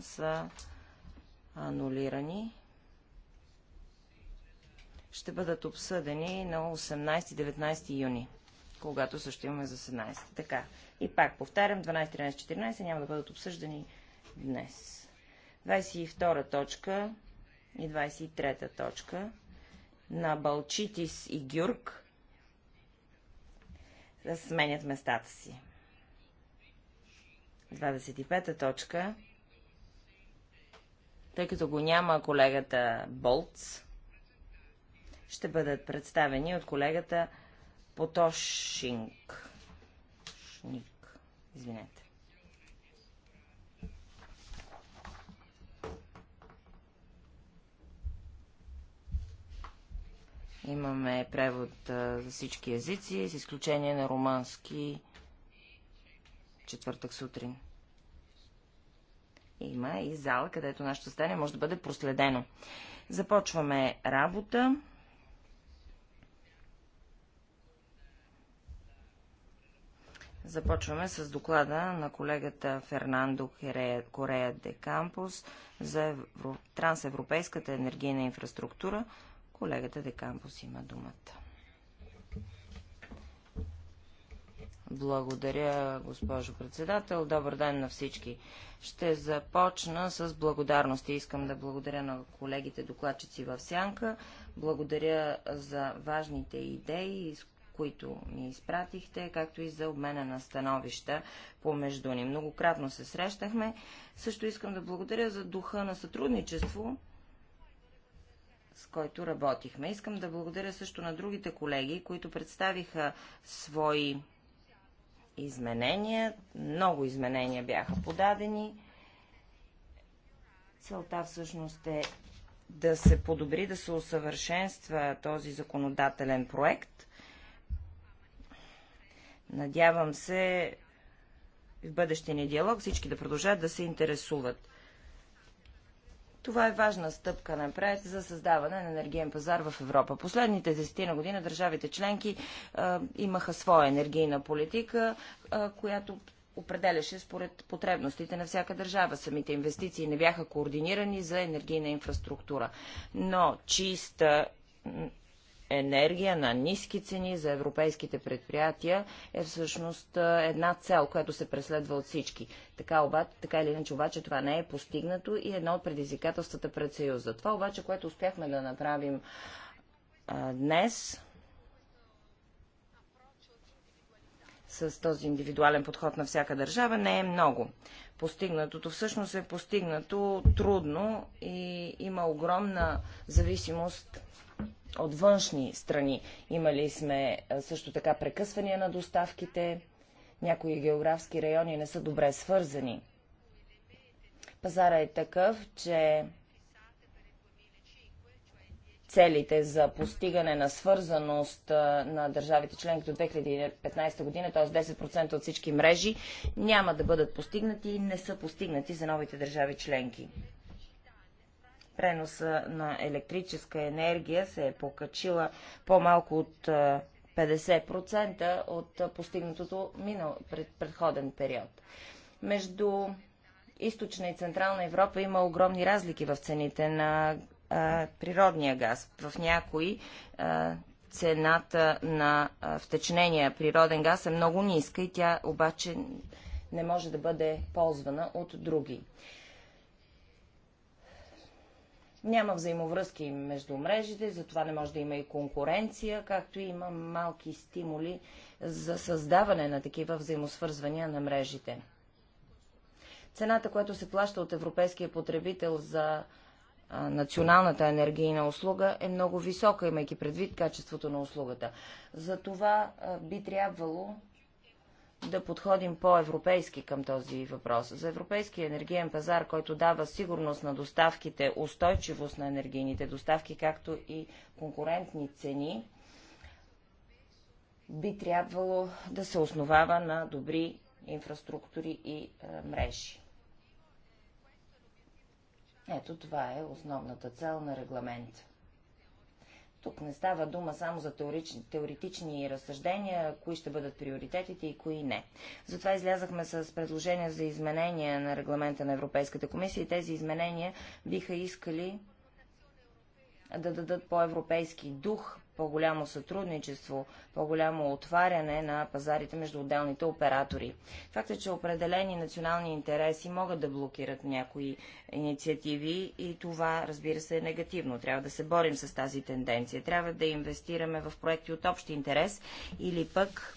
са анулирани. Ще бъдат обсъдени на 18-19 юни, когато също имаме за 17. Така. И пак повтарям, 12, 13, 14 няма да бъдат обсъждани днес. 22 точка и 23 точка на Балчитис и Гюрк да сменят местата си. 25 точка тъй като го няма колегата Болц, ще бъдат представени от колегата Потошинг. Шник. Извинете. Имаме превод а, за всички езици, с изключение на романски четвъртък сутрин има и зала, където нашето стане може да бъде проследено. Започваме работа. Започваме с доклада на колегата Фернандо Корея де Кампус за евро... трансевропейската енергийна инфраструктура. Колегата де Кампус има думата. Благодаря, госпожо председател. Добър ден на всички. Ще започна с благодарности. Искам да благодаря на колегите докладчици в Сянка. Благодаря за важните идеи, с които ми изпратихте, както и за обмена на становища помежду ни. Многократно се срещахме. Също искам да благодаря за духа на сътрудничество, с който работихме. Искам да благодаря също на другите колеги, които представиха свои изменения. Много изменения бяха подадени. Целта всъщност е да се подобри, да се усъвършенства този законодателен проект. Надявам се в бъдещия ни диалог всички да продължат да се интересуват. Това е важна стъпка напред за създаване на енергиен пазар в Европа. Последните десетина година държавите членки а, е, имаха своя енергийна политика, а, е, която определяше според потребностите на всяка държава. Самите инвестиции не бяха координирани за енергийна инфраструктура. Но чиста енергия на ниски цени за европейските предприятия е всъщност една цел, която се преследва от всички. Така, обаче, така или иначе обаче това не е постигнато и едно от предизвикателствата пред Съюза. Това обаче, което успяхме да направим а, днес, с този индивидуален подход на всяка държава не е много. Постигнатото всъщност е постигнато трудно и има огромна зависимост от външни страни. Имали сме също така прекъсвания на доставките, някои географски райони не са добре свързани. Пазара е такъв, че целите за постигане на свързаност на държавите членки до 2015 година, т.е. 10% от всички мрежи, няма да бъдат постигнати и не са постигнати за новите държави членки преноса на електрическа енергия се е покачила по-малко от 50% от постигнатото минал пред, предходен период. Между източна и централна Европа има огромни разлики в цените на а, природния газ. В някои а, цената на а, втечнения природен газ е много ниска и тя обаче не може да бъде ползвана от други. Няма взаимовръзки между мрежите, затова не може да има и конкуренция, както и има малки стимули за създаване на такива взаимосвързвания на мрежите. Цената, която се плаща от европейския потребител за националната енергийна услуга е много висока, имайки предвид качеството на услугата. За това би трябвало да подходим по-европейски към този въпрос. За европейския енергиен пазар, който дава сигурност на доставките, устойчивост на енергийните доставки, както и конкурентни цени, би трябвало да се основава на добри инфраструктури и е, мрежи. Ето това е основната цел на регламента. Тук не става дума само за теорични, теоретични разсъждения, кои ще бъдат приоритетите и кои не. Затова излязахме с предложения за изменения на регламента на Европейската комисия и тези изменения биха искали да дадат по-европейски дух, по-голямо сътрудничество, по-голямо отваряне на пазарите между отделните оператори. Факт е, че определени национални интереси могат да блокират някои инициативи и това, разбира се, е негативно. Трябва да се борим с тази тенденция. Трябва да инвестираме в проекти от общ интерес или пък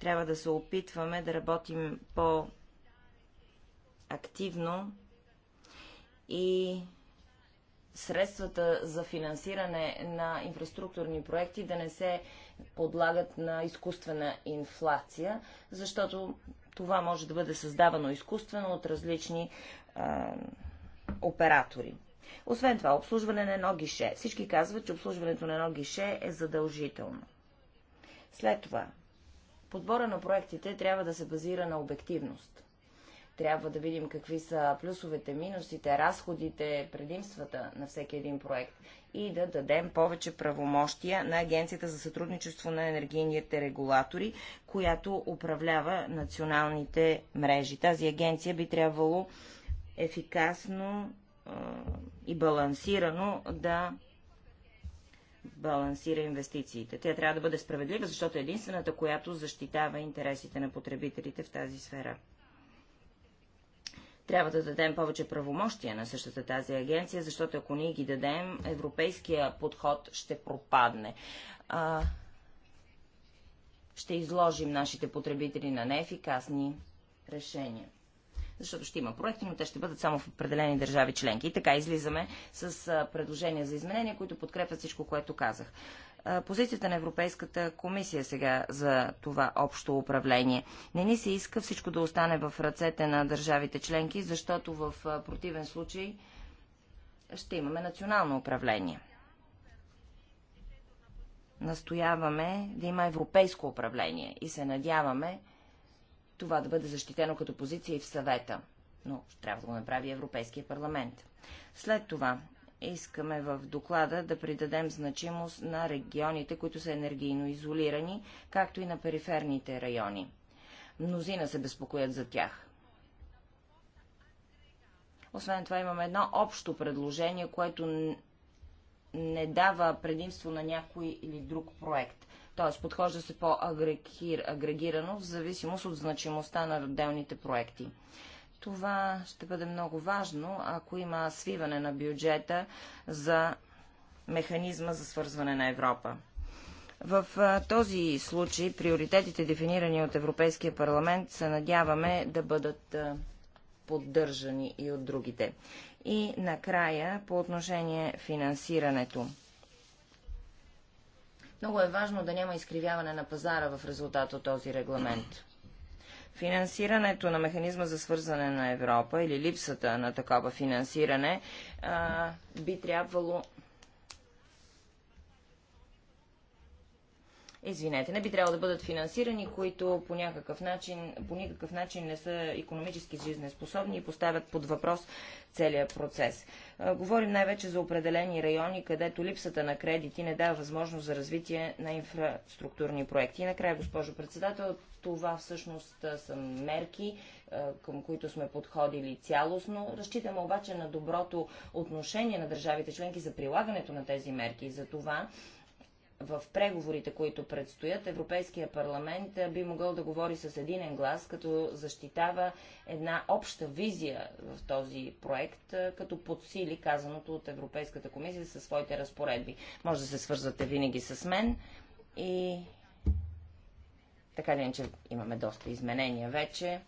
трябва да се опитваме да работим по-активно и средствата за финансиране на инфраструктурни проекти да не се подлагат на изкуствена инфлация, защото това може да бъде създавано изкуствено от различни а, оператори. Освен това, обслужване на едно гише. Всички казват, че обслужването на едно гише е задължително. След това, подбора на проектите трябва да се базира на обективност. Трябва да видим какви са плюсовете, минусите, разходите, предимствата на всеки един проект и да дадем повече правомощия на Агенцията за сътрудничество на енергийните регулатори, която управлява националните мрежи. Тази агенция би трябвало ефикасно и балансирано да балансира инвестициите. Тя трябва да бъде справедлива, защото е единствената, която защитава интересите на потребителите в тази сфера. Трябва да дадем повече правомощия на същата тази агенция, защото ако ние ги дадем, европейския подход ще пропадне. А, ще изложим нашите потребители на неефикасни решения. Защото ще има проекти, но те ще бъдат само в определени държави членки. И така излизаме с предложения за изменения, които подкрепят всичко, което казах позицията на Европейската комисия сега за това общо управление. Не ни се иска всичко да остане в ръцете на държавите членки, защото в противен случай ще имаме национално управление. Настояваме да има европейско управление и се надяваме това да бъде защитено като позиция и в съвета. Но трябва да го направи Европейския парламент. След това искаме в доклада да придадем значимост на регионите, които са енергийно изолирани, както и на периферните райони. Мнозина се безпокоят за тях. Освен това имаме едно общо предложение, което не дава предимство на някой или друг проект. Т.е. подхожда се по-агрегирано, в зависимост от значимостта на отделните проекти. Това ще бъде много важно, ако има свиване на бюджета за механизма за свързване на Европа. В този случай приоритетите, дефинирани от Европейския парламент, се надяваме да бъдат поддържани и от другите. И накрая по отношение финансирането. Много е важно да няма изкривяване на пазара в резултат от този регламент. Финансирането на механизма за свързване на Европа или липсата на такова финансиране а, би трябвало. Извинете, не би трябвало да бъдат финансирани, които по, някакъв начин, по никакъв начин не са економически жизнеспособни и поставят под въпрос целият процес. говорим най-вече за определени райони, където липсата на кредити не дава възможност за развитие на инфраструктурни проекти. И накрая, госпожо председател, това всъщност са мерки, към които сме подходили цялостно. Разчитаме обаче на доброто отношение на държавите членки за прилагането на тези мерки. За това в преговорите, които предстоят, Европейския парламент би могъл да говори с единен глас, като защитава една обща визия в този проект, като подсили казаното от Европейската комисия със своите разпоредби. Може да се свързвате винаги с мен и така ли, че имаме доста изменения вече.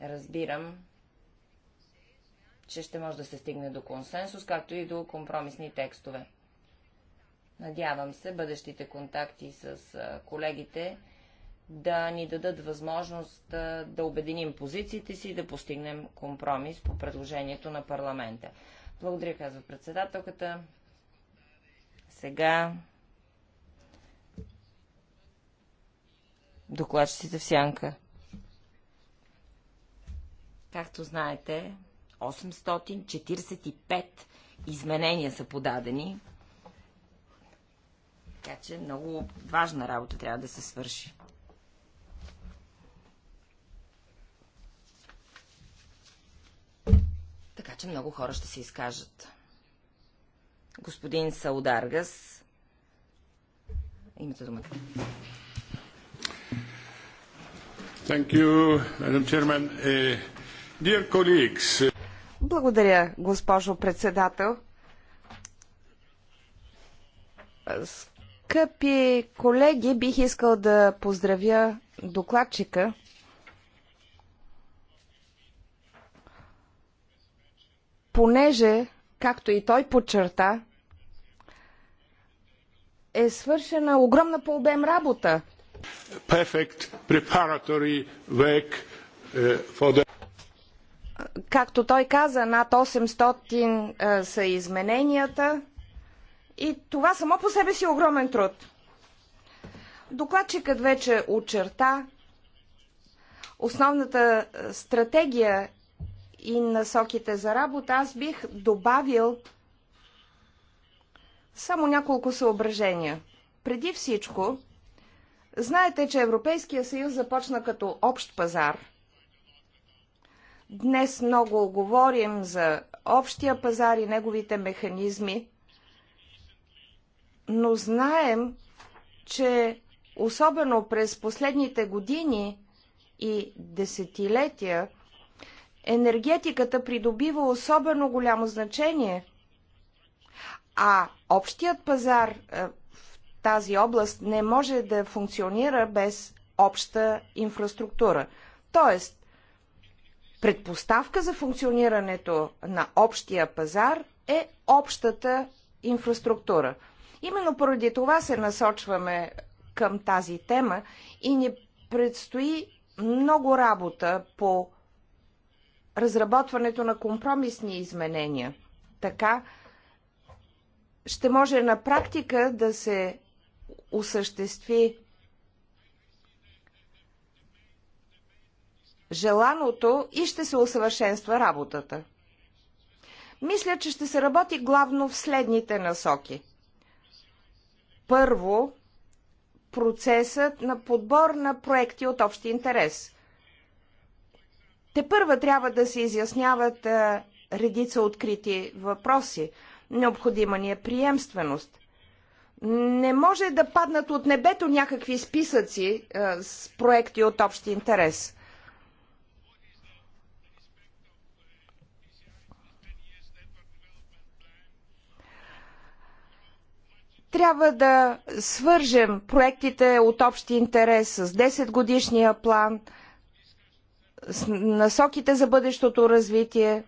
Разбирам, че ще може да се стигне до консенсус, както и до компромисни текстове. Надявам се бъдещите контакти с колегите да ни дадат възможност да обединим позициите си и да постигнем компромис по предложението на парламента. Благодаря, казва председателката. Сега докладчиците в сянка. Както знаете, 845 изменения са подадени, така че много важна работа трябва да се свърши. Така че много хора ще се изкажат. Господин Саударгас, имате думата. Eh, eh, Благодаря, госпожо председател. Скъпи колеги, бих искал да поздравя докладчика. Понеже, както и той подчерта, е свършена огромна по обем работа Uh, Както той каза, над 800 е, са измененията и това само по себе си е огромен труд. Докладчикът вече очерта основната е, стратегия и насоките за работа, аз бих добавил само няколко съображения. Преди всичко, Знаете, че Европейския съюз започна като общ пазар. Днес много говорим за общия пазар и неговите механизми, но знаем, че особено през последните години и десетилетия енергетиката придобива особено голямо значение, а общият пазар е, тази област не може да функционира без обща инфраструктура. Тоест, предпоставка за функционирането на общия пазар е общата инфраструктура. Именно поради това се насочваме към тази тема и ни предстои много работа по разработването на компромисни изменения. Така ще може на практика да се осъществи желаното и ще се усъвършенства работата. Мисля, че ще се работи главно в следните насоки. Първо, процесът на подбор на проекти от общи интерес. Те първа трябва да се изясняват редица открити въпроси. Необходима ни е приемственост. Не може да паднат от небето някакви списъци а, е, с проекти от общ интерес. трябва да свържем проектите от общи интерес с 10 годишния план, с насоките за бъдещото развитие.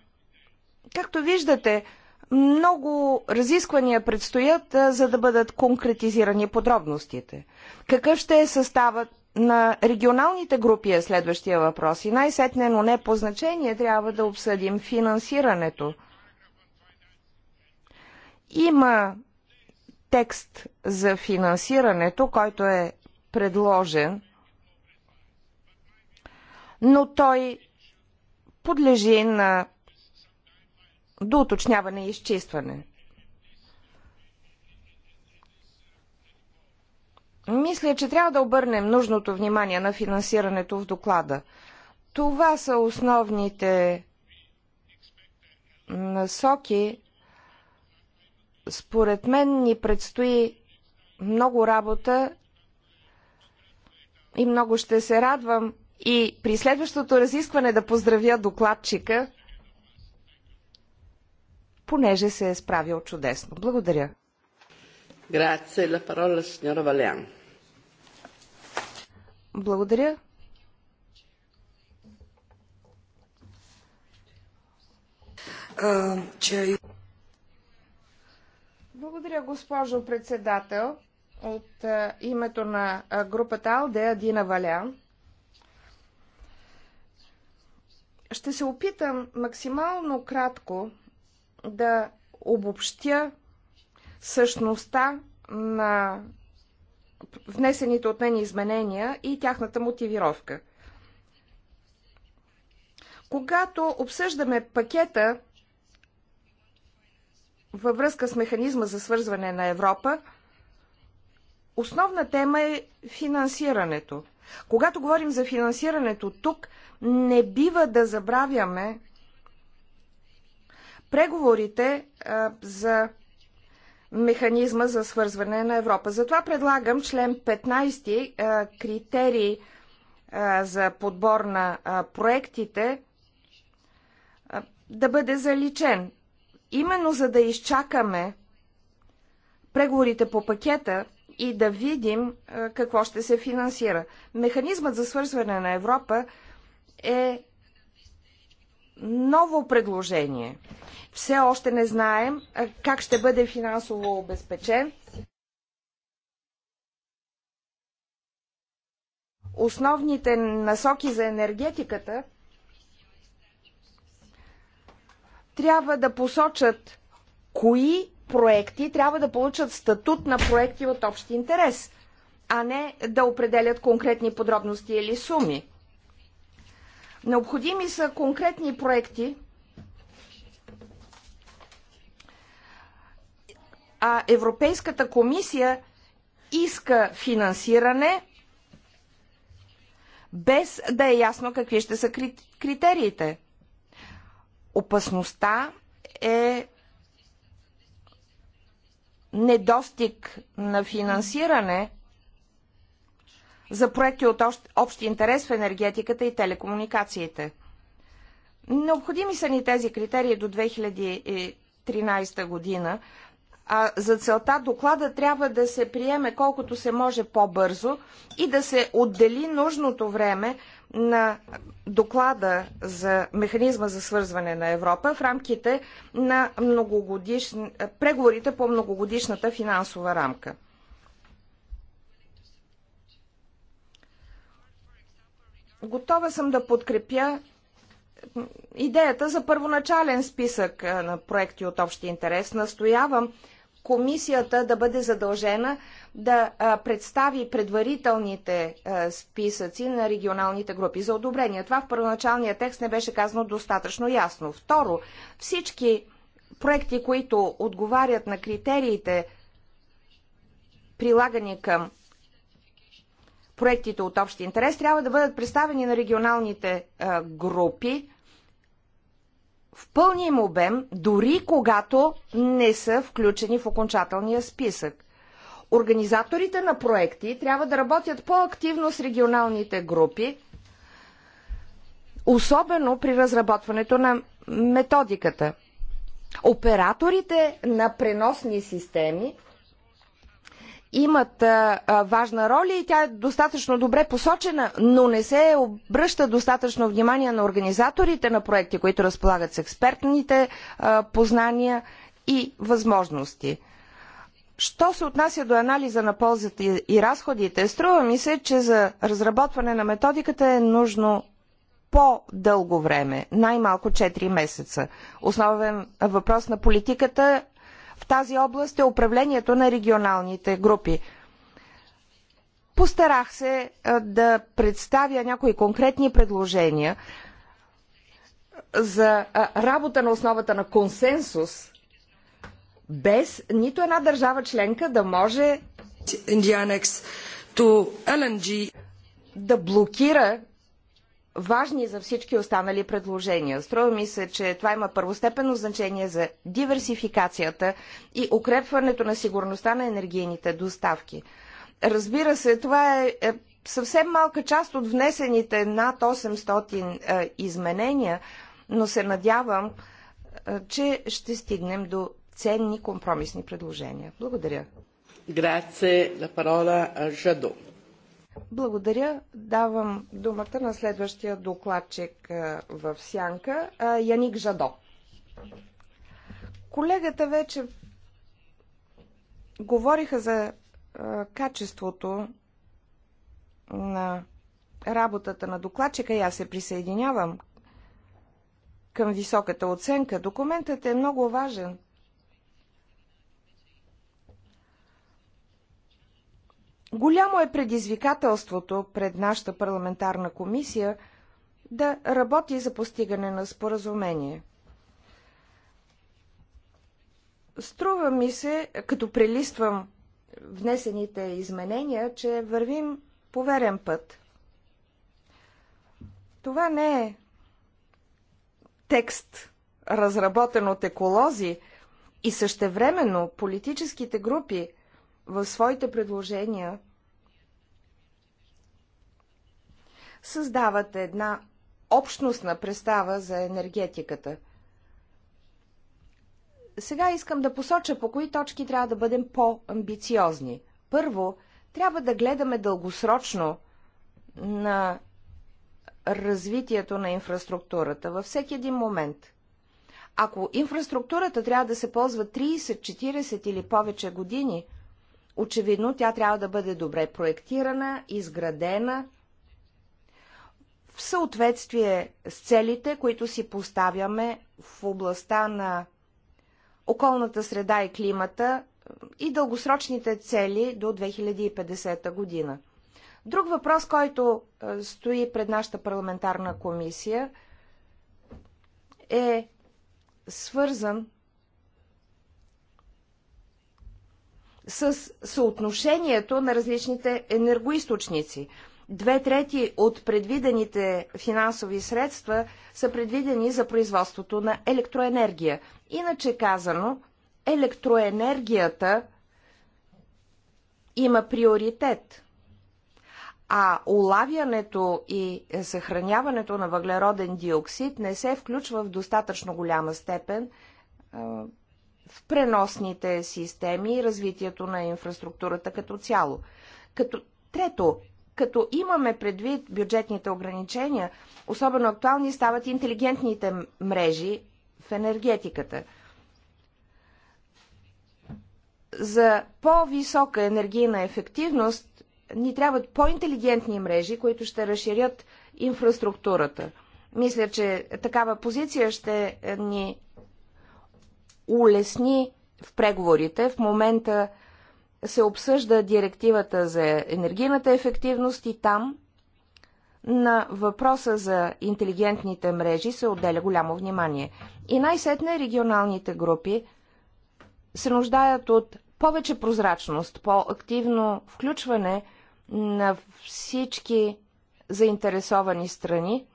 Както виждате, много разисквания предстоят, за да бъдат конкретизирани подробностите. Какъв ще е съставът на регионалните групи е следващия въпрос. И най-сетне, но не по значение, трябва да обсъдим финансирането. Има текст за финансирането, който е предложен, но той подлежи на до уточняване и изчистване. Мисля, че трябва да обърнем нужното внимание на финансирането в доклада. Това са основните насоки. Според мен ни предстои много работа и много ще се радвам и при следващото разискване да поздравя докладчика – понеже се е справил чудесно. Благодаря. Благодаря. че... Благодаря, госпожо председател. От а, името на а, групата АЛДЕ Адина Валян. Ще се опитам максимално кратко да обобщя същността на внесените от мен изменения и тяхната мотивировка. Когато обсъждаме пакета във връзка с механизма за свързване на Европа, основна тема е финансирането. Когато говорим за финансирането тук, не бива да забравяме преговорите а, за механизма за свързване на Европа. Затова предлагам член 15 а, критерии а, за подбор на а, проектите а, да бъде заличен. Именно за да изчакаме преговорите по пакета и да видим а, какво ще се финансира. Механизмът за свързване на Европа е ново предложение. Все още не знаем как ще бъде финансово обезпечен. Основните насоки за енергетиката трябва да посочат кои проекти трябва да получат статут на проекти от общ интерес, а не да определят конкретни подробности или суми. Необходими са конкретни проекти, а Европейската комисия иска финансиране без да е ясно какви ще са критериите. Опасността е недостиг на финансиране за проекти от общ интерес в енергетиката и телекомуникациите. Необходими са ни тези критерии до 2013 година, а за целта доклада трябва да се приеме колкото се може по-бързо и да се отдели нужното време на доклада за механизма за свързване на Европа в рамките на преговорите по многогодишната финансова рамка. Готова съм да подкрепя идеята за първоначален списък на проекти от общи интерес. Настоявам комисията да бъде задължена да представи предварителните списъци на регионалните групи за одобрение. Това в първоначалния текст не беше казано достатъчно ясно. Второ, всички проекти, които отговарят на критериите, прилагани към проектите от общ интерес трябва да бъдат представени на регионалните е, групи в пълния им обем, дори когато не са включени в окончателния списък. Организаторите на проекти трябва да работят по-активно с регионалните групи, особено при разработването на методиката. Операторите на преносни системи имат а, а, важна роля и тя е достатъчно добре посочена, но не се обръща достатъчно внимание на организаторите на проекти, които разполагат с експертните а, познания и възможности. Що се отнася до анализа на ползата и разходите, струва ми се, че за разработване на методиката е нужно по-дълго време, най-малко 4 месеца. Основен въпрос на политиката в тази област е управлението на регионалните групи. Постарах се да представя някои конкретни предложения за работа на основата на консенсус, без нито една държава членка да може да блокира важни за всички останали предложения. Струва ми се, че това има първостепенно значение за диверсификацията и укрепването на сигурността на енергийните доставки. Разбира се, това е, е съвсем малка част от внесените над 800 е, изменения, но се надявам, е, че ще стигнем до ценни компромисни предложения. Благодаря. Grazie, la parola a Jadot. Благодаря. Давам думата на следващия докладчик в Сянка, Яник Жадо. Колегата вече говориха за качеството на работата на докладчика и аз се присъединявам към високата оценка. Документът е много важен Голямо е предизвикателството пред нашата парламентарна комисия да работи за постигане на споразумение. Струва ми се, като прелиствам внесените изменения, че вървим по верен път. Това не е текст, разработен от еколози и същевременно политическите групи – в своите предложения създават една общностна представа за енергетиката. Сега искам да посоча по кои точки трябва да бъдем по-амбициозни. Първо, трябва да гледаме дългосрочно на развитието на инфраструктурата във всеки един момент. Ако инфраструктурата трябва да се ползва 30, 40 или повече години, Очевидно, тя трябва да бъде добре проектирана, изградена в съответствие с целите, които си поставяме в областта на околната среда и климата и дългосрочните цели до 2050 година. Друг въпрос, който е, стои пред нашата парламентарна комисия е свързан с съотношението на различните енергоисточници. Две трети от предвидените финансови средства са предвидени за производството на електроенергия. Иначе казано, електроенергията има приоритет, а улавянето и съхраняването на въглероден диоксид не се включва в достатъчно голяма степен в преносните системи и развитието на инфраструктурата като цяло. Като трето, като имаме предвид бюджетните ограничения, особено актуални стават интелигентните мрежи в енергетиката. За по-висока енергийна ефективност ни трябват по-интелигентни мрежи, които ще разширят инфраструктурата. Мисля, че такава позиция ще ни улесни в преговорите. В момента се обсъжда директивата за енергийната ефективност и там на въпроса за интелигентните мрежи се отделя голямо внимание. И най-сетне регионалните групи се нуждаят от повече прозрачност, по-активно включване на всички заинтересовани страни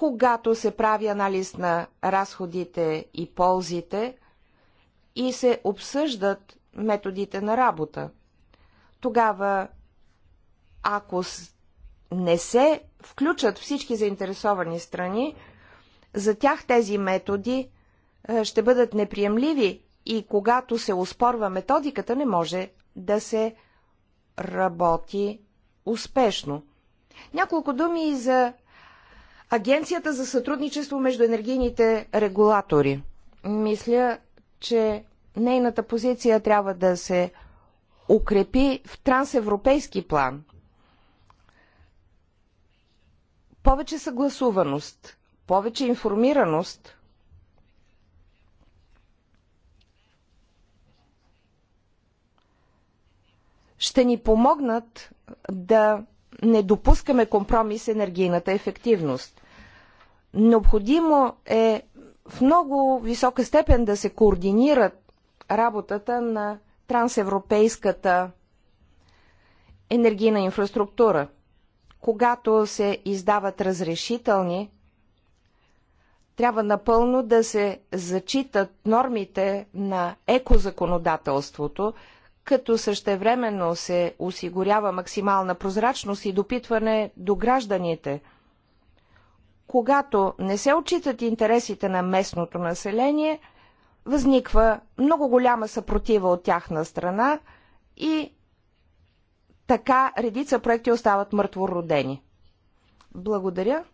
когато се прави анализ на разходите и ползите и се обсъждат методите на работа. Тогава, ако не се включат всички заинтересовани страни, за тях тези методи е, ще бъдат неприемливи и когато се успорва методиката, не може да се работи успешно. Няколко думи и за Агенцията за сътрудничество между енергийните регулатори. Мисля, че нейната позиция трябва да се укрепи в трансевропейски план. Повече съгласуваност, повече информираност ще ни помогнат да не допускаме компромис енергийната ефективност. Необходимо е в много висока степен да се координира работата на трансевропейската енергийна инфраструктура. Когато се издават разрешителни, трябва напълно да се зачитат нормите на екозаконодателството, като същевременно се осигурява максимална прозрачност и допитване до гражданите. Когато не се отчитат интересите на местното население, възниква много голяма съпротива от тяхна страна и така редица проекти остават мъртвородени. Благодаря.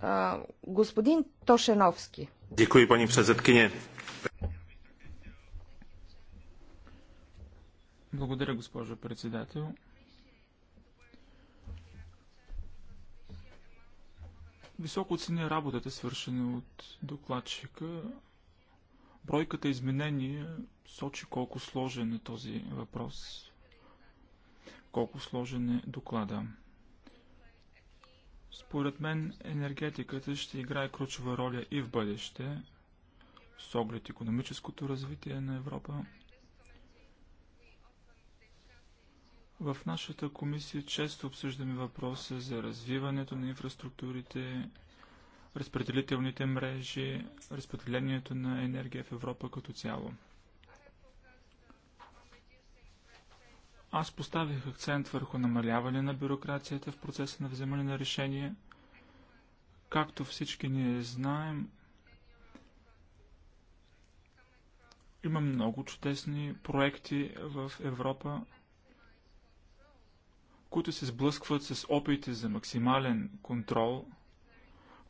А, господин Тошеновски. Дякую, пани předsedkyně. Благодаря, госпожо председател. Високо оценя работата, свършена от докладчика. Бройката изменения сочи колко сложен е този въпрос, колко сложен е доклада. Според мен енергетиката ще играе ключова роля и в бъдеще, с оглед економическото развитие на Европа. В нашата комисия често обсъждаме въпроса за развиването на инфраструктурите, разпределителните мрежи, разпределението на енергия в Европа като цяло. Аз поставих акцент върху намаляване на бюрокрацията в процеса на вземане на решения. Както всички ние знаем, има много чудесни проекти в Европа, които се сблъскват с опити за максимален контрол,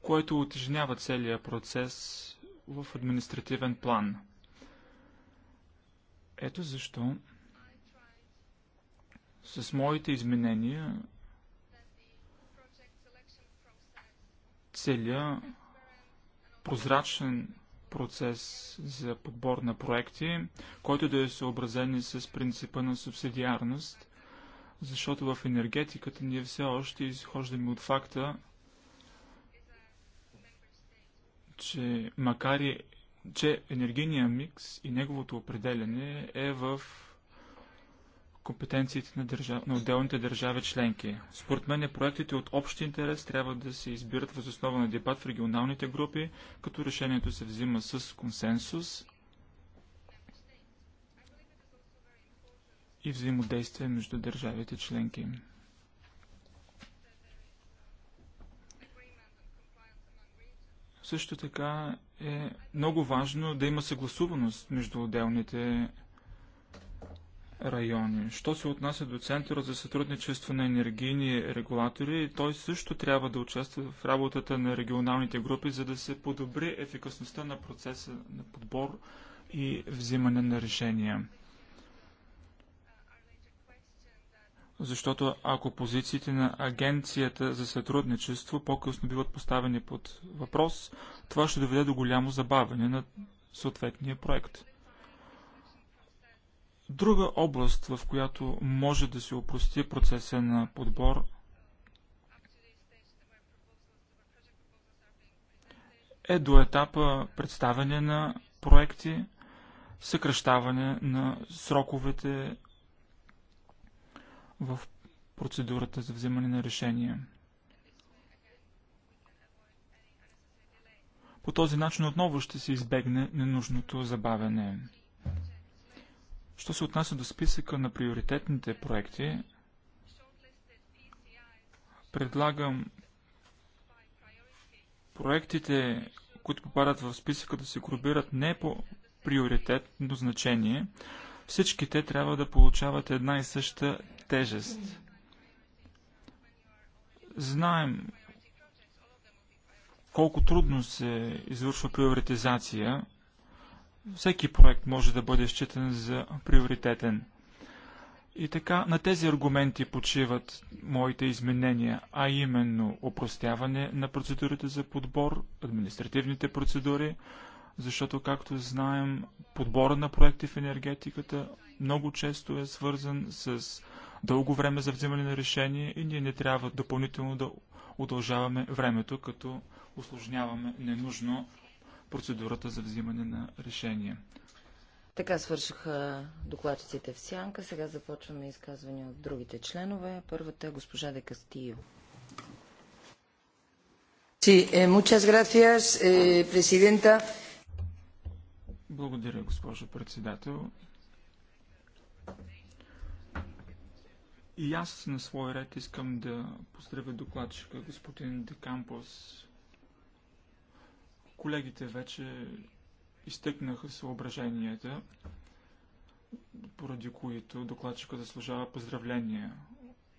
което отежнява целия процес в административен план. Ето защо с моите изменения целият прозрачен процес за подбор на проекти, който да е съобразен с принципа на субсидиарност защото в енергетиката ние все още изхождаме от факта, че макар и че енергийния микс и неговото определене е в компетенциите на, държав... на отделните държави членки. Според мен проектите от общ интерес трябва да се избират възоснова на дебат в регионалните групи, като решението се взима с консенсус – и взаимодействие между държавите членки. Също така е много важно да има съгласуваност между отделните райони. Що се отнася до Центъра за сътрудничество на енергийни регулатори, той също трябва да участва в работата на регионалните групи, за да се подобри ефикасността на процеса на подбор и взимане на решения. защото ако позициите на Агенцията за сътрудничество по-късно биват поставени под въпрос, това ще доведе до голямо забавяне на съответния проект. Друга област, в която може да се опрости процеса на подбор, е до етапа представяне на проекти, съкръщаване на сроковете в процедурата за вземане на решение. По този начин отново ще се избегне ненужното забавяне. Що се отнася до списъка на приоритетните проекти, предлагам проектите, които попадат в списъка да се групират не по приоритетно значение, всички те трябва да получават една и съща тежест. Знаем колко трудно се извършва приоритизация. Всеки проект може да бъде считан за приоритетен. И така, на тези аргументи почиват моите изменения, а именно опростяване на процедурите за подбор, административните процедури, защото, както знаем, подбора на проекти в енергетиката много често е свързан с дълго време за взимане на решение и ние не трябва допълнително да удължаваме времето, като осложняваме ненужно процедурата за взимане на решение. Така свършиха докладчиците в сянка. Сега започваме изказвания от другите членове. Първата е госпожа Де Кастио. Sí, eh, muchas gracias, eh, Благодаря, госпожо председател. И аз на своя ред искам да поздравя докладчика господин Декампос. Колегите вече изтъкнаха съображенията, поради които докладчика заслужава поздравления.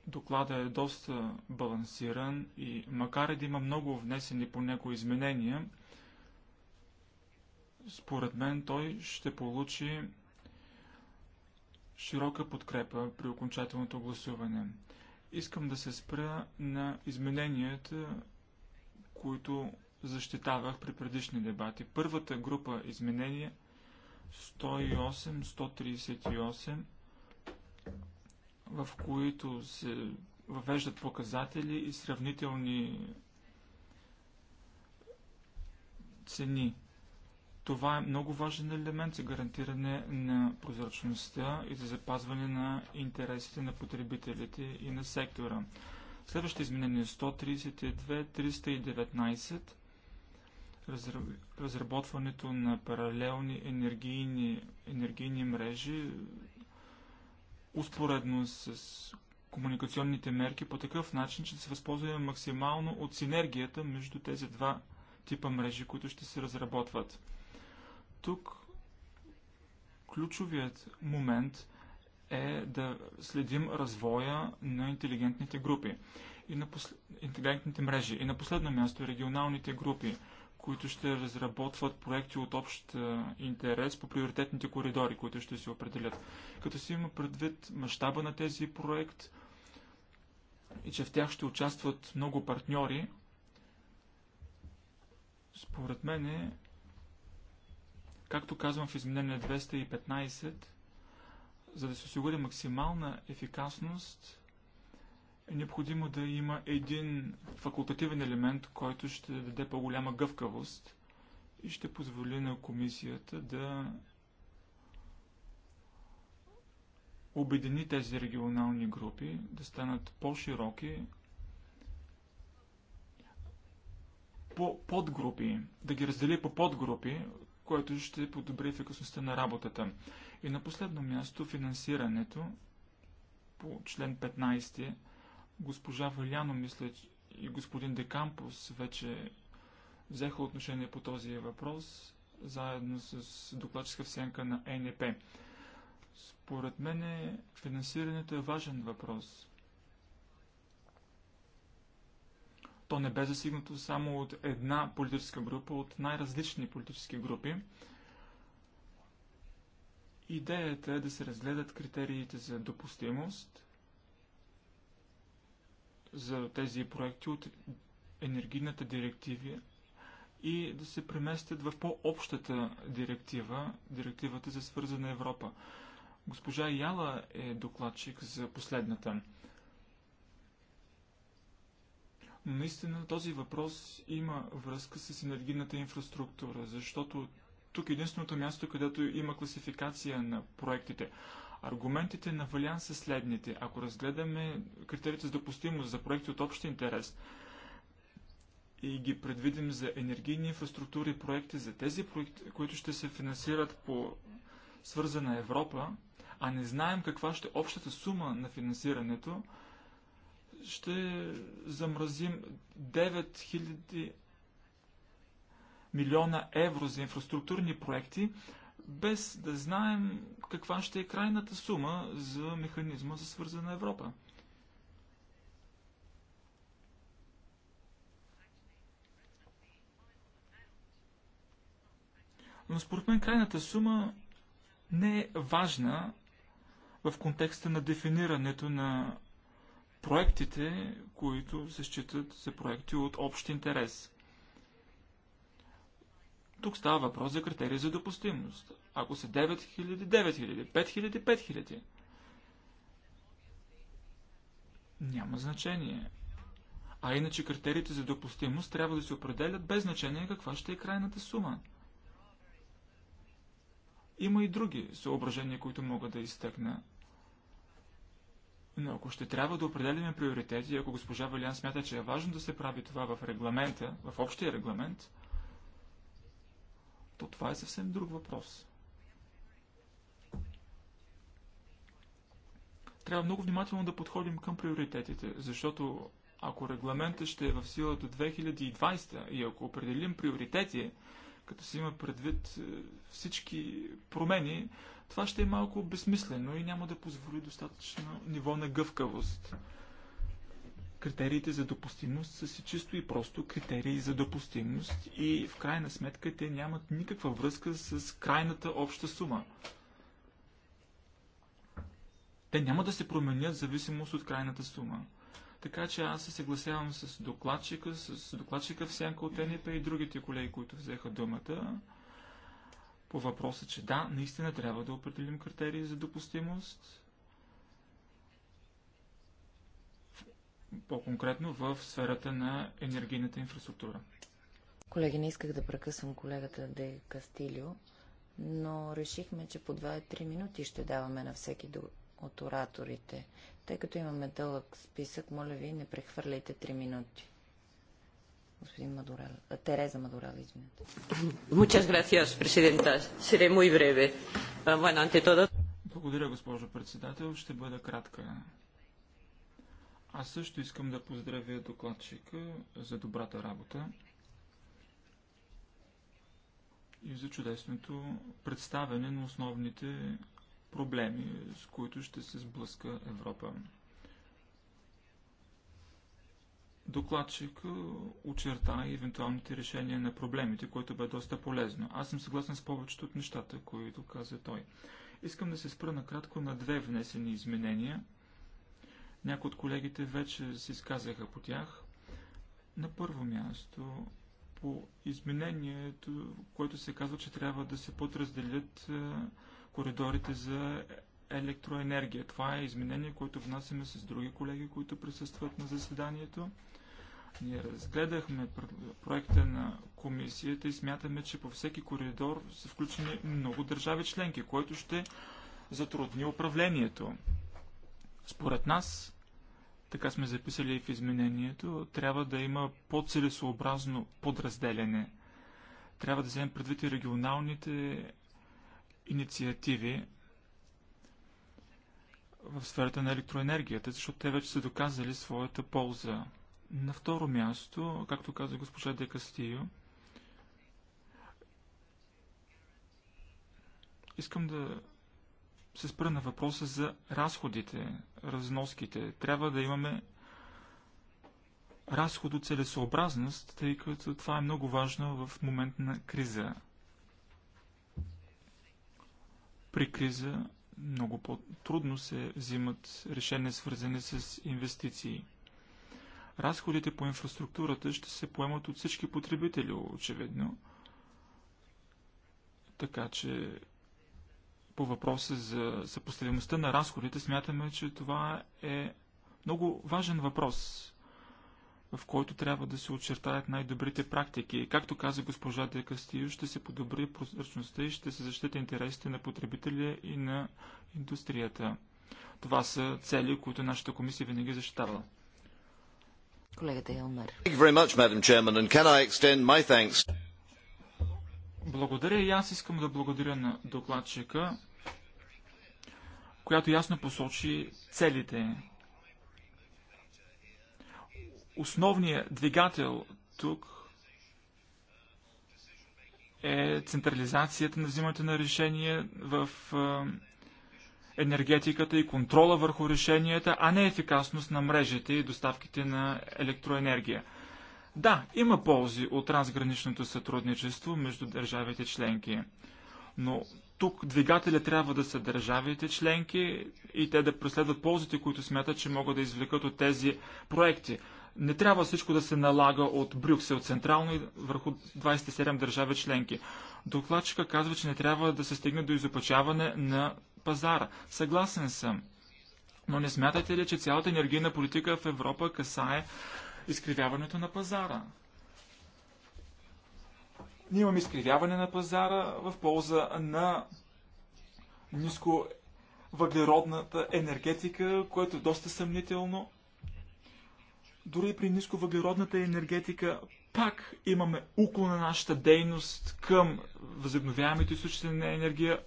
Доклада е доста балансиран и макар и да има много внесени по него изменения, според мен той ще получи широка подкрепа при окончателното гласуване. Искам да се спра на измененията, които защитавах при предишни дебати. Първата група изменения 108, 138, в които се въвеждат показатели и сравнителни цени това е много важен елемент за гарантиране на прозрачността и за запазване на интересите на потребителите и на сектора. Следващите изменения 132-319 разработването на паралелни енергийни, енергийни мрежи успоредно с комуникационните мерки по такъв начин, че да се възползваме максимално от синергията между тези два типа мрежи, които ще се разработват. Тук ключовият момент е да следим развоя на интелигентните групи и на посл... интелигентните мрежи. И на последно място регионалните групи, които ще разработват проекти от общ интерес по приоритетните коридори, които ще се определят. Като се има предвид мащаба на тези проект и че в тях ще участват много партньори, според мен е Както казвам в изменение 215, за да се осигури максимална ефикасност, е необходимо да има един факултативен елемент, който ще даде по-голяма гъвкавост и ще позволи на комисията да обедини тези регионални групи, да станат по-широки, по подгрупи, да ги раздели по подгрупи, което ще подобри ефикасността на работата. И на последно място финансирането по член 15. Госпожа Валяно, мисля, и господин Декампус вече взеха отношение по този въпрос, заедно с докладческа всенка на НП. Според мен финансирането е важен въпрос. То не бе засигнато само от една политическа група, от най-различни политически групи. Идеята е да се разгледат критериите за допустимост за тези проекти от енергийната директива и да се преместят в по-общата директива, директивата за свързана Европа. Госпожа Яла е докладчик за последната. Но наистина този въпрос има връзка с енергийната инфраструктура, защото тук е единственото място, където има класификация на проектите. Аргументите на Валян са следните. Ако разгледаме критериите за допустимост за проекти от общ интерес и ги предвидим за енергийни инфраструктури и проекти, за тези проекти, които ще се финансират по свързана Европа, а не знаем каква ще е общата сума на финансирането, ще замразим 9000 милиона евро за инфраструктурни проекти, без да знаем каква ще е крайната сума за механизма за свързана Европа. Но според мен крайната сума не е важна в контекста на дефинирането на проектите, които се считат за проекти от общ интерес. Тук става въпрос за критерии за допустимост. Ако са 9000, 9000, 5000, 5000. Няма значение. А иначе критериите за допустимост трябва да се определят без значение каква ще е крайната сума. Има и други съображения, които мога да изтъкна. Но ако ще трябва да определяме приоритети, ако госпожа Валян смята, че е важно да се прави това в регламента, в общия регламент, то това е съвсем друг въпрос. Трябва много внимателно да подходим към приоритетите, защото ако регламента ще е в сила до 2020 и ако определим приоритети, като се има предвид е, всички промени, това ще е малко безсмислено и няма да позволи достатъчно ниво на гъвкавост. Критериите за допустимост са си чисто и просто критерии за допустимост и в крайна сметка те нямат никаква връзка с крайната обща сума. Те няма да се променят в зависимост от крайната сума. Така че аз се съгласявам с докладчика, с докладчика в сянка от НП и другите колеги, които взеха думата по въпроса, че да, наистина трябва да определим критерии за допустимост. По-конкретно в сферата на енергийната инфраструктура. Колеги, не исках да прекъсвам колегата Де Кастилио, но решихме, че по 2-3 минути ще даваме на всеки от ораторите. Тъй като имаме дълъг списък, моля ви, не прехвърляйте 3 минути господин Мадурел, Тереза Мадурал, извинете. Muchas gracias, presidenta. Seré muy breve. Ah, bueno, ante todo... Благодаря, госпожо председател. Ще бъда кратка. Аз също искам да поздравя докладчика за добрата работа и за чудесното представяне на основните проблеми, с които ще се сблъска Европа. Докладчик очерта и евентуалните решения на проблемите, което бе доста полезно. Аз съм съгласен с повечето от нещата, които каза той. Искам да се спра накратко на две внесени изменения. Някои от колегите вече се изказаха по тях. На първо място, по изменението, което се казва, че трябва да се подразделят е, коридорите за електроенергия. Това е изменение, което внасяме с други колеги, които присъстват на заседанието. Ние разгледахме проекта на комисията и смятаме, че по всеки коридор са включени много държави членки, което ще затрудни управлението. Според нас, така сме записали и в изменението, трябва да има по-целесообразно подразделяне. Трябва да вземем предвид и регионалните инициативи в сферата на електроенергията, защото те вече са доказали своята полза. На второ място, както каза госпожа Де Кастио, искам да се спра на въпроса за разходите, разноските. Трябва да имаме разходоцелесообразност, тъй като това е много важно в момент на криза. При криза много по-трудно се взимат решения, свързани с инвестиции – Разходите по инфраструктурата ще се поемат от всички потребители, очевидно. Така че по въпроса за съпоставимостта на разходите, смятаме, че това е много важен въпрос, в който трябва да се очертаят най-добрите практики. Както каза госпожа Декастио, ще се подобри прозрачността и ще се защита интересите на потребителя и на индустрията. Това са цели, които нашата комисия винаги защитава. Колегата Елмер. Благодаря и аз искам да благодаря на докладчика, която ясно посочи целите. Основният двигател тук е централизацията на взимането на решение в енергетиката и контрола върху решенията, а не ефикасност на мрежите и доставките на електроенергия. Да, има ползи от трансграничното сътрудничество между държавите членки, но тук двигателя трябва да са държавите членки и те да преследват ползите, които смятат, че могат да извлекат от тези проекти. Не трябва всичко да се налага от Брюксел централно и върху 27 държави членки. Докладчика казва, че не трябва да се стигне до изопачаване на пазара. Съгласен съм. Но не смятате ли, че цялата енергийна политика в Европа касае изкривяването на пазара? Ние имаме изкривяване на пазара в полза на ниско въглеродната енергетика, което е доста съмнително. Дори при ниско въглеродната енергетика пак имаме уклон на нашата дейност към възобновяемите източници на енергия,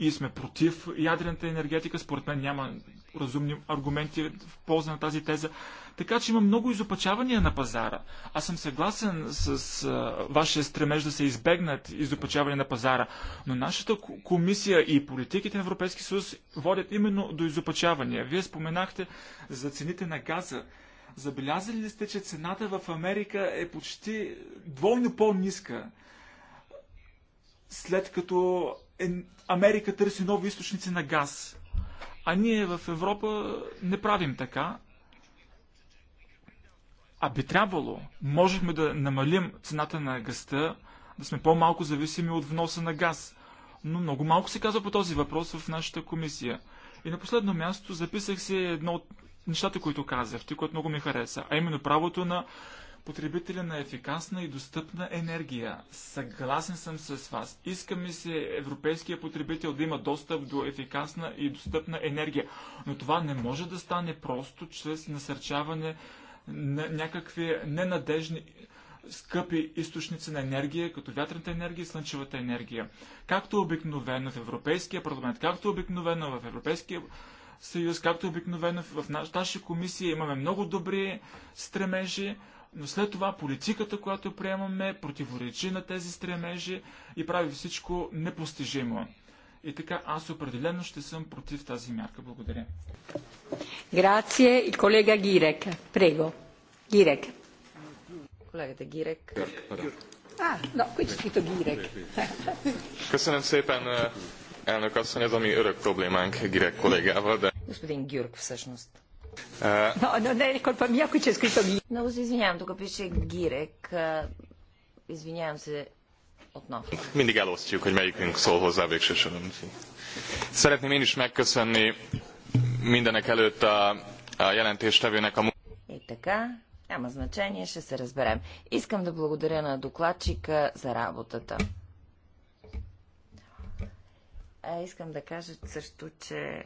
и сме против ядрената енергетика. Според мен няма разумни аргументи в полза на тази теза. Така че има много изопачавания на пазара. Аз съм съгласен с а, вашия стремеж да се избегнат изопачавания на пазара, но нашата комисия и политиките на Европейски съюз водят именно до изопачавания. Вие споменахте за цените на газа. Забелязали ли сте, че цената в Америка е почти двойно по-ниска, след като е, Америка търси нови източници на газ. А ние в Европа не правим така. А би трябвало, можехме да намалим цената на газта, да сме по-малко зависими от вноса на газ. Но много малко се казва по този въпрос в нашата комисия. И на последно място записах си едно от нещата, които казахте, което много ми хареса, а именно правото на потребителя на ефикасна и достъпна енергия. Съгласен съм с вас. Искаме се европейския потребител да има достъп до ефикасна и достъпна енергия. Но това не може да стане просто чрез насърчаване на някакви ненадежни скъпи източници на енергия, като вятърната енергия и слънчевата енергия. Както обикновено в Европейския парламент, както обикновено в Европейския съюз, както обикновено в нашата комисия имаме много добри стремежи, но след това политиката, която приемаме, противоречи на тези стремежи и прави всичко непостижимо. И така аз определено ще съм против тази мярка. Благодаря. Грация и колега Гирек. Прего. Гирек. Колегата Гирек. А, no, qui scritto Girek. Köszönöm szépen, eh, elnök asszony, ez a mi örök problémánk Girek kollégával, de... Господин Гюрк, всъщност. Много се извинявам, тук пише Гирек. Извинявам се отново. Mindig elosztjuk, hogy melyikünk szól hozzá végső soron. Szeretném én is megköszönni mindenek előtt a, a jelentéstevőnek a И така, няма значение, ще се разберем. Искам да благодаря на докладчика за работата. А, искам да кажа също, че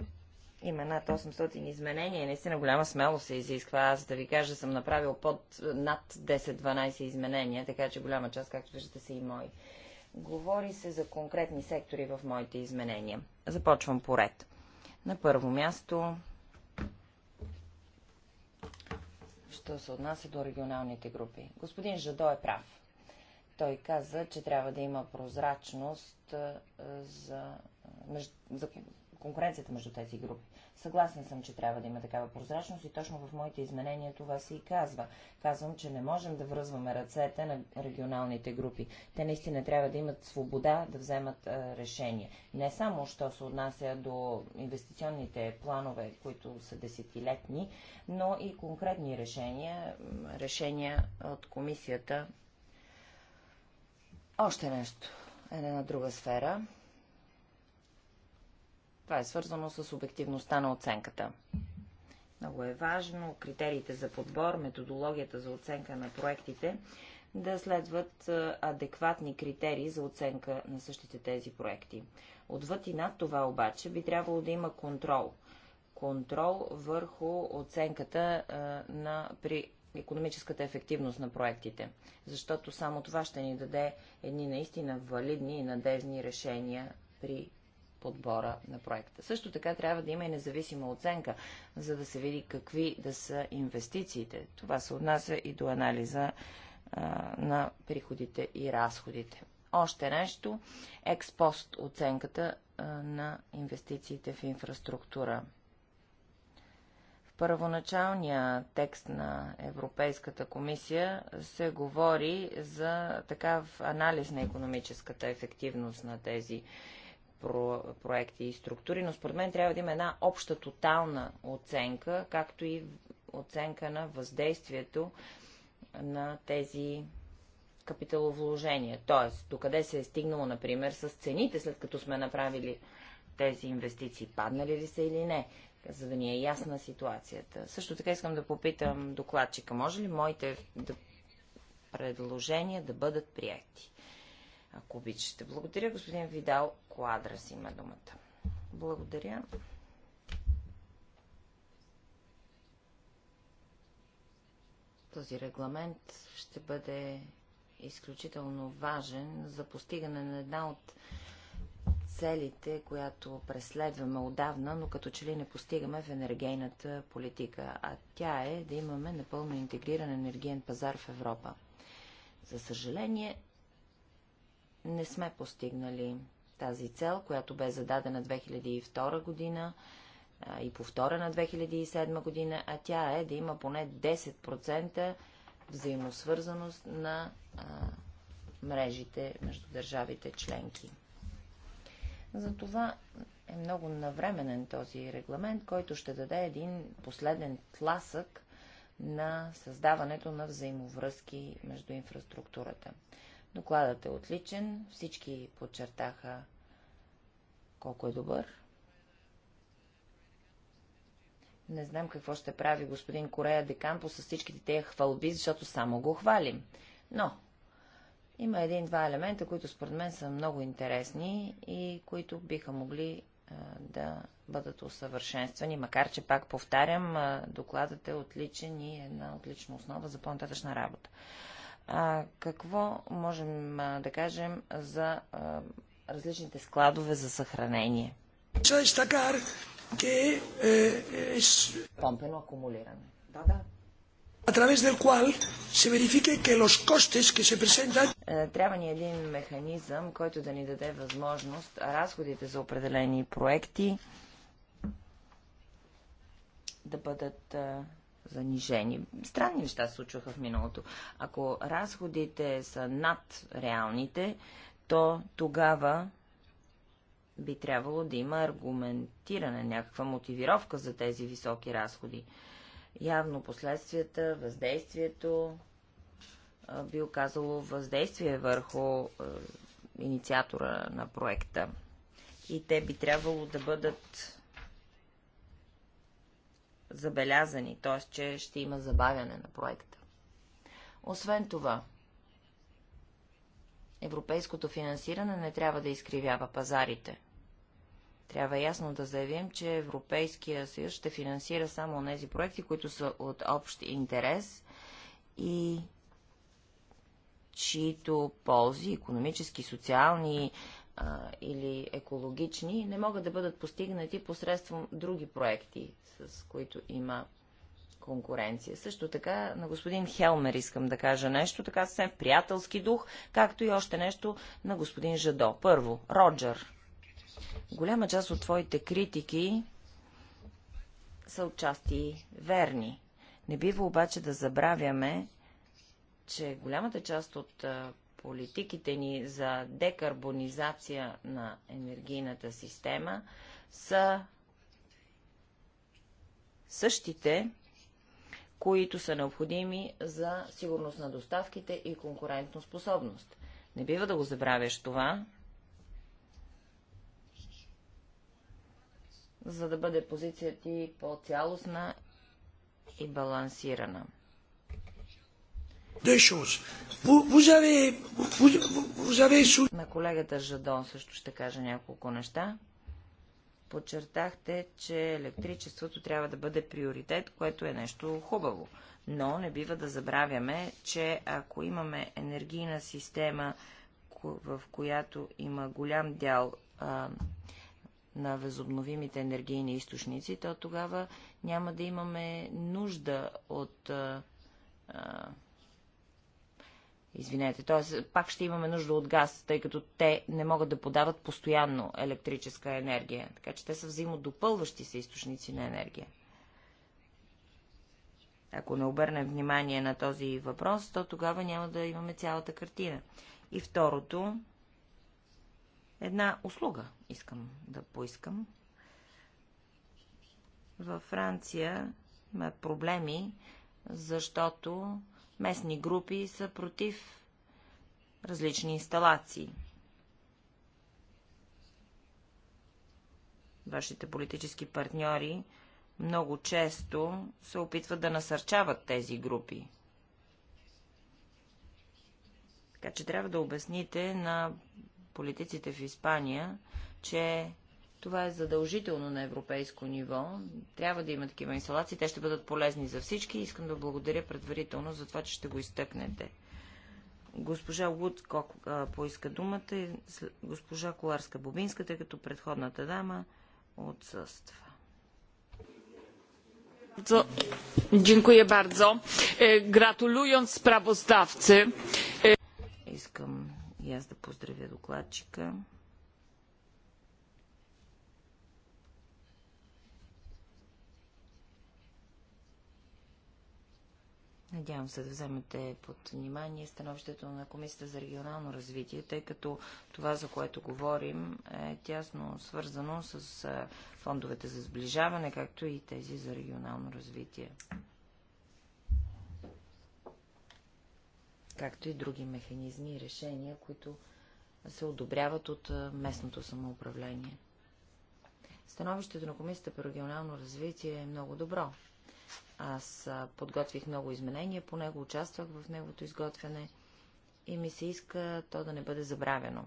има над 800 изменения и наистина голяма смело се изисква. Аз да ви кажа, съм направил под над 10-12 изменения, така че голяма част, както виждате, са и мои. Говори се за конкретни сектори в моите изменения. Започвам по ред. На първо място, що се отнася до регионалните групи. Господин Жадо е прав. Той каза, че трябва да има прозрачност за, за конкуренцията между тези групи. Съгласна съм, че трябва да има такава прозрачност и точно в моите изменения това се и казва. Казвам, че не можем да връзваме ръцете на регионалните групи. Те наистина трябва да имат свобода да вземат решение. Не само, що се отнася до инвестиционните планове, които са десетилетни, но и конкретни решения, решения от комисията. Още нещо. Една друга сфера това е свързано с обективността на оценката. Много е важно критериите за подбор, методологията за оценка на проектите да следват адекватни критерии за оценка на същите тези проекти. Отвъд и над това обаче би трябвало да има контрол. Контрол върху оценката на, при економическата ефективност на проектите, защото само това ще ни даде едни наистина валидни и надежни решения при подбора на проекта. Също така трябва да има и независима оценка, за да се види какви да са инвестициите. Това се отнася и до анализа а, на приходите и разходите. Още нещо, експост оценката а, на инвестициите в инфраструктура В първоначалния текст на Европейската комисия се говори за такав анализ на економическата ефективност на тези про проекти и структури, но според мен трябва да има една обща тотална оценка, както и оценка на въздействието на тези капиталовложения. Тоест, докъде се е стигнало, например, с цените, след като сме направили тези инвестиции, паднали ли са или не, за да ни е ясна ситуацията. Също така искам да попитам докладчика, може ли моите предложения да бъдат прияти? ако обичате. Благодаря, господин Видал Куадрас има думата. Благодаря. Този регламент ще бъде изключително важен за постигане на една от целите, която преследваме отдавна, но като че ли не постигаме в енергийната политика, а тя е да имаме напълно интегриран енергиен пазар в Европа. За съжаление, не сме постигнали тази цел, която бе зададена 2002 година и повторена 2007 година, а тя е да има поне 10% взаимосвързаност на а, мрежите между държавите членки. Затова е много навременен този регламент, който ще даде един последен тласък на създаването на взаимовръзки между инфраструктурата. Докладът е отличен, всички подчертаха колко е добър. Не знам какво ще прави господин Корея Декампо с всичките тези хвалби, защото само го хвалим. Но има един-два елемента, които според мен са много интересни и които биха могли а, да бъдат усъвършенствани, макар че, пак повтарям, а, докладът е отличен и е една отлична основа за по-нататъчна работа. А, какво можем а, да кажем за а, различните складове за съхранение? Е, е, Помпено акумулиране. Да, да. A través del cual se verifique que los costes que se presentan... Трябва ни един механизъм, който да ни даде възможност разходите за определени проекти да бъдат е, занижени. Странни неща се случваха в миналото. Ако разходите са над реалните, то тогава би трябвало да има аргументиране, някаква мотивировка за тези високи разходи. Явно последствията, въздействието би оказало въздействие върху е, инициатора на проекта. И те би трябвало да бъдат забелязани, т.е. че ще има забавяне на проекта. Освен това, европейското финансиране не трябва да изкривява пазарите. Трябва ясно да заявим, че Европейския съюз ще финансира само тези проекти, които са от общ интерес и чието ползи, економически, социални, а, или екологични, не могат да бъдат постигнати посредством други проекти, с които има конкуренция. Също така на господин Хелмер искам да кажа нещо, така съвсем приятелски дух, както и още нещо на господин Жадо. Първо, Роджер. Голяма част от твоите критики са отчасти верни. Не бива обаче да забравяме, че голямата част от политиките ни за декарбонизация на енергийната система са същите, които са необходими за сигурност на доставките и способност. Не бива да го забравяш това, за да бъде позицията ти по-цялостна и балансирана deux choses. На колегата Жадон също ще кажа няколко неща. Подчертахте, че електричеството трябва да бъде приоритет, което е нещо хубаво. Но не бива да забравяме, че ако имаме енергийна система, в която има голям дял а, на възобновимите енергийни източници, то тогава няма да имаме нужда от а, а, Извинете, т.е. пак ще имаме нужда от газ, тъй като те не могат да подават постоянно електрическа енергия. Така че те са взаимодопълващи се източници на енергия. Ако не обърнем внимание на този въпрос, то тогава няма да имаме цялата картина. И второто, една услуга искам да поискам. Във Франция има проблеми, защото местни групи са против различни инсталации. Вашите политически партньори много често се опитват да насърчават тези групи. Така че трябва да обясните на политиците в Испания, че това е задължително на европейско ниво. Трябва да има такива инсталации. Те ще бъдат полезни за всички. Искам да благодаря предварително за това, че ще го изтъкнете. Госпожа Лудкок поиска думата и госпожа Коларска-Бобинска, тъй като предходната дама отсъства. Dziękuję bardzo. E, gratulując sprawozdawcy. E, Искам и аз да поздравя докладчика. Надявам се да вземете под внимание становището на Комисията за регионално развитие, тъй като това, за което говорим, е тясно свързано с фондовете за сближаване, както и тези за регионално развитие. Както и други механизми и решения, които се одобряват от местното самоуправление. Становището на Комисията по регионално развитие е много добро. Аз подготвих много изменения, по него участвах в неговото изготвяне и ми се иска то да не бъде забравено.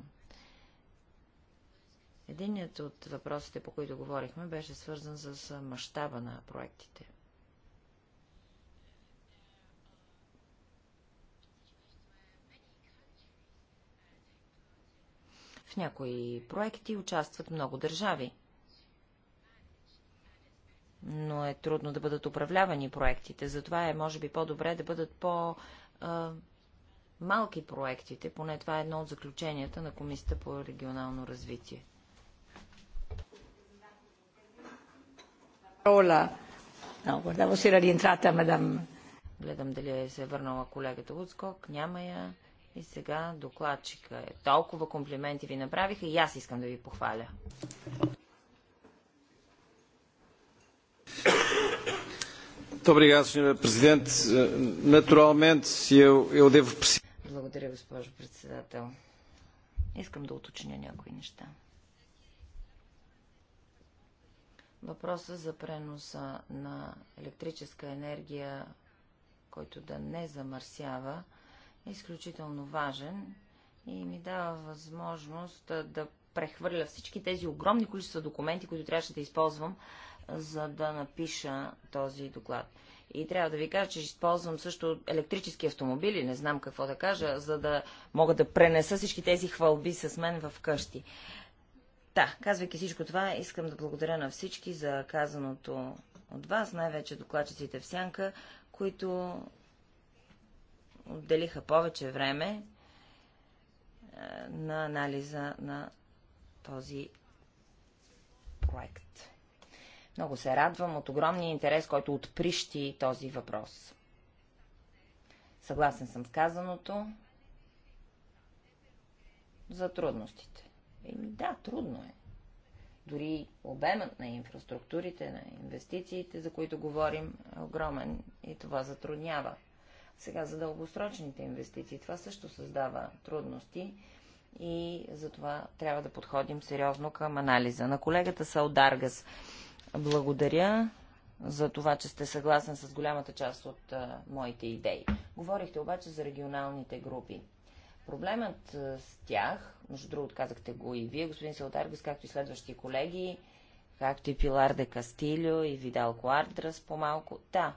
Единият от въпросите, по които говорихме, беше свързан с мащаба на проектите. В някои проекти участват много държави но е трудно да бъдат управлявани проектите. Затова е, може би, по-добре да бъдат по- малки проектите, поне това е едно от заключенията на Комисията по регионално развитие. Гледам дали е се е върнала колегата Луцкок. Няма я. И сега докладчика е. Толкова комплименти ви направиха и аз искам да ви похваля. Obrigado, Presidente. Naturalmente, eu, eu devo... Благодаря, госпожо председател. Искам да уточня някои неща. Въпроса за преноса на електрическа енергия, който да не замърсява, е изключително важен и ми дава възможност да прехвърля всички тези огромни количества документи, които трябваше да използвам за да напиша този доклад. И трябва да ви кажа, че използвам също електрически автомобили, не знам какво да кажа, за да мога да пренеса всички тези хвалби с мен в къщи. Та, казвайки всичко това, искам да благодаря на всички за казаното от вас, най-вече докладчиците в Сянка, които отделиха повече време е, на анализа на този проект. Много се радвам от огромния интерес, който отприщи този въпрос. Съгласен съм с казаното за трудностите. Еми да, трудно е. Дори обемът на инфраструктурите, на инвестициите, за които говорим, е огромен и това затруднява. Сега за дългосрочните инвестиции това също създава трудности и затова трябва да подходим сериозно към анализа. На колегата Салдаргас. Благодаря за това, че сте съгласен с голямата част от а, моите идеи. Говорихте обаче за регионалните групи. Проблемът а, с тях, между другото казахте го и вие, господин Салтаргас, както и следващи колеги, както и Пилар де Кастилио и Видал Куардрас по-малко. Да,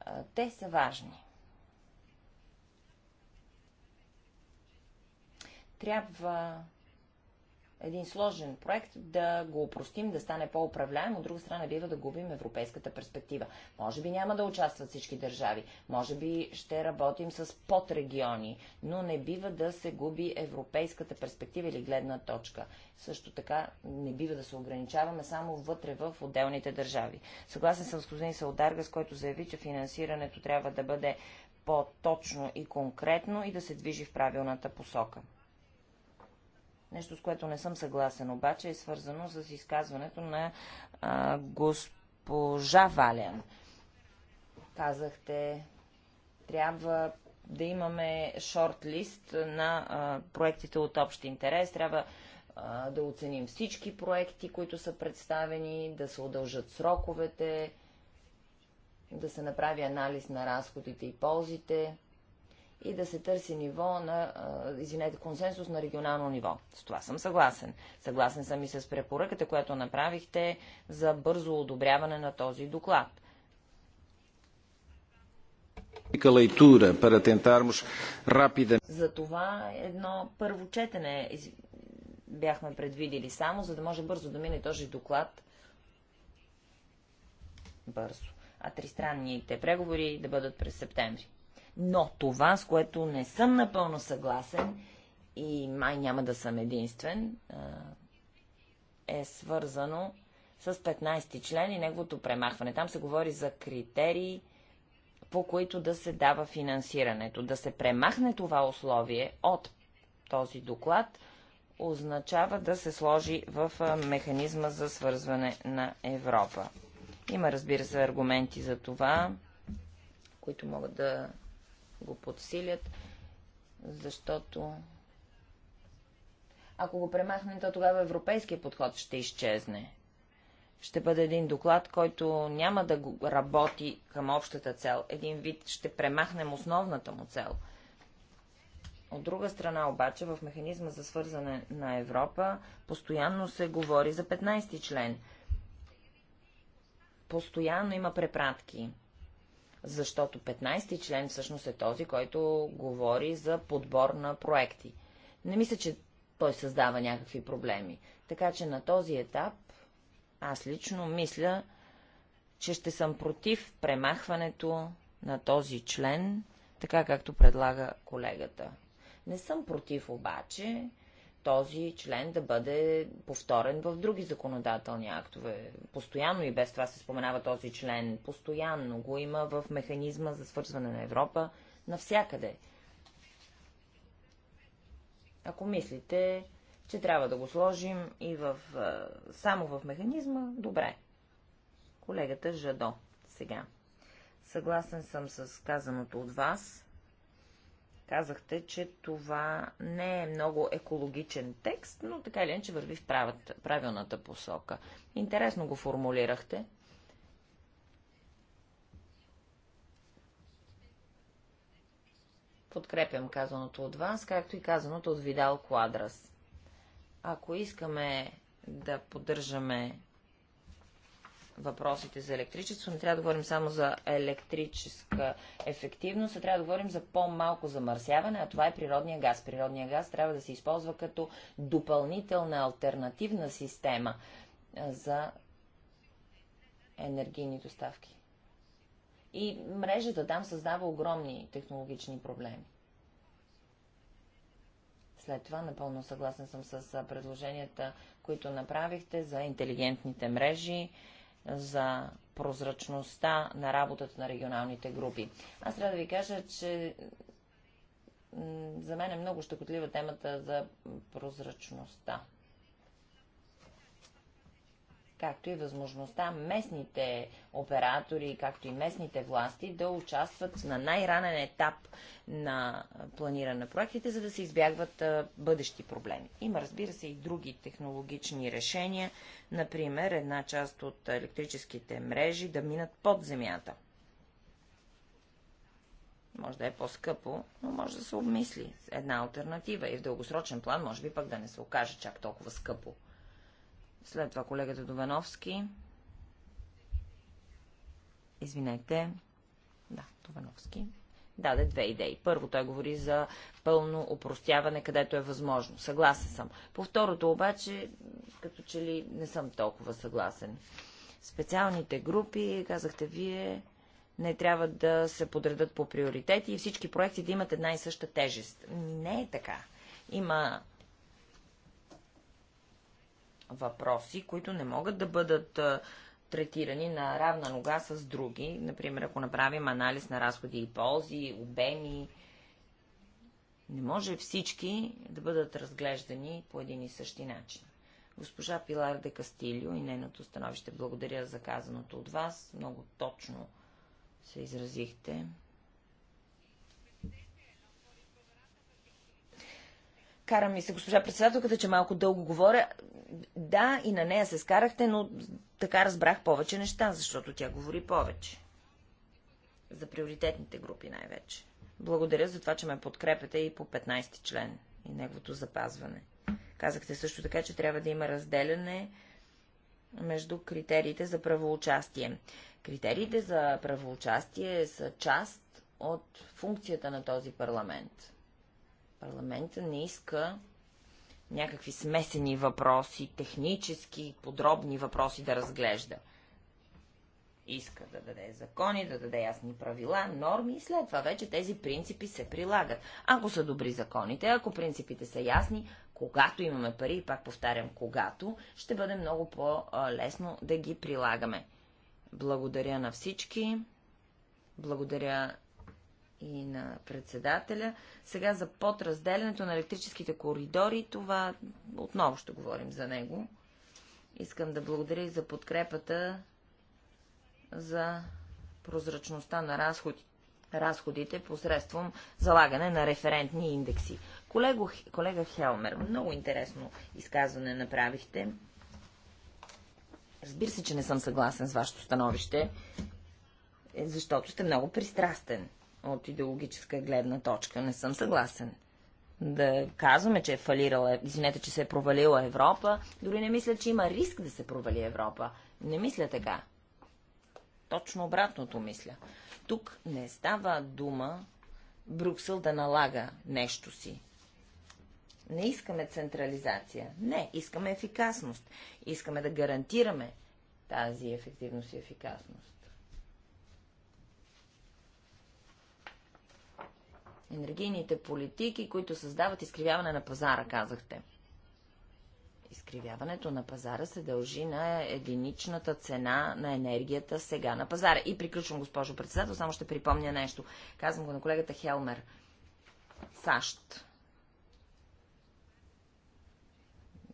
а, те са важни. Трябва един сложен проект, да го упростим, да стане по-управляем, от друга страна бива да губим европейската перспектива. Може би няма да участват всички държави, може би ще работим с подрегиони, но не бива да се губи европейската перспектива или гледна точка. Също така не бива да се ограничаваме само вътре в отделните държави. Съгласен съм с господин Саударгас, който заяви, че финансирането трябва да бъде по-точно и конкретно и да се движи в правилната посока. Нещо, с което не съм съгласен обаче, е свързано с изказването на а, госпожа Валян. Казахте, трябва да имаме шорт-лист на а, проектите от общ интерес. Трябва а, да оценим всички проекти, които са представени, да се удължат сроковете, да се направи анализ на разходите и ползите и да се търси ниво на, извинете, консенсус на регионално ниво. С това съм съгласен. Съгласен съм и с препоръката, която направихте за бързо одобряване на този доклад. За това едно първо четене бяхме предвидили само, за да може бързо да мине този доклад бързо. А тристранните преговори да бъдат през септември. Но това, с което не съм напълно съгласен и май няма да съм единствен, е свързано с 15-ти член и неговото премахване. Там се говори за критерии, по които да се дава финансирането. Да се премахне това условие от този доклад означава да се сложи в механизма за свързване на Европа. Има, разбира се, аргументи за това, които могат да го подсилят, защото ако го премахнем, то тогава европейския подход ще изчезне. Ще бъде един доклад, който няма да го работи към общата цел. Един вид ще премахнем основната му цел. От друга страна обаче, в механизма за свързане на Европа постоянно се говори за 15 ти член. Постоянно има препратки защото 15-ти член всъщност е този, който говори за подбор на проекти. Не мисля, че той създава някакви проблеми. Така че на този етап аз лично мисля, че ще съм против премахването на този член, така както предлага колегата. Не съм против обаче този член да бъде повторен в други законодателни актове. Постоянно и без това се споменава този член. Постоянно го има в механизма за свързване на Европа навсякъде. Ако мислите, че трябва да го сложим и в, само в механизма, добре. Колегата Жадо сега. Съгласен съм с казаното от вас. Казахте, че това не е много екологичен текст, но така или иначе върви в правилната посока. Интересно го формулирахте. Подкрепям казаното от вас, както и казаното от Видал Квадрас. Ако искаме да поддържаме въпросите за електричество. Не трябва да говорим само за електрическа ефективност, а трябва да говорим за по-малко замърсяване, а това е природния газ. Природния газ трябва да се използва като допълнителна альтернативна система за енергийни доставки. И мрежата там създава огромни технологични проблеми. След това напълно съгласен съм с предложенията, които направихте за интелигентните мрежи за прозрачността на работата на регионалните групи. Аз трябва да ви кажа, че за мен е много щекотлива темата за прозрачността както и възможността местните оператори, както и местните власти да участват на най-ранен етап на планиране на проектите, за да се избягват бъдещи проблеми. Има, разбира се, и други технологични решения, например една част от електрическите мрежи да минат под земята. Може да е по-скъпо, но може да се обмисли една альтернатива и в дългосрочен план може би пък да не се окаже чак толкова скъпо. След това колегата Довановски. Извинете. Да, Довановски даде две идеи. Първо, той говори за пълно опростяване, където е възможно. Съгласен съм. По второто обаче, като че ли не съм толкова съгласен. Специалните групи, казахте вие, не трябва да се подредат по приоритети и всички проекти да имат една и съща тежест. Не е така. Има въпроси, които не могат да бъдат третирани на равна нога с други. Например, ако направим анализ на разходи и ползи, обеми, не може всички да бъдат разглеждани по един и същи начин. Госпожа Пилар де Кастилио и нейното становище благодаря за казаното от вас. Много точно се изразихте. Кара ми се госпожа председателката, че малко дълго говоря. Да, и на нея се скарахте, но така разбрах повече неща, защото тя говори повече. За приоритетните групи най-вече. Благодаря за това, че ме подкрепяте и по 15 ти член и неговото запазване. Казахте също така, че трябва да има разделяне между критериите за правоучастие. Критериите за правоучастие са част от функцията на този парламент. Парламента не иска някакви смесени въпроси, технически, подробни въпроси да разглежда. Иска да даде закони, да даде ясни правила, норми и след това вече тези принципи се прилагат. Ако са добри законите, ако принципите са ясни, когато имаме пари, и пак повтарям, когато, ще бъде много по-лесно да ги прилагаме. Благодаря на всички. Благодаря и на председателя. Сега за подразделянето на електрическите коридори, това отново ще говорим за него. Искам да благодаря и за подкрепата за прозрачността на разходите разходите посредством залагане на референтни индекси. Колего, колега Хелмер, много интересно изказване направихте. Разбира се, че не съм съгласен с вашето становище, е, защото сте много пристрастен от идеологическа гледна точка. Не съм съгласен да казваме, че е фалирала, е- извинете, че се е провалила Европа. Дори не мисля, че има риск да се провали Европа. Не мисля така. Точно обратното мисля. Тук не става дума Брюксел да налага нещо си. Не искаме централизация. Не, искаме ефикасност. Искаме да гарантираме тази ефективност и ефикасност. енергийните политики, които създават изкривяване на пазара, казахте. Изкривяването на пазара се дължи на единичната цена на енергията сега на пазара. И приключвам, госпожо председател, само ще припомня нещо. Казвам го на колегата Хелмер. САЩ.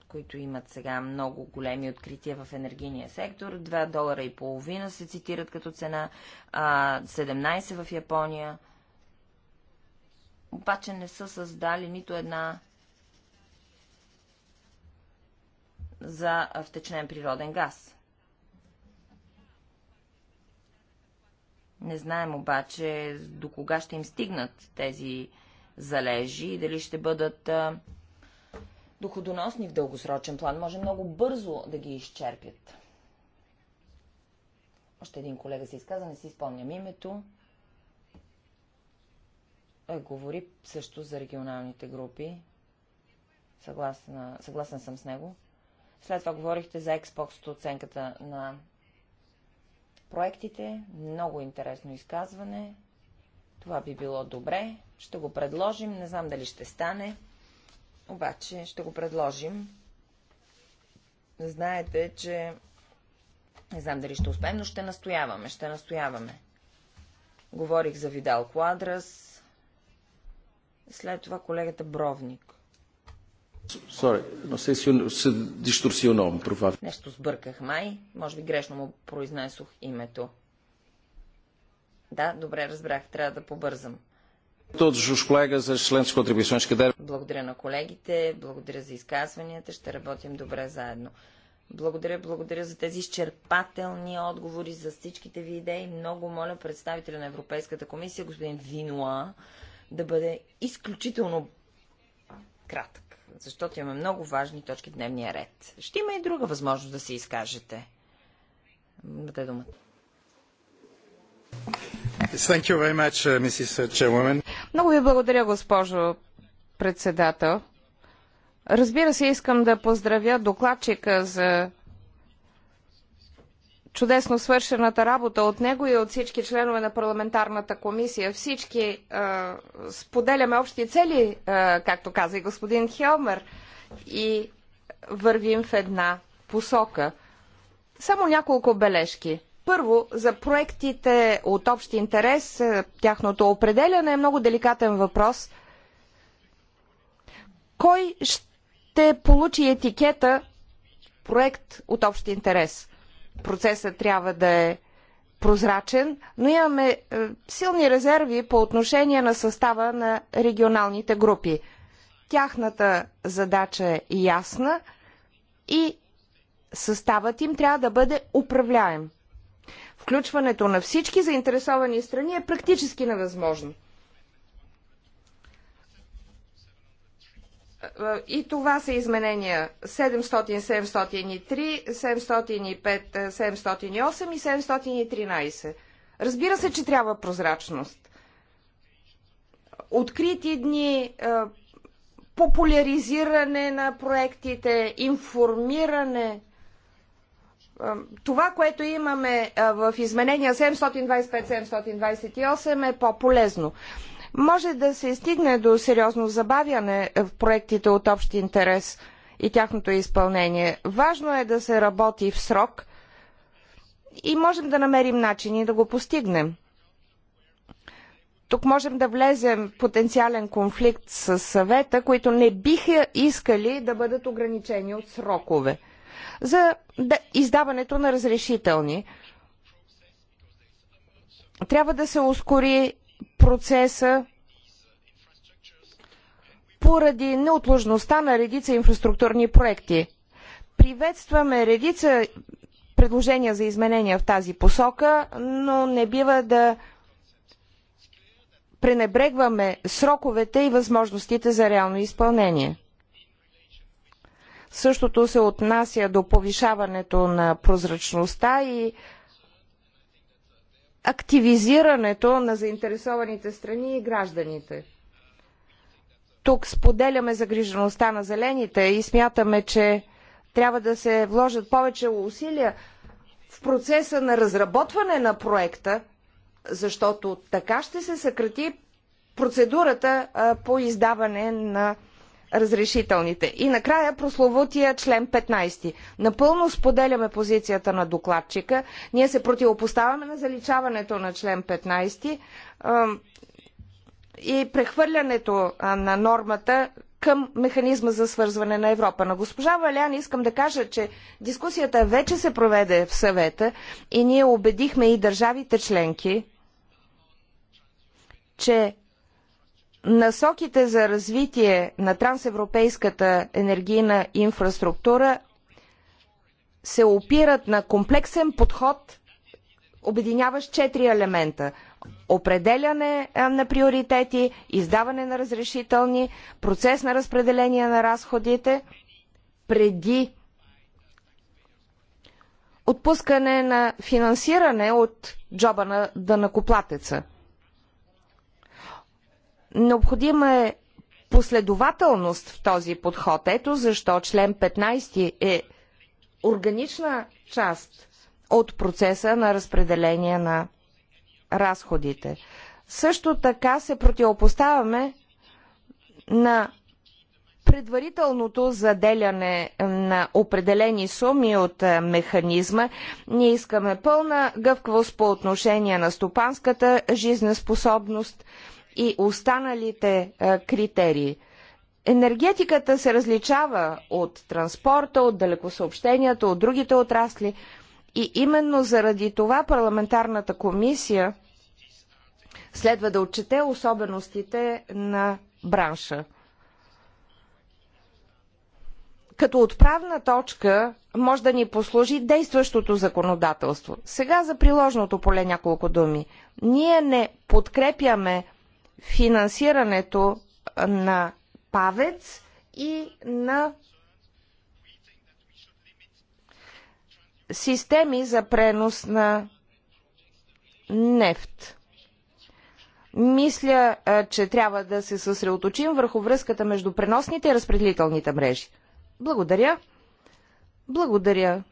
които имат сега много големи открития в енергийния сектор. 2 долара и половина се цитират като цена, 17 в Япония, обаче не са създали нито една за втечнен природен газ. Не знаем обаче до кога ще им стигнат тези залежи и дали ще бъдат а, доходоносни в дългосрочен план. Може много бързо да ги изчерпят. Още един колега се изказа, не си спомням името. Е, говори също за регионалните групи. Съгласна, съгласна съм с него. След това говорихте за експокс оценката на проектите. Много интересно изказване. Това би било добре. Ще го предложим. Не знам дали ще стане. Обаче ще го предложим. Знаете, че... Не знам дали ще успеем, но ще настояваме. Ще настояваме. Говорих за Видал Квадрас, след това колегата Бровник. Sorry, но се, се Нещо сбърках май, може би грешно му произнесох името. Да, добре, разбрах, трябва да побързам. Благодаря на колегите, благодаря за изказванията, ще работим добре заедно. Благодаря, благодаря за тези изчерпателни отговори, за всичките ви идеи. Много моля представителя на Европейската комисия, господин Винуа, да бъде изключително кратък, защото имаме много важни точки в дневния ред. Ще има и друга възможност да се изкажете. Бъде думата. Much, uh, много ви благодаря, госпожо председател. Разбира се, искам да поздравя докладчика за чудесно свършената работа от него и от всички членове на парламентарната комисия. Всички е, споделяме общи цели, е, както каза и господин Хелмер, и вървим в една посока. Само няколко бележки. Първо, за проектите от общ интерес, е, тяхното определяне е много деликатен въпрос. Кой ще получи етикета проект от общ интерес? Процесът трябва да е прозрачен, но имаме е, силни резерви по отношение на състава на регионалните групи. Тяхната задача е ясна и съставът им трябва да бъде управляем. Включването на всички заинтересовани страни е практически невъзможно. И това са изменения 700, 703, 705, 708 и 713. Разбира се, че трябва прозрачност. Открити дни, е, популяризиране на проектите, информиране. Е, това, което имаме е, в изменения 725-728 е по-полезно може да се стигне до сериозно забавяне в проектите от общ интерес и тяхното изпълнение. Важно е да се работи в срок и можем да намерим начини да го постигнем. Тук можем да влезем в потенциален конфликт с съвета, които не биха искали да бъдат ограничени от срокове за издаването на разрешителни. Трябва да се ускори процеса поради неотложността на редица инфраструктурни проекти. Приветстваме редица предложения за изменения в тази посока, но не бива да пренебрегваме сроковете и възможностите за реално изпълнение. Същото се отнася до повишаването на прозрачността и активизирането на заинтересованите страни и гражданите. Тук споделяме загрижеността на зелените и смятаме, че трябва да се вложат повече усилия в процеса на разработване на проекта, защото така ще се съкрати процедурата по издаване на разрешителните. И накрая прословутия член 15. Напълно споделяме позицията на докладчика. Ние се противопоставяме на заличаването на член 15 и прехвърлянето на нормата към механизма за свързване на Европа. На госпожа Валян искам да кажа, че дискусията вече се проведе в съвета и ние убедихме и държавите членки, че насоките за развитие на трансевропейската енергийна инфраструктура се опират на комплексен подход, обединяващ четири елемента определяне на приоритети, издаване на разрешителни, процес на разпределение на разходите преди отпускане на финансиране от джоба на дънакоплатеца. Необходима е последователност в този подход. Ето защо член 15 е органична част от процеса на разпределение на разходите. Също така се противопоставяме на предварителното заделяне на определени суми от е, механизма. Ние искаме пълна гъвкавост по отношение на стопанската жизнеспособност – и останалите е, критерии. Енергетиката се различава от транспорта, от далекосъобщенията, от другите отрасли и именно заради това парламентарната комисия следва да отчете особеностите на бранша. Като отправна точка може да ни послужи действащото законодателство. Сега за приложното поле няколко думи. Ние не подкрепяме финансирането на ПАВЕЦ и на системи за пренос на нефт. Мисля, че трябва да се съсредоточим върху връзката между преносните и разпределителните мрежи. Благодаря. Благодаря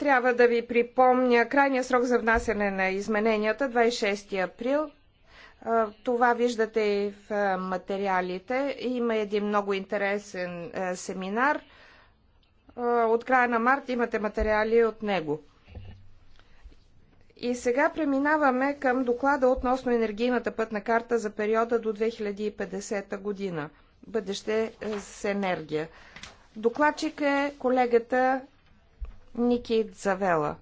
Трябва да ви припомня крайния срок за внасяне на измененията 26 април. Това виждате и в материалите. Има един много интересен семинар. От края на март имате материали от него. И сега преминаваме към доклада относно енергийната пътна карта за периода до 2050 година. Бъдеще е, с енергия. Докладчик е колегата Ники Завела.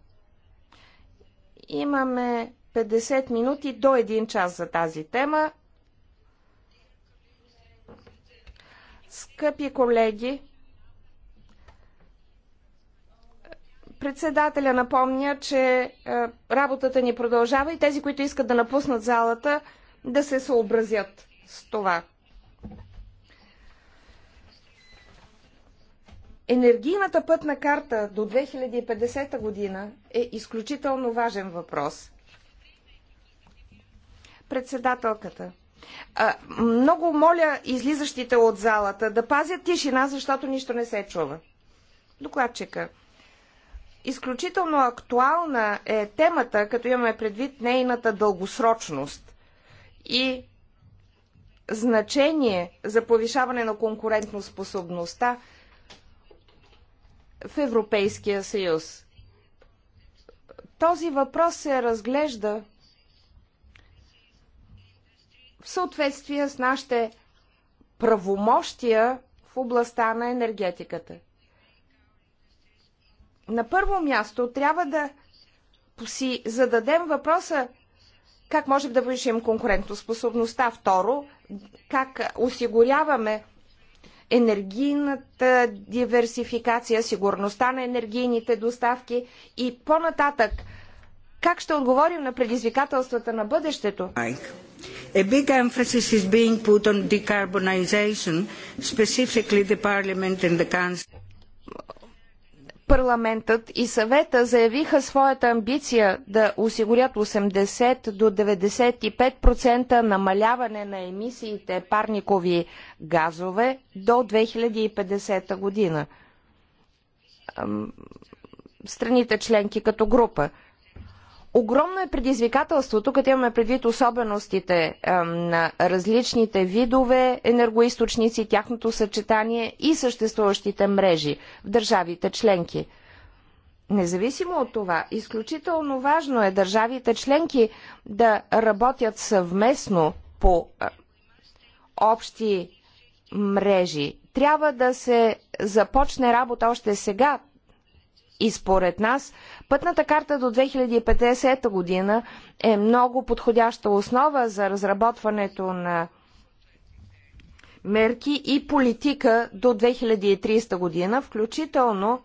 Имаме 50 минути до 1 час за тази тема. Скъпи колеги, председателя напомня, че е, работата ни продължава и тези, които искат да напуснат залата, да се съобразят с това. Енергийната пътна карта до 2050 година е изключително важен въпрос. Председателката. А, много моля излизащите от залата да пазят тишина, защото нищо не се чува. Докладчика. Изключително актуална е темата, като имаме предвид нейната дългосрочност и значение за повишаване на конкурентоспособността способността в Европейския съюз. Този въпрос се разглежда в съответствие с нашите правомощия в областта на енергетиката. На първо място трябва да си зададем въпроса как можем да повишим конкурентоспособността. Второ, как осигуряваме енергийната диверсификация, сигурността на енергийните доставки и по-нататък как ще отговорим на предизвикателствата на бъдещето? A big emphasis is being put on decarbonization, specifically the Parliament and the Council. Парламентът и съвета заявиха своята амбиция да осигурят 80 до 95% намаляване на емисиите парникови газове до 2050 година. Страните членки като група. Огромно е предизвикателството, като имаме предвид особеностите на различните видове енергоисточници, тяхното съчетание и съществуващите мрежи в държавите членки. Независимо от това, изключително важно е държавите членки да работят съвместно по общи мрежи. Трябва да се започне работа още сега и според нас Пътната карта до 2050 година е много подходяща основа за разработването на мерки и политика до 2030 година, включително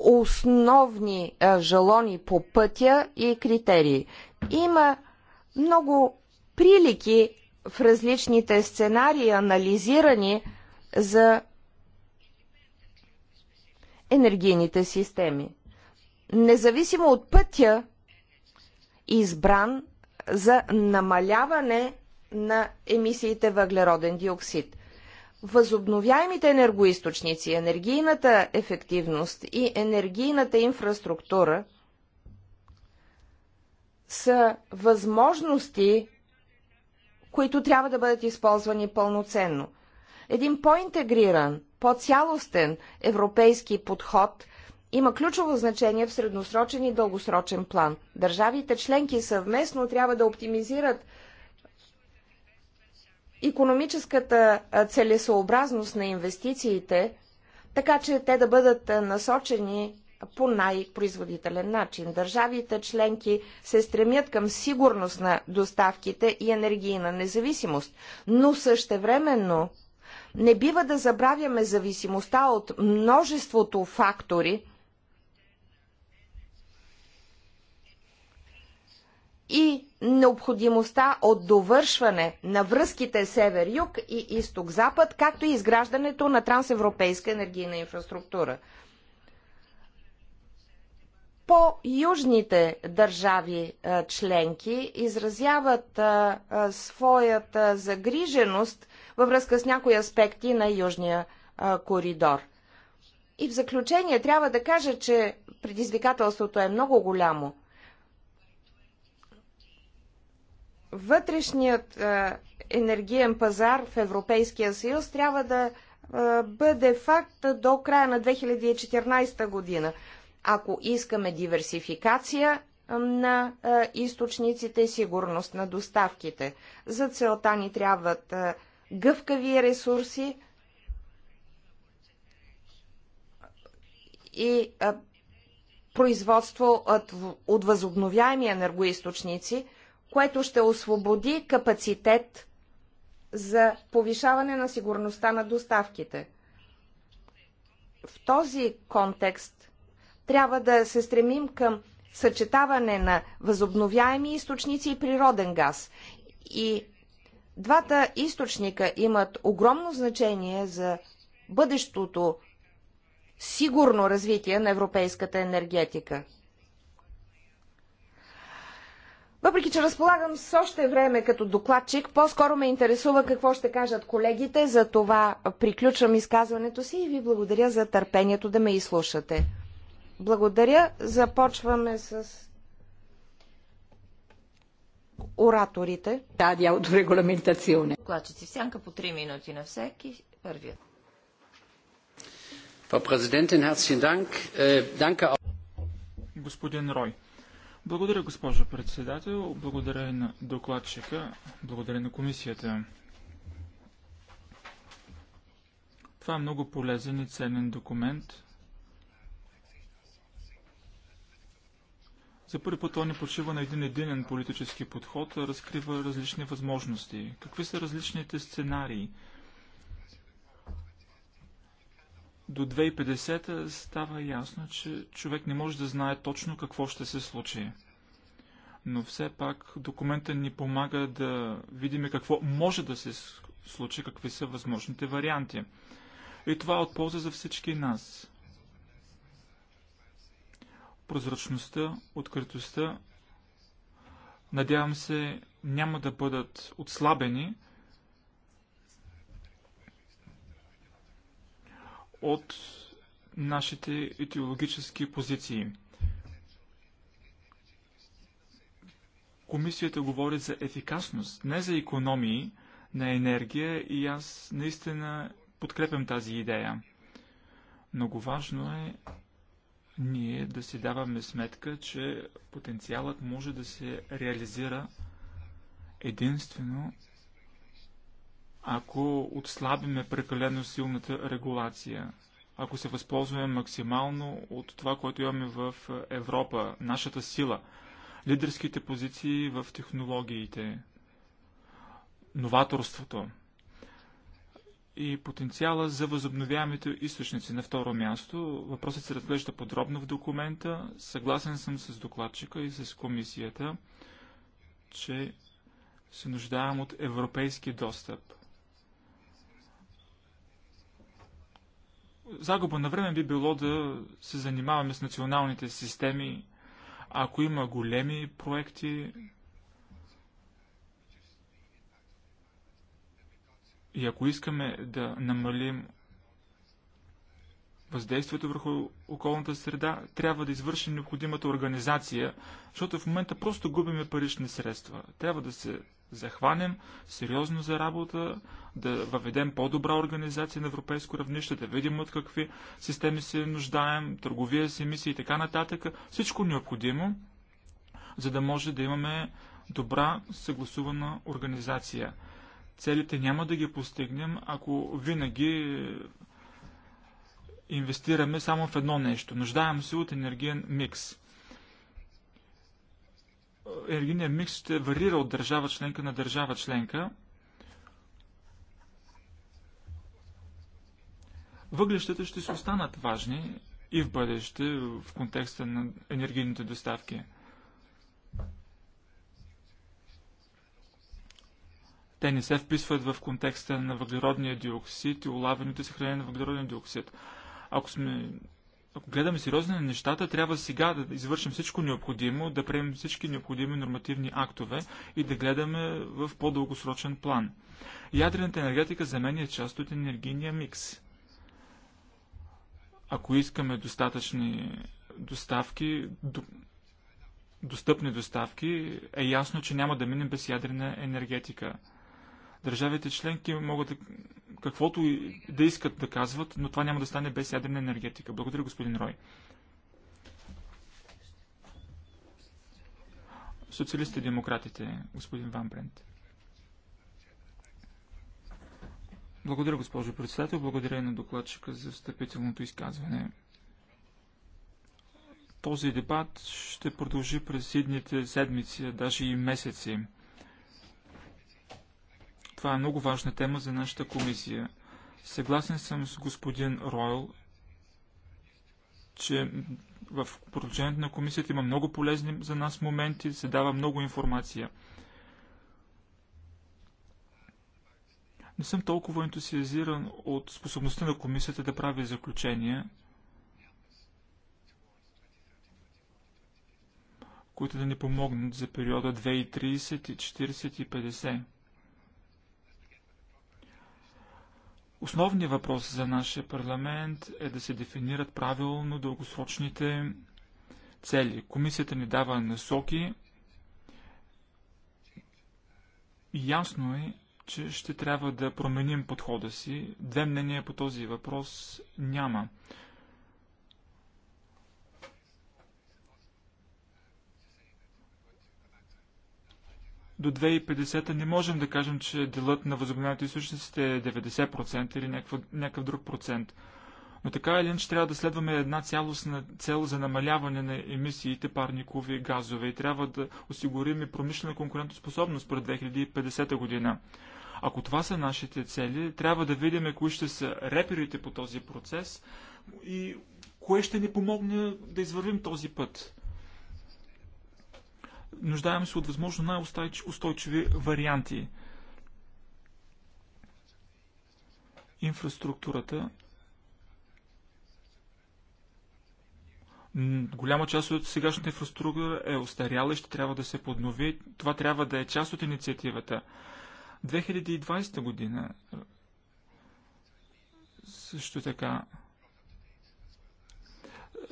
основни жалони по пътя и критерии. Има много прилики в различните сценарии, анализирани за енергийните системи. Независимо от пътя, избран за намаляване на емисиите въглероден диоксид. Възобновяемите енергоисточници, енергийната ефективност и енергийната инфраструктура са възможности, които трябва да бъдат използвани пълноценно. Един по-интегриран по-цялостен европейски подход има ключово значение в средносрочен и дългосрочен план. Държавите членки съвместно трябва да оптимизират економическата целесообразност на инвестициите, така че те да бъдат насочени по най-производителен начин. Държавите членки се стремят към сигурност на доставките и енергийна независимост, но същевременно не бива да забравяме зависимостта от множеството фактори и необходимостта от довършване на връзките север-юг и изток-запад, както и изграждането на трансевропейска енергийна инфраструктура. По-южните държави членки изразяват своята загриженост във връзка с някои аспекти на Южния а, коридор. И в заключение трябва да кажа, че предизвикателството е много голямо. Вътрешният а, енергиен пазар в Европейския съюз трябва да а, бъде факт до края на 2014 година. Ако искаме диверсификация на източниците и сигурност на доставките. За целта ни трябват гъвкави ресурси и производство от възобновяеми енергоисточници, което ще освободи капацитет за повишаване на сигурността на доставките. В този контекст трябва да се стремим към съчетаване на възобновяеми източници и природен газ и Двата източника имат огромно значение за бъдещото сигурно развитие на европейската енергетика. Въпреки, че разполагам с още време като докладчик, по-скоро ме интересува какво ще кажат колегите, за това приключвам изказването си и ви благодаря за търпението да ме изслушате. Благодаря. Започваме с ораторите. Да, ди по 3 минути на всеки. Първият. Е, Господин Рой. Благодаря, госпожо председател. Благодаря и на докладчика. Благодаря на комисията. Това е много полезен и ценен документ, За първи път той не почива на един единен политически подход, а разкрива различни възможности. Какви са различните сценарии? До 2050 става ясно, че човек не може да знае точно какво ще се случи. Но все пак документа ни помага да видим какво може да се случи, какви са възможните варианти. И това е от полза за всички нас прозрачността, откритостта, надявам се, няма да бъдат отслабени от нашите идеологически позиции. Комисията говори за ефикасност, не за економии на енергия и аз наистина подкрепям тази идея. Много важно е ние да си даваме сметка, че потенциалът може да се реализира единствено ако отслабиме прекалено силната регулация, ако се възползваме максимално от това, което имаме в Европа, нашата сила, лидерските позиции в технологиите, новаторството – и потенциала за възобновяемите източници. На второ място, въпросът се разглежда подробно в документа. Съгласен съм с докладчика и с комисията, че се нуждаем от европейски достъп. Загуба на време би било да се занимаваме с националните системи. Ако има големи проекти, И ако искаме да намалим въздействието върху околната среда, трябва да извършим необходимата организация, защото в момента просто губиме парични средства. Трябва да се захванем сериозно за работа, да въведем по-добра организация на европейско равнище, да видим от какви системи се нуждаем, търговия с емисии и така нататък. Всичко необходимо, за да може да имаме добра съгласувана организация – Целите няма да ги постигнем, ако винаги е, инвестираме само в едно нещо. Нуждаем се от енергиен микс. Енергийният микс ще варира от държава членка на държава членка. Въглищата ще се останат важни и в бъдеще в контекста на енергийните доставки – Те не се вписват в контекста на въглеродния диоксид и улавянето и съхранение на въглеродния диоксид. Ако сме ако гледаме сериозно на нещата, трябва сега да извършим всичко необходимо, да приемем всички необходими нормативни актове и да гледаме в по-дългосрочен план. Ядрената енергетика за мен е част от енергийния микс. Ако искаме достатъчни доставки, до... достъпни доставки, е ясно, че няма да минем без ядрена енергетика. Държавите членки могат да, каквото и да искат да казват, но това няма да стане без ядрена енергетика. Благодаря, господин Рой. Социалистите и демократите, господин Ван Брент. Благодаря, госпожо председател. Благодаря и на докладчика за встъпителното изказване. Този дебат ще продължи през едните седмици, даже и месеци. Това е много важна тема за нашата комисия. Съгласен съм с господин Ройл, че в продължението на комисията има много полезни за нас моменти, се дава много информация. Не съм толкова ентусиазиран от способността на комисията да прави заключения, които да ни помогнат за периода 2030, 40 и 50. Основният въпрос за нашия парламент е да се дефинират правилно дългосрочните цели. Комисията ни дава насоки. Ясно е, че ще трябва да променим подхода си. Две мнения по този въпрос няма. до 2050 не можем да кажем, че делът на възобновяемите източници е 90% или някакъв, някакъв друг процент. Но така или иначе трябва да следваме една цялостна цел за намаляване на емисиите парникови газове и трябва да осигурим и промишлена конкурентоспособност пред 2050 година. Ако това са нашите цели, трябва да видим кои ще са реперите по този процес и кое ще ни помогне да извървим този път. Нуждаем се от възможно най-устойчиви варианти. Инфраструктурата Голяма част от сегашната инфраструктура е остаряла и ще трябва да се поднови. Това трябва да е част от инициативата. 2020 година също така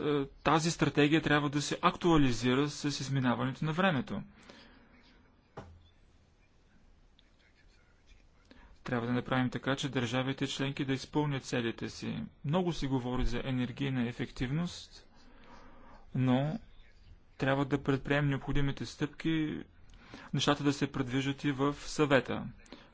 е, тази стратегия трябва да се актуализира с изминаването на времето. Трябва да направим така, че държавите членки да изпълнят целите си. Много се говори за енергийна ефективност, но трябва да предприемем необходимите стъпки, нещата да се предвижат и в съвета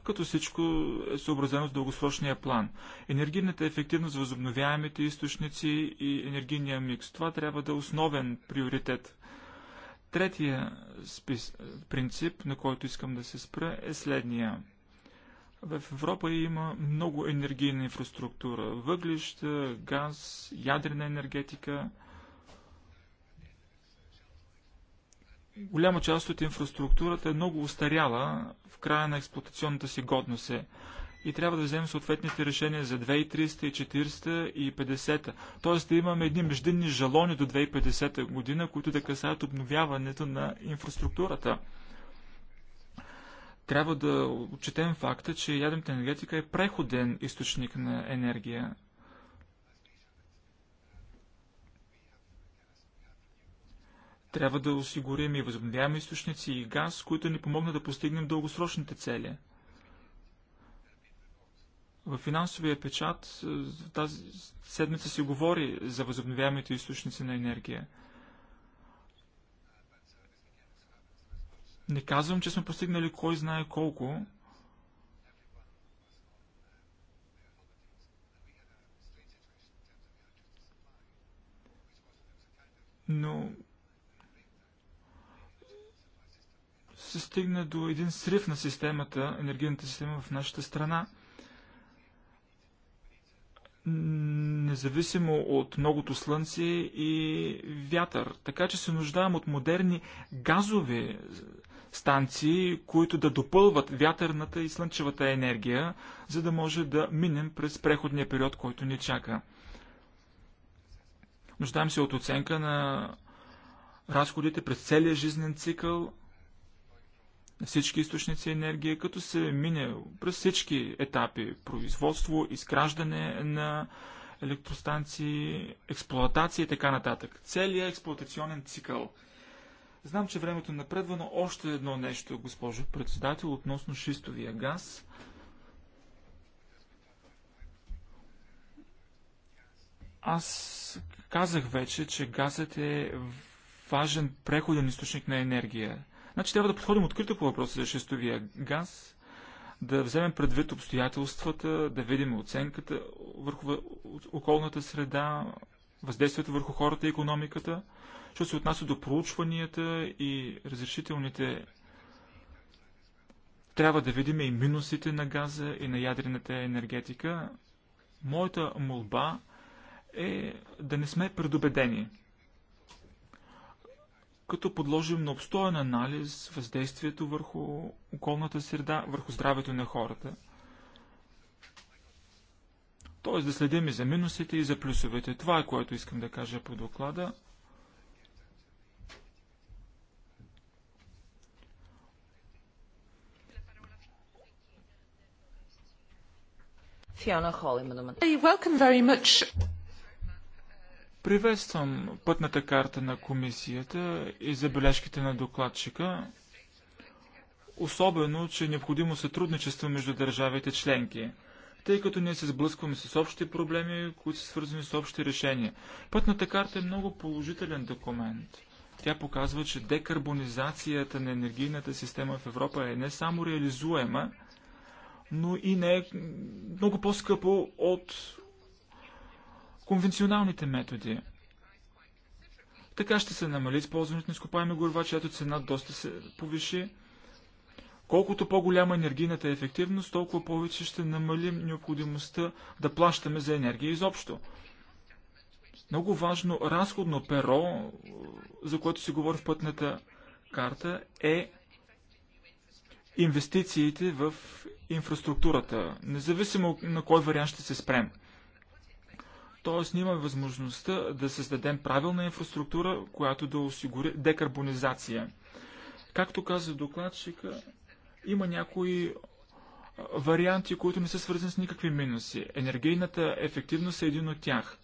като всичко е съобразено с дългосрочния план. Енергийната ефективност, възобновяемите източници и енергийния микс. Това трябва да е основен приоритет. Третия спис... принцип, на който искам да се спра, е следния. В Европа има много енергийна инфраструктура. Въглища, газ, ядрена енергетика – голяма част от инфраструктурата е много устаряла в края на експлуатационната си годност е. И трябва да вземем съответните решения за 2300 и 400 и 50. Тоест да имаме едни междинни жалони до 2050 година, които да касаят обновяването на инфраструктурата. Трябва да отчетем факта, че ядрената енергетика е преходен източник на енергия. Трябва да осигурим и възобновяеми източници и газ, които ни помогнат да постигнем дългосрочните цели. В финансовия печат е, тази седмица се говори за възобновяемите източници на енергия. Не казвам, че сме постигнали кой знае колко. Но се стигна до един срив на системата, енергийната система в нашата страна. Независимо от многото слънце и вятър. Така че се нуждаем от модерни газови станции, които да допълват вятърната и слънчевата енергия, за да може да минем през преходния период, който ни чака. Нуждаем се от оценка на разходите през целия жизнен цикъл, на всички източници енергия, като се мине през всички етапи производство, изграждане на електростанции, експлоатация и така нататък. Целият експлоатационен цикъл. Знам, че времето напредва, но още едно нещо, госпожо председател, относно шистовия газ. Аз казах вече, че газът е важен преходен източник на енергия. Значи трябва да подходим открито по въпроса за шестовия газ, да вземем предвид обстоятелствата, да видим оценката върху околната среда, въздействието върху хората и економиката, що се отнася до проучванията и разрешителните. Трябва да видим и минусите на газа и на ядрената енергетика. Моята молба е да не сме предубедени като подложим на обстоен анализ въздействието върху околната среда, върху здравето на хората. Тоест да следим и за минусите, и за плюсовете. Това е което искам да кажа по доклада. Фиона welcome very much. Приветствам пътната карта на комисията и забележките на докладчика, особено, че е необходимо сътрудничество между държавите членки, тъй като ние се сблъскваме с общи проблеми, които са свързани с общи решения. Пътната карта е много положителен документ. Тя показва, че декарбонизацията на енергийната система в Европа е не само реализуема, но и не е много по-скъпо от конвенционалните методи. Така ще се намали използването на изкопаеми горива, чиято цена доста се повиши. Колкото по-голяма е енергийната ефективност, толкова повече ще намалим необходимостта да плащаме за енергия изобщо. Много важно разходно перо, за което се говори в пътната карта, е инвестициите в инфраструктурата, независимо на кой вариант ще се спрем. Тоест, ние имаме възможността да създадем правилна инфраструктура, която да осигури декарбонизация. Както каза докладчика, има някои варианти, които не са свързани с никакви минуси. Енергийната ефективност е един от тях.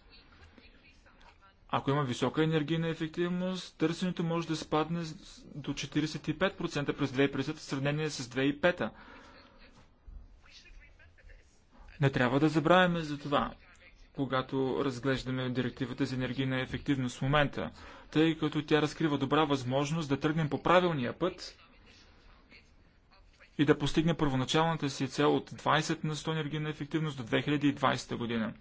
Ако има висока енергийна ефективност, търсенето може да спадне до 45% през 2050 в сравнение с 2005. Не трябва да забравяме за това когато разглеждаме директивата за енергийна ефективност в момента, тъй като тя разкрива добра възможност да тръгнем по правилния път и да постигне първоначалната си цел от 20 на 100 енергийна ефективност до 2020 година.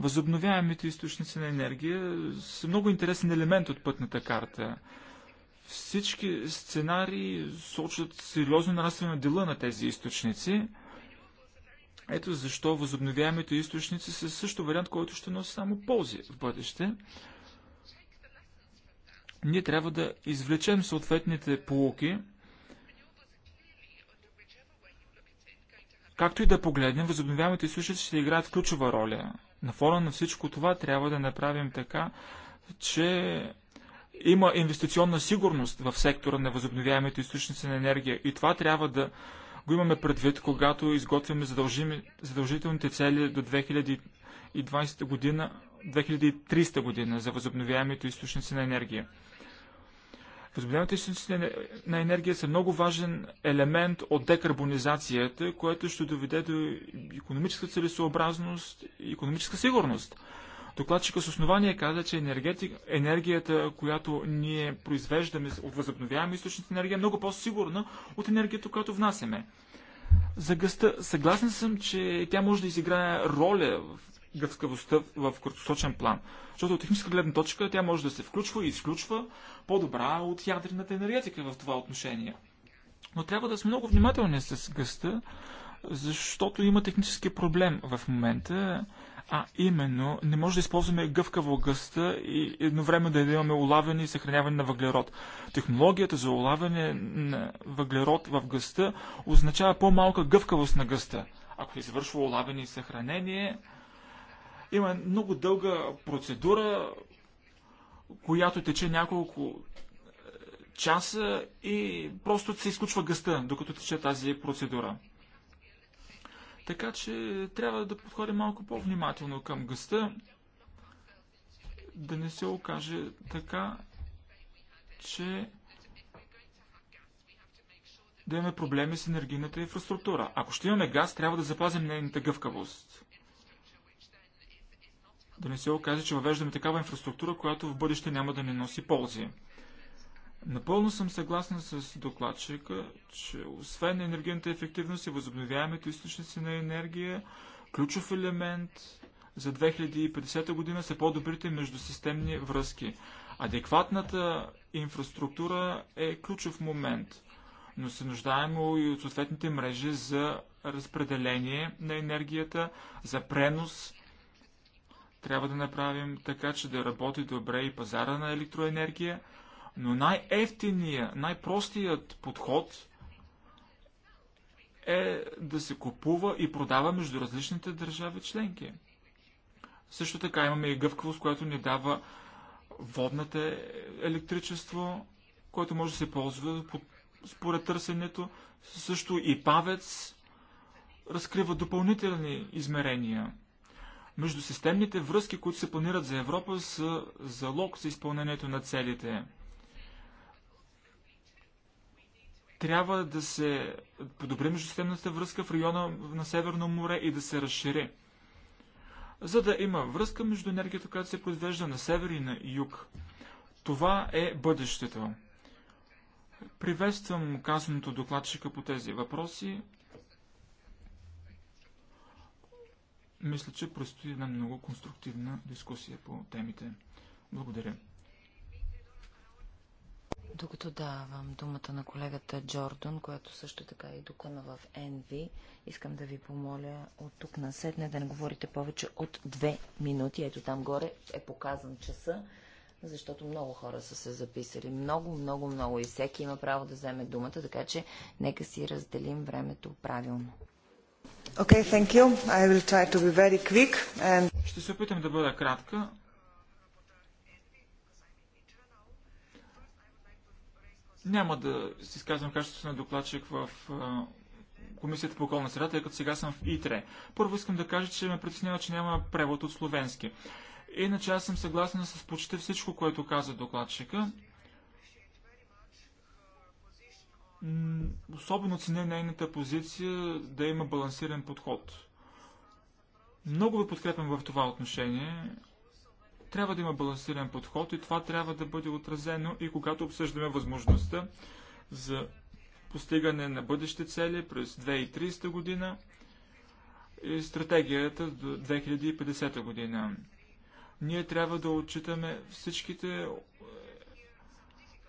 Възобновяемите източници на енергия са много интересен елемент от пътната карта. Всички сценарии сочат сериозно нарастване на дела на тези източници – ето защо възобновяемите източници са също вариант, който ще носи само ползи в бъдеще. Ние трябва да извлечем съответните полуки, Както и да погледнем, възобновяемите източници ще играят ключова роля. На фона на всичко това трябва да направим така, че има инвестиционна сигурност в сектора на възобновяемите източници на енергия и това трябва да го имаме предвид, когато изготвяме задължителните цели до 2020 година, 2300 година за възобновяемите източници на енергия. Възобновяемите източници на енергия са много важен елемент от декарбонизацията, което ще доведе до економическа целесообразност и економическа сигурност. Докладчика с основание каза, че енергията, която ние произвеждаме от възобновяеми източници енергия, е много по-сигурна от енергията, която внасяме. За гъста съгласен съм, че тя може да изиграе роля в гъвкавостта в краткосрочен план. Защото от техническа гледна точка тя може да се включва и изключва по-добра от ядрената енергетика в това отношение. Но трябва да сме много внимателни с гъста, защото има технически проблем в момента. А именно, не може да използваме гъвкаво гъста и едновременно да имаме улавяне и съхраняване на въглерод. Технологията за улавяне на въглерод в гъста означава по-малка гъвкавост на гъста. Ако е извършва улавяне и съхранение, има много дълга процедура, която тече няколко е, часа и просто се изключва гъста, докато тече тази процедура. Така че трябва да подходим малко по-внимателно към гъста, да не се окаже така, че да имаме проблеми с енергийната инфраструктура. Ако ще имаме газ, трябва да запазим нейната гъвкавост. Да не се окаже, че въвеждаме такава инфраструктура, която в бъдеще няма да ни носи ползи. Напълно съм съгласен с докладчика, че освен енергийната ефективност и възобновяемите източници на енергия, ключов елемент за 2050 година са по-добрите междусистемни връзки. Адекватната инфраструктура е ключов момент, но се нуждаем и от съответните мрежи за разпределение на енергията, за пренос. Трябва да направим така, че да работи добре и пазара на електроенергия – но най-ефтиният, най-простият подход е да се купува и продава между различните държави членки. Също така имаме и гъвкавост, която ни дава водната електричество, което може да се ползва според търсенето. Също и павец разкрива допълнителни измерения. Междусистемните връзки, които се планират за Европа, са залог за изпълнението на целите. трябва да се подобри междусистемната връзка в района на Северно море и да се разшири. За да има връзка между енергията, която се произвежда на север и на юг. Това е бъдещето. Приветствам казаното докладчика по тези въпроси. Мисля, че предстои една много конструктивна дискусия по темите. Благодаря. Докато давам думата на колегата Джордан, която също така и докана в Енви, искам да ви помоля от тук на седне да не говорите повече от две минути. Ето там горе е показан часа, защото много хора са се записали. Много, много, много и всеки има право да вземе думата, така че нека си разделим времето правилно. Okay, thank you. I will try to be very quick and... Ще се опитам да бъда кратка. Няма да си изказвам качеството на докладчик в Комисията по околна среда, тъй като сега съм в ИТРЕ. Първо искам да кажа, че ме притеснява, че няма превод от словенски. Иначе аз съм съгласен с почти всичко, което каза докладчика. Особено ценя нейната позиция да има балансиран подход. Много ви подкрепям в това отношение. Трябва да има балансиран подход и това трябва да бъде отразено и когато обсъждаме възможността за постигане на бъдещи цели през 2030 година и стратегията до 2050 година. Ние трябва да отчитаме всичките е,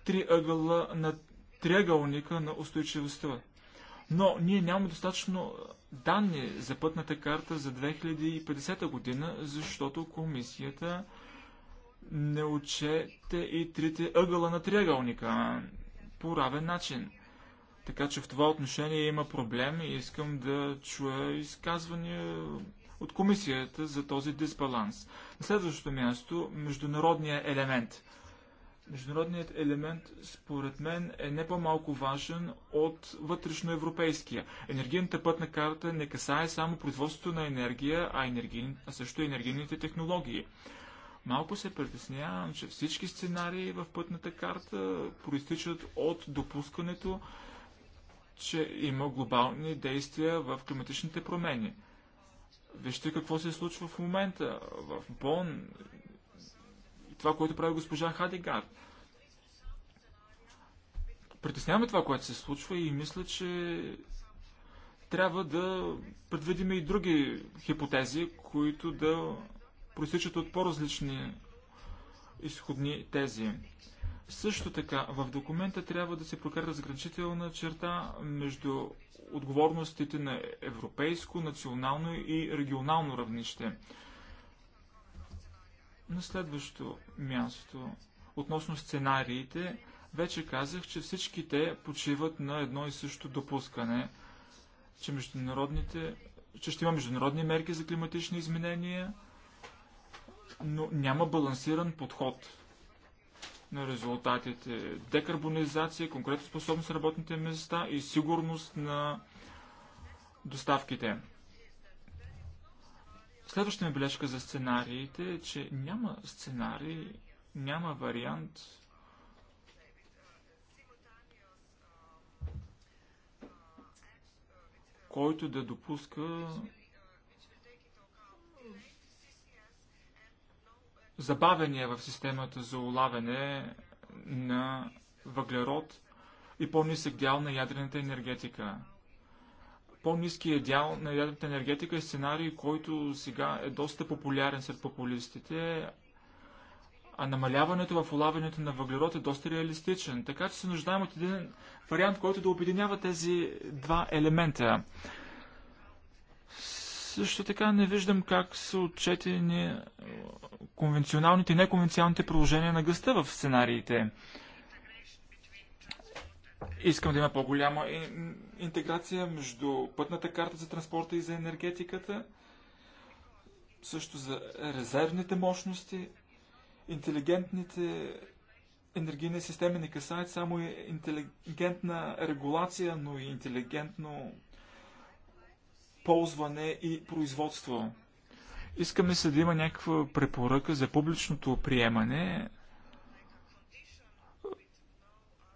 три ъгъла на триъгълника на устойчивостта. Но ние нямаме достатъчно данни за пътната карта за 2050 година, защото комисията не учете и трите ъгъла на триъгълника по равен начин. Така че в това отношение има проблем и искам да чуя изказвания от комисията за този дисбаланс. На следващото място, международният елемент. Международният елемент, според мен, е не по-малко важен от вътрешноевропейския. Енергийната пътна карта не касае само производството на енергия, а, енергий... а също и енергийните технологии. Малко се притеснявам, че всички сценарии в пътната карта проистичат от допускането, че има глобални действия в климатичните промени. Вижте какво се случва в момента в Бон, това, което прави госпожа Хадигар. Притесняваме това, което се случва и мисля, че трябва да предвидим и други хипотези, които да проистичат от по-различни изходни тези. Също така, в документа трябва да се прокара разграничителна черта между отговорностите на европейско, национално и регионално равнище. На следващо място, относно сценариите, вече казах, че всички те почиват на едно и също допускане, че, международните, че ще има международни мерки за климатични изменения – но няма балансиран подход на резултатите. Декарбонизация, конкретно способност на работните места и сигурност на доставките. Следващата ми бележка за сценариите е, че няма сценарий, няма вариант който да допуска забавения в системата за улавяне на въглерод и по-нисък дял на ядрената енергетика. по низкият дял на ядрената енергетика е сценарий, който сега е доста популярен сред популистите, а намаляването в улавянето на въглерод е доста реалистичен. Така че се нуждаем от един вариант, който да обединява тези два елемента. Също така не виждам как са отчетени е, конвенционалните и неконвенционалните приложения на гъста в сценариите. Искам да има по-голяма интеграция между пътната карта за транспорта и за енергетиката, също за резервните мощности, интелигентните енергийни системи не касаят само интелигентна регулация, но и интелигентно ползване и производство. Искаме се да има някаква препоръка за публичното приемане.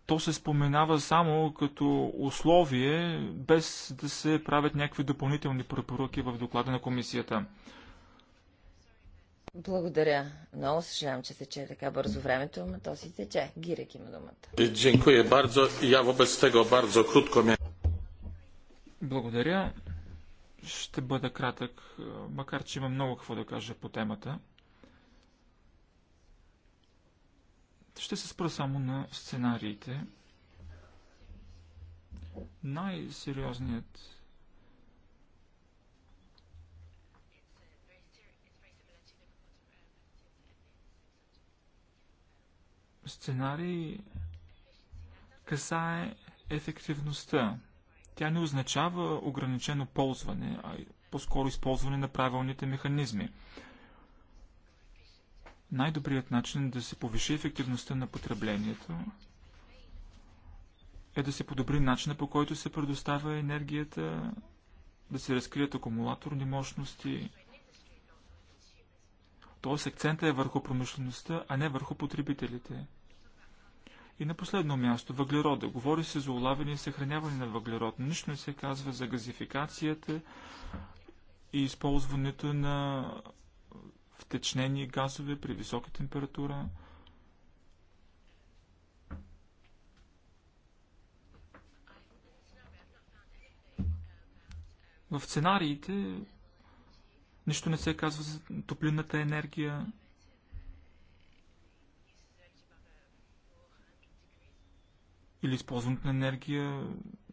То се споменава само като условие, без да се правят някакви допълнителни препоръки в доклада на комисията. Благодаря. Много съжалявам, че тече така бързо времето, но то си тече. Гирек има думата. Благодаря. Ще бъда кратък, макар че има много какво да кажа по темата. Ще се спра само на сценариите. Най-сериозният сценарий касае ефективността тя не означава ограничено ползване, а по-скоро използване на правилните механизми. Най-добрият начин да се повиши ефективността на потреблението е да се подобри начина по който се предоставя енергията, да се разкрият акумулаторни мощности. Тоест акцента е върху промишлеността, а не върху потребителите. И на последно място, въглерода. Говори се за улавяне и съхраняване на въглерод. Нищо не се казва за газификацията и използването на втечнени газове при висока температура. В сценариите нищо не се казва за топлинната енергия. или използването на енергия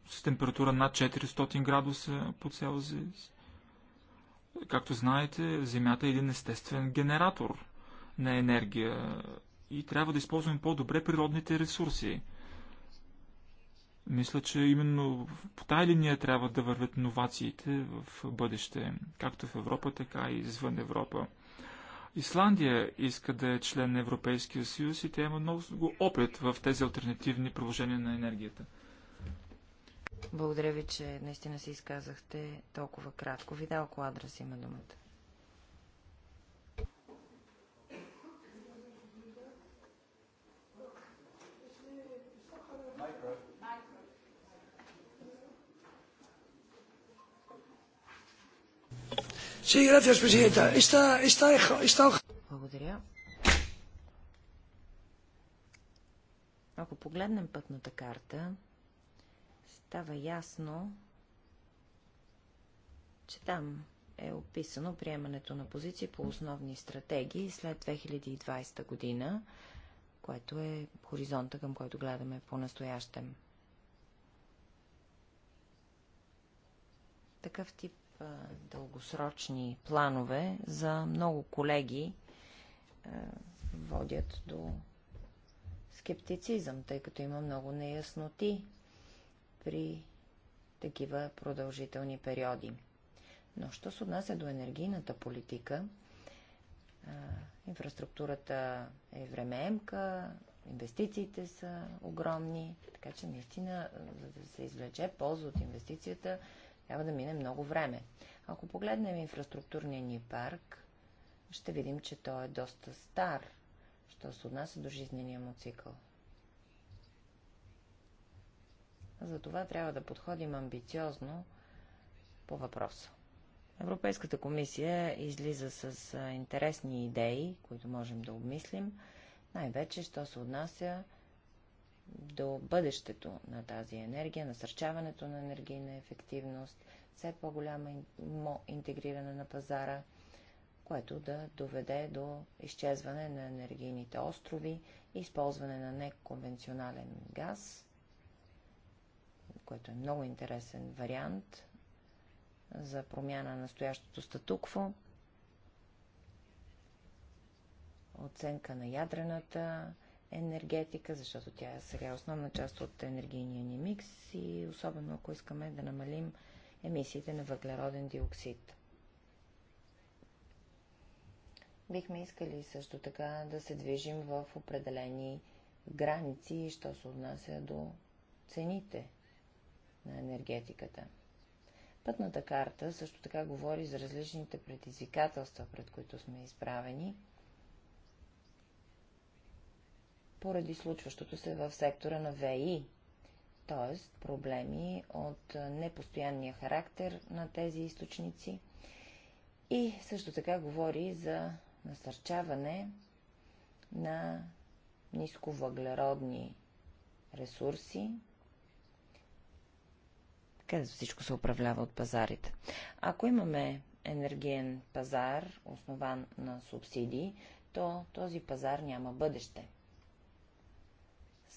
с температура над 400 градуса по Целзис. Както знаете, Земята е един естествен генератор на енергия и трябва да използваме по-добре природните ресурси. Мисля, че именно по тая линия трябва да вървят новациите в бъдеще, както в Европа, така и извън Европа. Исландия иска да е член на Европейския съюз и те имат много опит в тези альтернативни приложения на енергията. Благодаря ви, че наистина се изказахте толкова кратко. Видал Квадрас има думата. Благодаря. Ако погледнем пътната карта, става ясно, че там е описано приемането на позиции по основни стратегии след 2020 година, което е хоризонта, към който гледаме по-настоящем. Такъв тип дългосрочни планове за много колеги водят до скептицизъм, тъй като има много неясноти при такива продължителни периоди. Но що се отнася до енергийната политика, инфраструктурата е времеемка, инвестициите са огромни, така че наистина, за да се извлече полза от инвестицията, трябва да мине много време. Ако погледнем инфраструктурния ни парк, ще видим, че той е доста стар, що се отнася до жизнения му цикъл. Затова трябва да подходим амбициозно по въпроса. Европейската комисия излиза с интересни идеи, които можем да обмислим, най-вече, що се отнася до бъдещето на тази енергия, насърчаването на енергийна ефективност, все по-голяма интегриране на пазара, което да доведе до изчезване на енергийните острови, използване на неконвенционален газ, което е много интересен вариант за промяна на настоящото статукво, оценка на ядрената енергетика, защото тя е сега основна част от енергийния ни микс и особено ако искаме да намалим емисиите на въглероден диоксид. Бихме искали също така да се движим в определени граници, що се отнася до цените на енергетиката. Пътната карта също така говори за различните предизвикателства, пред които сме изправени – поради случващото се в сектора на ВИ, т.е. проблеми от непостоянния характер на тези източници и също така говори за насърчаване на нисковъглеродни ресурси, където всичко се управлява от пазарите. Ако имаме енергиен пазар, основан на субсидии, то този пазар няма бъдеще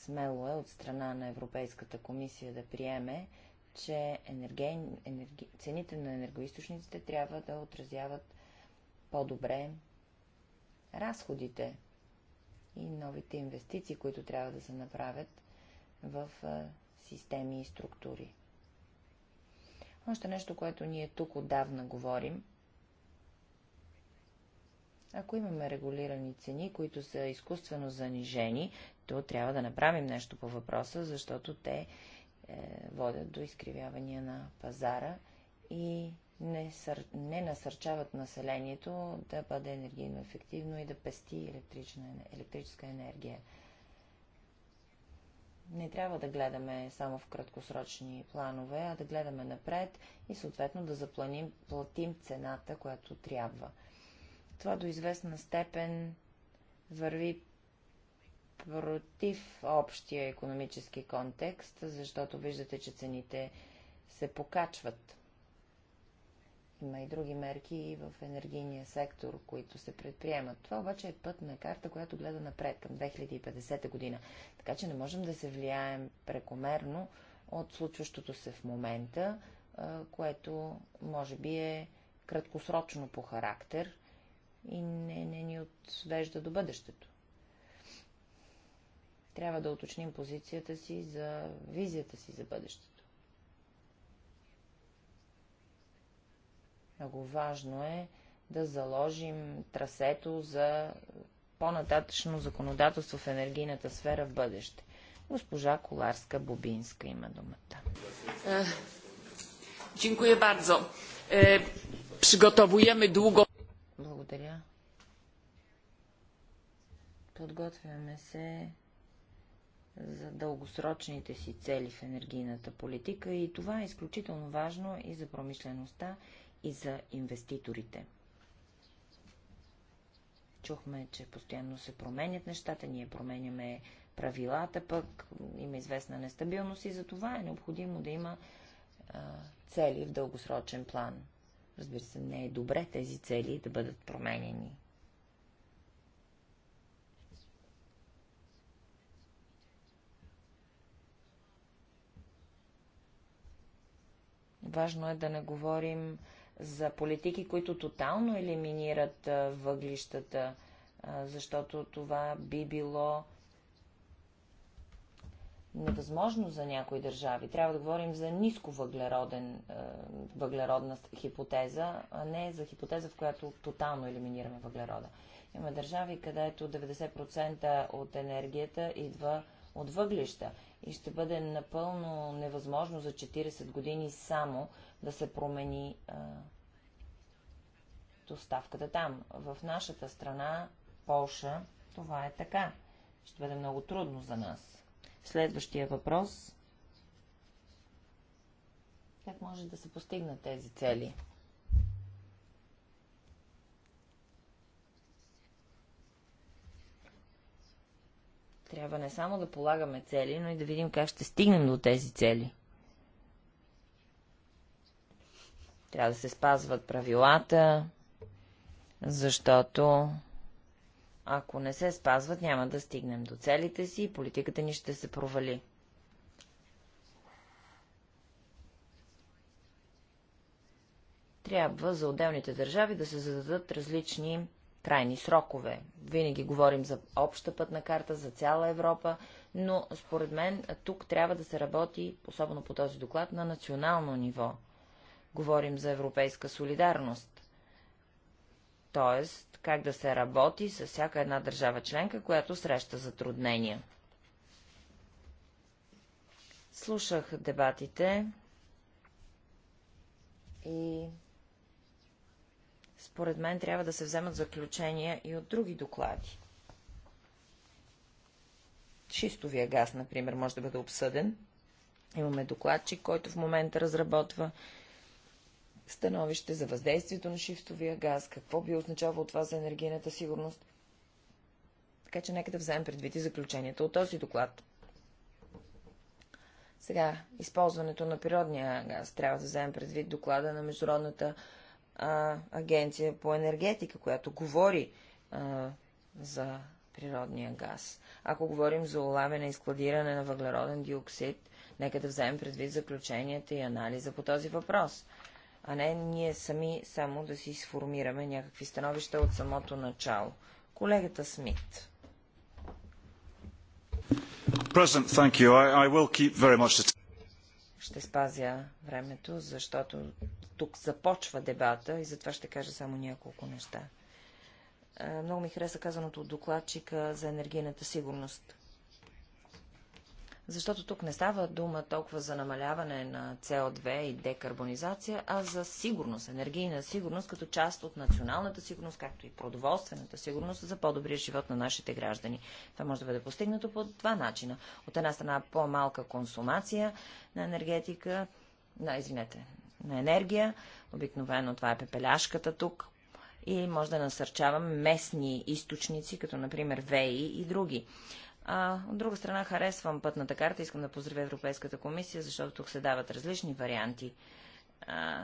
смело е от страна на Европейската комисия да приеме, че Енерги... цените на енергоисточниците трябва да отразяват по-добре разходите и новите инвестиции, които трябва да се направят в системи и структури. Още нещо, което ние тук отдавна говорим. Ако имаме регулирани цени, които са изкуствено занижени, които трябва да направим нещо по въпроса, защото те е, водят до изкривявания на пазара и не, сър... не насърчават населението да бъде енергийно ефективно и да пести електрична... електрическа енергия. Не трябва да гледаме само в краткосрочни планове, а да гледаме напред и съответно да запланим, платим цената, която трябва. Това до известна степен върви против общия економически контекст, защото виждате, че цените се покачват. Има и други мерки и в енергийния сектор, които се предприемат. Това обаче е пътна карта, която гледа напред към 2050 година. Така че не можем да се влияем прекомерно от случващото се в момента, което може би е краткосрочно по характер и не, не ни отвежда до бъдещето трябва да уточним позицията си за визията си за бъдещето. Много важно е да заложим трасето за по-нататъчно законодателство в енергийната сфера в бъдеще. Госпожа Коларска-Бубинска има думата. Дякую е, bardzo. Е, przygotowujemy дълго. Благодаря. Подготвяме се за дългосрочните си цели в енергийната политика и това е изключително важно и за промишлеността, и за инвеститорите. Чухме, че постоянно се променят нещата, ние променяме правилата, пък има известна нестабилност и за това е необходимо да има а, цели в дългосрочен план. Разбира се, не е добре тези цели да бъдат променени. Важно е да не говорим за политики, които тотално елиминират въглищата, защото това би било невъзможно за някои държави. Трябва да говорим за ниско въглероден, въглеродна хипотеза, а не за хипотеза, в която тотално елиминираме въглерода. Има държави, където 90% от енергията идва от въглища и ще бъде напълно невъзможно за 40 години само да се промени а, доставката там. В нашата страна, Полша, това е така. Ще бъде много трудно за нас. Следващия въпрос. Как може да се постигнат тези цели? Трябва не само да полагаме цели, но и да видим как ще стигнем до тези цели. Трябва да се спазват правилата, защото ако не се спазват, няма да стигнем до целите си и политиката ни ще се провали. Трябва за отделните държави да се зададат различни крайни срокове. Винаги говорим за обща пътна карта за цяла Европа, но според мен тук трябва да се работи, особено по този доклад, на национално ниво. Говорим за европейска солидарност. Тоест, как да се работи с всяка една държава членка, която среща затруднения. Слушах дебатите и според мен трябва да се вземат заключения и от други доклади. Шистовия газ, например, може да бъде обсъден. Имаме докладчик, който в момента разработва становище за въздействието на шистовия газ, какво би означавало това за енергийната сигурност. Така че нека да вземем предвид и заключението от този доклад. Сега, използването на природния газ трябва да вземем предвид доклада на Международната а, агенция по енергетика, която говори а, за природния газ. Ако говорим за улавяне и складиране на въглероден диоксид, нека да вземем предвид заключенията и анализа по този въпрос, а не ние сами само да си сформираме някакви становища от самото начало. Колегата Смит. President, thank you. I, I will keep very much ще спазя времето, защото тук започва дебата и затова ще кажа само няколко неща. Много ми хареса казаното от докладчика за енергийната сигурност. Защото тук не става дума толкова за намаляване на СО2 и декарбонизация, а за сигурност, енергийна сигурност, като част от националната сигурност, както и продоволствената сигурност за по-добрия живот на нашите граждани. Това може да бъде постигнато по два начина. От една страна по-малка консумация на енергетика, на, извинете, на енергия, обикновено това е пепеляшката тук, и може да насърчавам местни източници, като например ВЕИ и други. А, от друга страна, харесвам пътната карта. Искам да поздравя Европейската комисия, защото тук се дават различни варианти. А,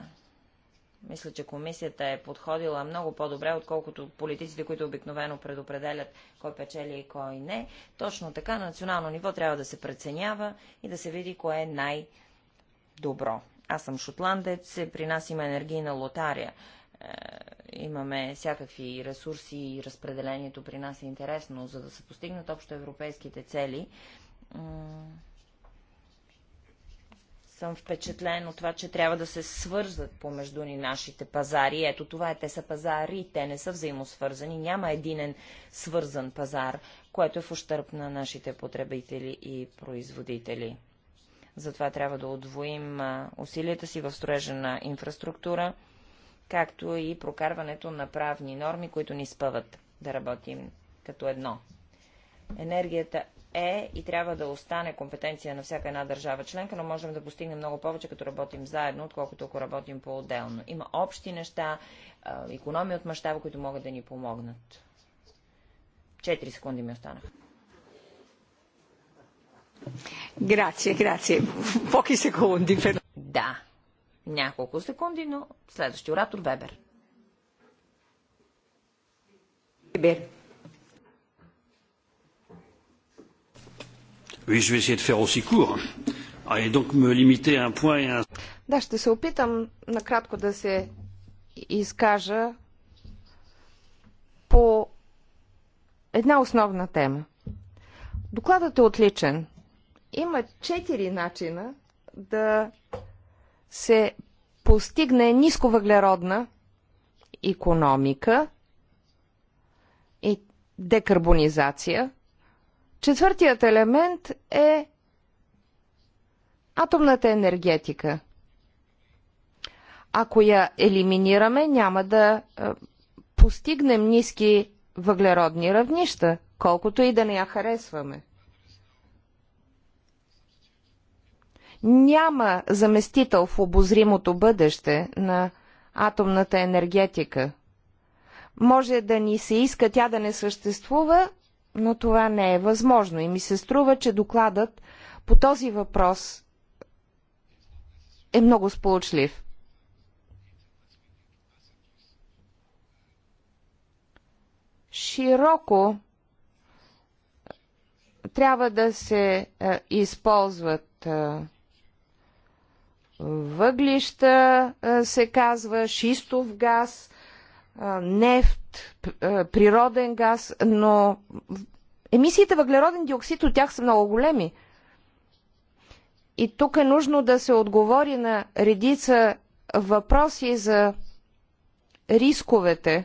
мисля, че комисията е подходила много по-добре, отколкото политиците, които обикновено предопределят кой печели и кой не. Точно така, на национално ниво трябва да се преценява и да се види кое е най-добро. Аз съм шотландец, при нас има енергийна лотария. Е, имаме всякакви ресурси и разпределението при нас е интересно, за да се постигнат общо европейските цели. Съм впечатлен от това, че трябва да се свързат помежду ни нашите пазари. Ето това е, те са пазари, те не са взаимосвързани, няма единен свързан пазар, което е в ущърп на нашите потребители и производители. Затова трябва да отвоим усилията си в строежа на инфраструктура – както и прокарването на правни норми, които ни спъват да работим като едно. Енергията е и трябва да остане компетенция на всяка една държава членка, но можем да постигнем много повече, като работим заедно, отколкото ако работим по-отделно. Има общи неща, економия от мащаба, които могат да ни помогнат. Четири секунди ми останаха. Грация, грация. Поки секунди. Да няколко секунди, но следващия оратор Вебер. Вебер. Oui, je vais essayer de faire aussi court. donc me limiter à un point et un... Да, ще се опитам накратко да се изкажа по една основна тема. Докладът е отличен. Има четири начина да се постигне нисковъглеродна економика и декарбонизация. Четвъртият елемент е атомната енергетика. Ако я елиминираме, няма да е, постигнем ниски въглеродни равнища, колкото и да не я харесваме. Няма заместител в обозримото бъдеще на атомната енергетика. Може да ни се иска тя да не съществува, но това не е възможно. И ми се струва, че докладът по този въпрос е много сполучлив. Широко трябва да се е, използват е, въглища, се казва, шистов газ, нефт, природен газ, но емисиите въглероден диоксид от тях са много големи. И тук е нужно да се отговори на редица въпроси за рисковете.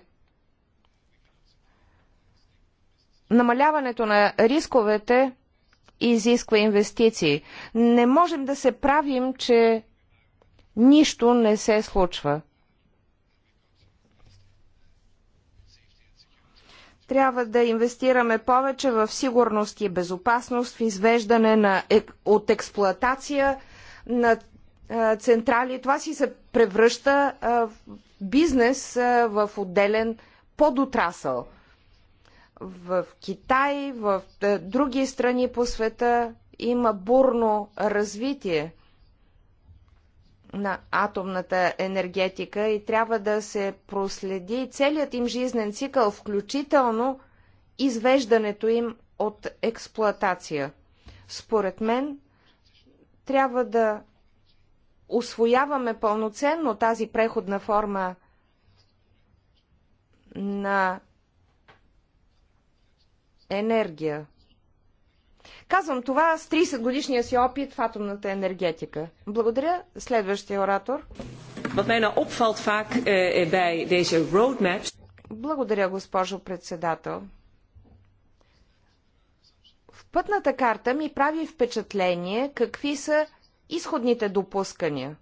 Намаляването на рисковете изисква инвестиции. Не можем да се правим, че Нищо не се случва. Трябва да инвестираме повече в сигурност и безопасност, в извеждане на, от експлоатация на централи. Това си се превръща в бизнес в отделен подотрасъл. В Китай, в други страни по света има бурно развитие на атомната енергетика и трябва да се проследи целият им жизнен цикъл, включително извеждането им от експлоатация. Според мен, трябва да освояваме пълноценно тази преходна форма на енергия. Казвам това с 30 годишния си опит в атомната енергетика. Благодаря. Следващия оратор. Eh, eh, Благодаря, госпожо председател. В пътната карта ми прави впечатление какви са изходните допускания.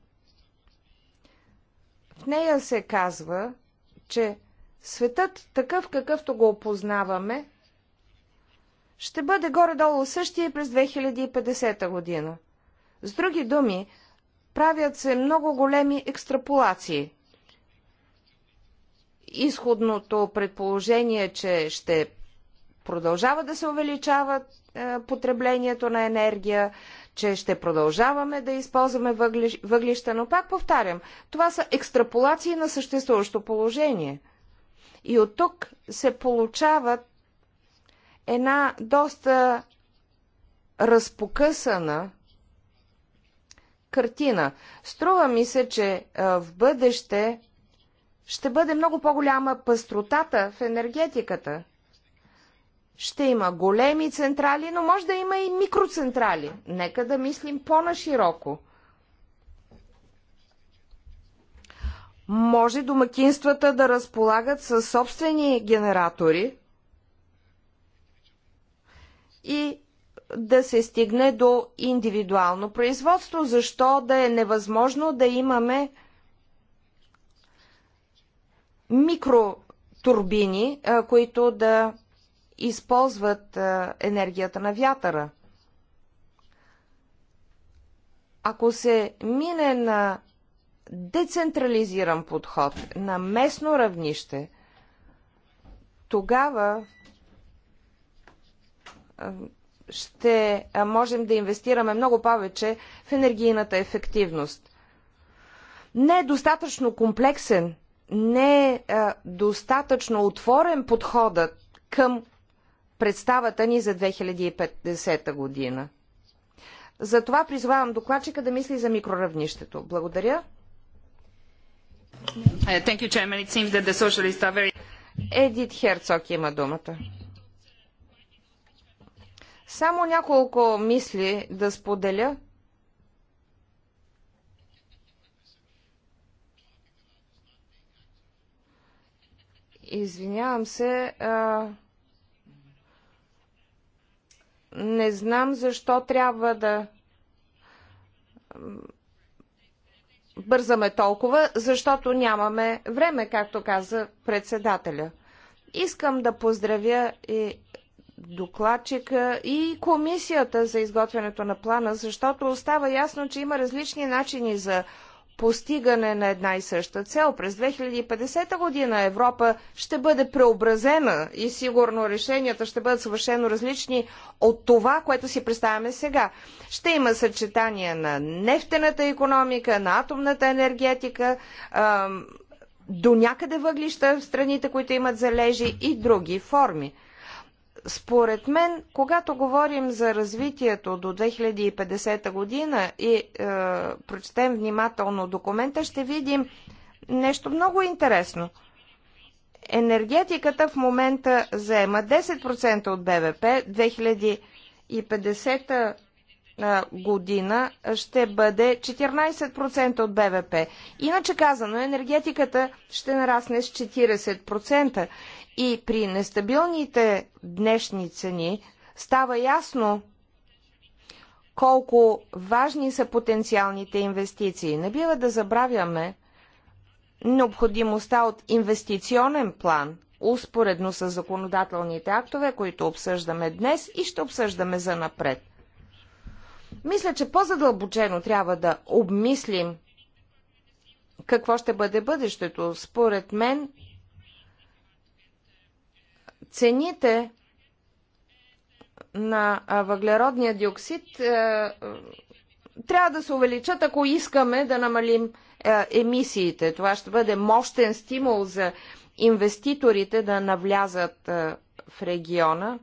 В нея се казва, че светът такъв какъвто го опознаваме ще бъде горе-долу същия през 2050 година. С други думи, правят се много големи екстраполации. Изходното предположение, че ще продължава да се увеличава е, потреблението на енергия, че ще продължаваме да използваме въглища, но пак повтарям, това са екстраполации на съществуващо положение. И от тук се получават една доста разпокъсана картина. Струва ми се, че в бъдеще ще бъде много по-голяма пастротата в енергетиката. Ще има големи централи, но може да има и микроцентрали. Нека да мислим по-нашироко. Може домакинствата да разполагат със собствени генератори, и да се стигне до индивидуално производство. Защо да е невъзможно да имаме микротурбини, които да използват енергията на вятъра? Ако се мине на децентрализиран подход на местно равнище, тогава ще можем да инвестираме много повече в енергийната ефективност. Не е достатъчно комплексен, не е достатъчно отворен подходът към представата ни за 2050 година. Затова призвавам докладчика да мисли за микроравнището. Благодаря. Едит Херцог има думата. Само няколко мисли да споделя. Извинявам се. А... Не знам защо трябва да бързаме толкова, защото нямаме време, както каза председателя. Искам да поздравя и докладчика и комисията за изготвянето на плана, защото остава ясно, че има различни начини за постигане на една и съща цел. През 2050 година Европа ще бъде преобразена и сигурно решенията ще бъдат съвършено различни от това, което си представяме сега. Ще има съчетание на нефтената економика, на атомната енергетика, до някъде въглища в страните, които имат залежи и други форми. Според мен, когато говорим за развитието до 2050 година и е, прочетем внимателно документа, ще видим нещо много интересно. Енергетиката в момента заема 10% от БВП, 2050 година ще бъде 14% от БВП. Иначе казано, енергетиката ще нарасне с 40% и при нестабилните днешни цени става ясно колко важни са потенциалните инвестиции. Не бива да забравяме необходимостта от инвестиционен план, успоредно с законодателните актове, които обсъждаме днес и ще обсъждаме за напред. Мисля, че по-задълбочено трябва да обмислим какво ще бъде бъдещето. Според мен, цените на въглеродния диоксид е, трябва да се увеличат, ако искаме да намалим е, емисиите. Това ще бъде мощен стимул за инвеститорите да навлязат е, в региона.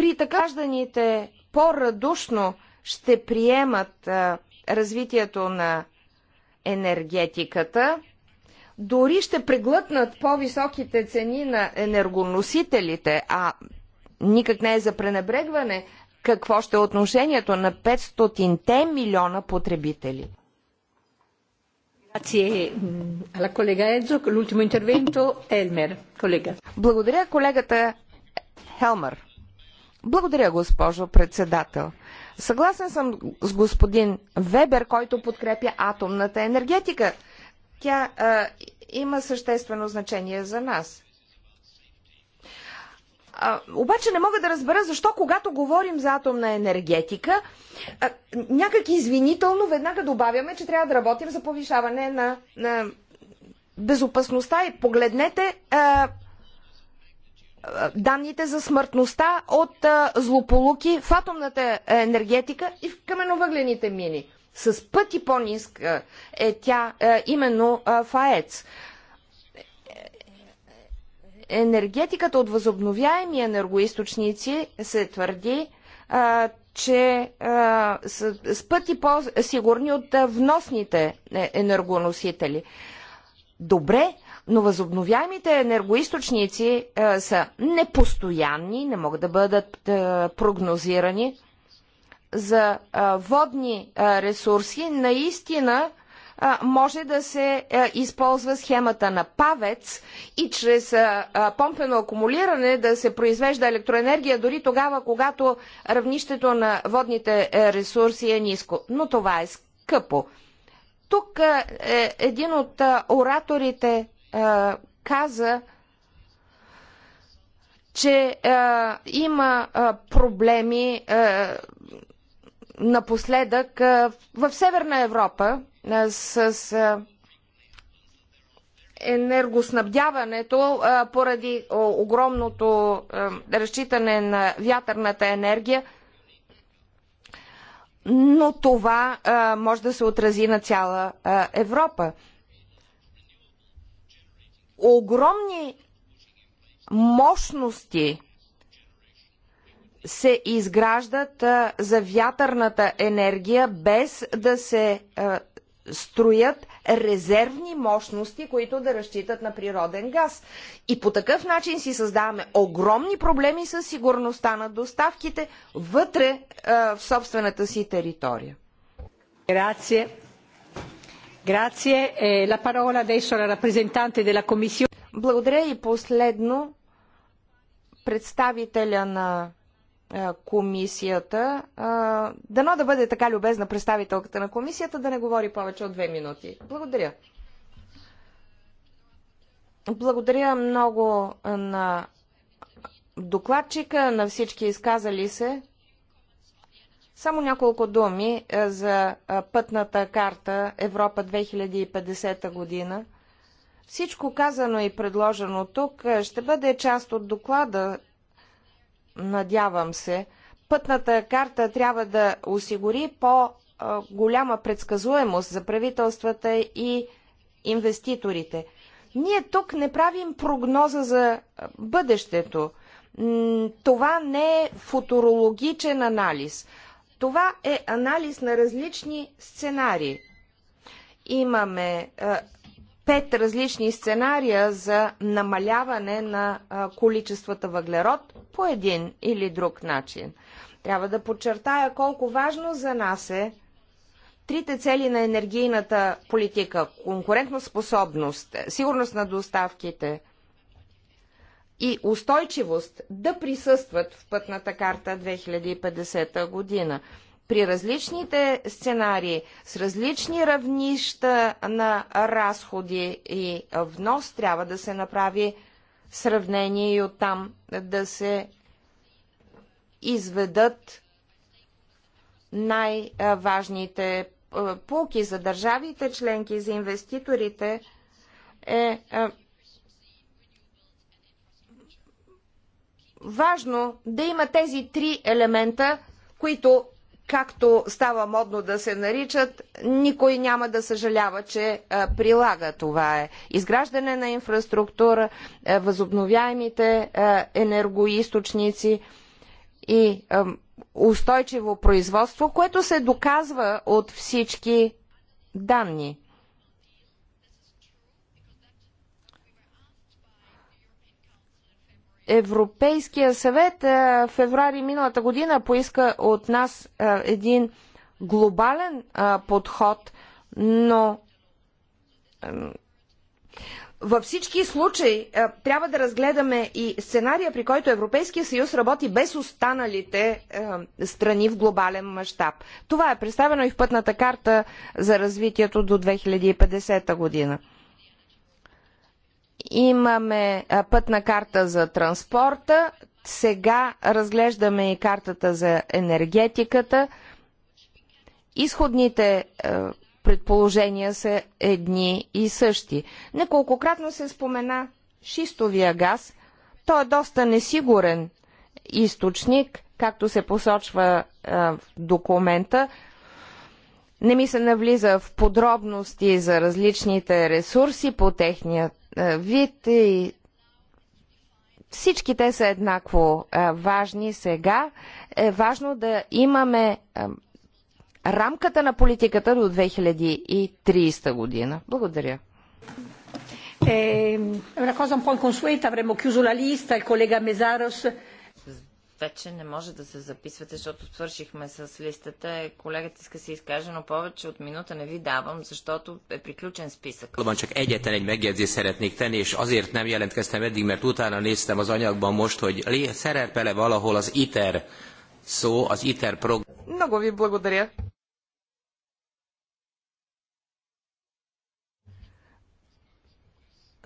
При така гражданите по-радушно ще приемат а, развитието на енергетиката, дори ще преглътнат по-високите цени на енергоносителите, а никак не е за пренебрегване какво ще е отношението на 500-те милиона потребители. Благодаря колегата Хелмер. Благодаря, госпожо председател. Съгласен съм с господин Вебер, който подкрепя атомната енергетика. Тя а, има съществено значение за нас. А, обаче не мога да разбера защо, когато говорим за атомна енергетика, а, някак извинително веднага добавяме, че трябва да работим за повишаване на, на безопасността. И погледнете а, данните за смъртността от злополуки в атомната енергетика и в каменовъглените мини. С пъти по-ниска е тя именно в АЕЦ. Енергетиката от възобновяеми енергоисточници се твърди, че са с пъти по-сигурни от вносните е, енергоносители. Добре, но възобновяемите енергоисточници е, са непостоянни, не могат да бъдат е, прогнозирани. За е, водни ресурси наистина може да се използва схемата на павец и чрез помпено акумулиране да се произвежда електроенергия дори тогава, когато равнището на водните ресурси е ниско. Но това е скъпо. Тук е, един от ораторите а, каза, че а, има а, проблеми а, напоследък а, в Северна Европа а, с. А, енергоснабдяването поради огромното разчитане на вятърната енергия, но това може да се отрази на цяла Европа огромни мощности се изграждат а, за вятърната енергия, без да се а, строят резервни мощности, които да разчитат на природен газ. И по такъв начин си създаваме огромни проблеми с сигурността на доставките вътре а, в собствената си територия. Грация. Eh, Благодаря и последно представителя на е, комисията. Е, дано да бъде така любезна представителката на комисията да не говори повече от две минути. Благодаря. Благодаря много на докладчика, на всички изказали се. Само няколко думи е, за е, пътната карта Европа 2050 година. Всичко казано и предложено тук е, ще бъде част от доклада, надявам се. Пътната карта трябва да осигури по-голяма предсказуемост за правителствата и инвеститорите. Ние тук не правим прогноза за бъдещето. Това не е футурологичен анализ. Това е анализ на различни сценарии. Имаме е, пет различни сценария за намаляване на е, количествата въглерод по един или друг начин. Трябва да подчертая колко важно за нас е трите цели на енергийната политика конкурентоспособност, сигурност на доставките и устойчивост да присъстват в пътната карта 2050 година. При различните сценарии, с различни равнища на разходи и внос, трябва да се направи сравнение и оттам да се изведат най-важните полки за държавите членки, за инвеститорите е важно да има тези три елемента, които, както става модно да се наричат, никой няма да съжалява, че прилага. Това е изграждане на инфраструктура, възобновяемите енергоисточници и устойчиво производство, което се доказва от всички данни. Европейския съвет е, в феврари миналата година поиска от нас е, един глобален е, подход, но във всички случаи трябва да разгледаме и сценария, при който Европейския съюз работи без останалите страни в глобален мащаб. Това е представено и в пътната карта за развитието до 2050 година. Имаме пътна карта за транспорта, сега разглеждаме и картата за енергетиката. Изходните предположения са едни и същи. Неколкократно се спомена шистовия газ. Той е доста несигурен източник, както се посочва в документа. Не ми се навлиза в подробности за различните ресурси по техния вид и всички те са еднакво важни сега. Е важно да имаме рамката на политиката до 2030 година. Благодаря. Е, е, una cosa un po' inconsueta, avremmo chiuso la lista, il collega Mesaros вече не може да се записвате, защото свършихме с листата. Е, колегата иска се изкаже, но повече от минута не ви давам, защото е приключен списък. Valóban csak egyetlen egy megjegyzést szeretnék tenni, és azért nem jelentkeztem eddig, mert utána néztem az anyagban most, hogy szerepele valahol az ITER szó, az ITER program. Много ви благодаря.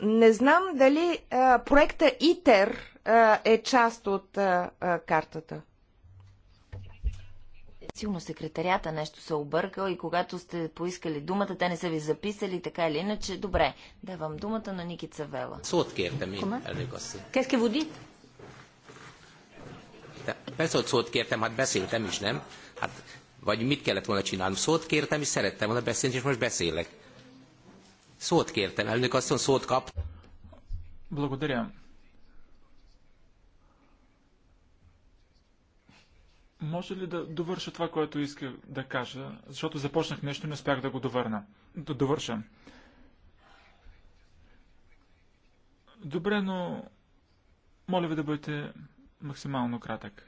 Не знам дали е, проекта ИТЕР е част от картата. Силно секретарята нещо се объркал и когато сте поискали думата, те не са ви записали, така или иначе. Добре, давам думата на Никица Вела. Сот кертем и ерде госи. Кеске води? Благодаря. Може ли да довърша това, което иска да кажа? Защото започнах нещо и не успях да го довърна. Да довърша. Добре, но моля ви да бъдете максимално кратък.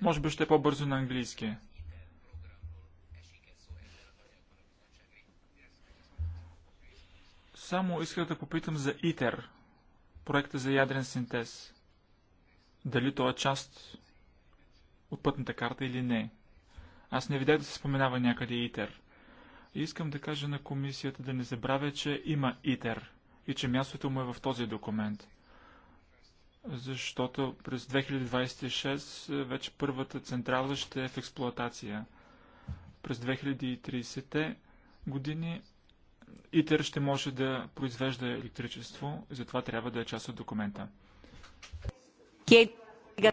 Може би ще е по-бързо на английски. Само исках да попитам за ИТЕР, проекта за ядрен синтез дали то е част от пътната карта или не. Аз не видях да се споменава някъде ИТЕР. И искам да кажа на комисията да не забравя, че има ИТЕР и че мястото му е в този документ. Защото през 2026 е, вече първата централа ще е в експлоатация. През 2030 години ИТЕР ще може да произвежда електричество, затова трябва да е част от документа. Chiedo di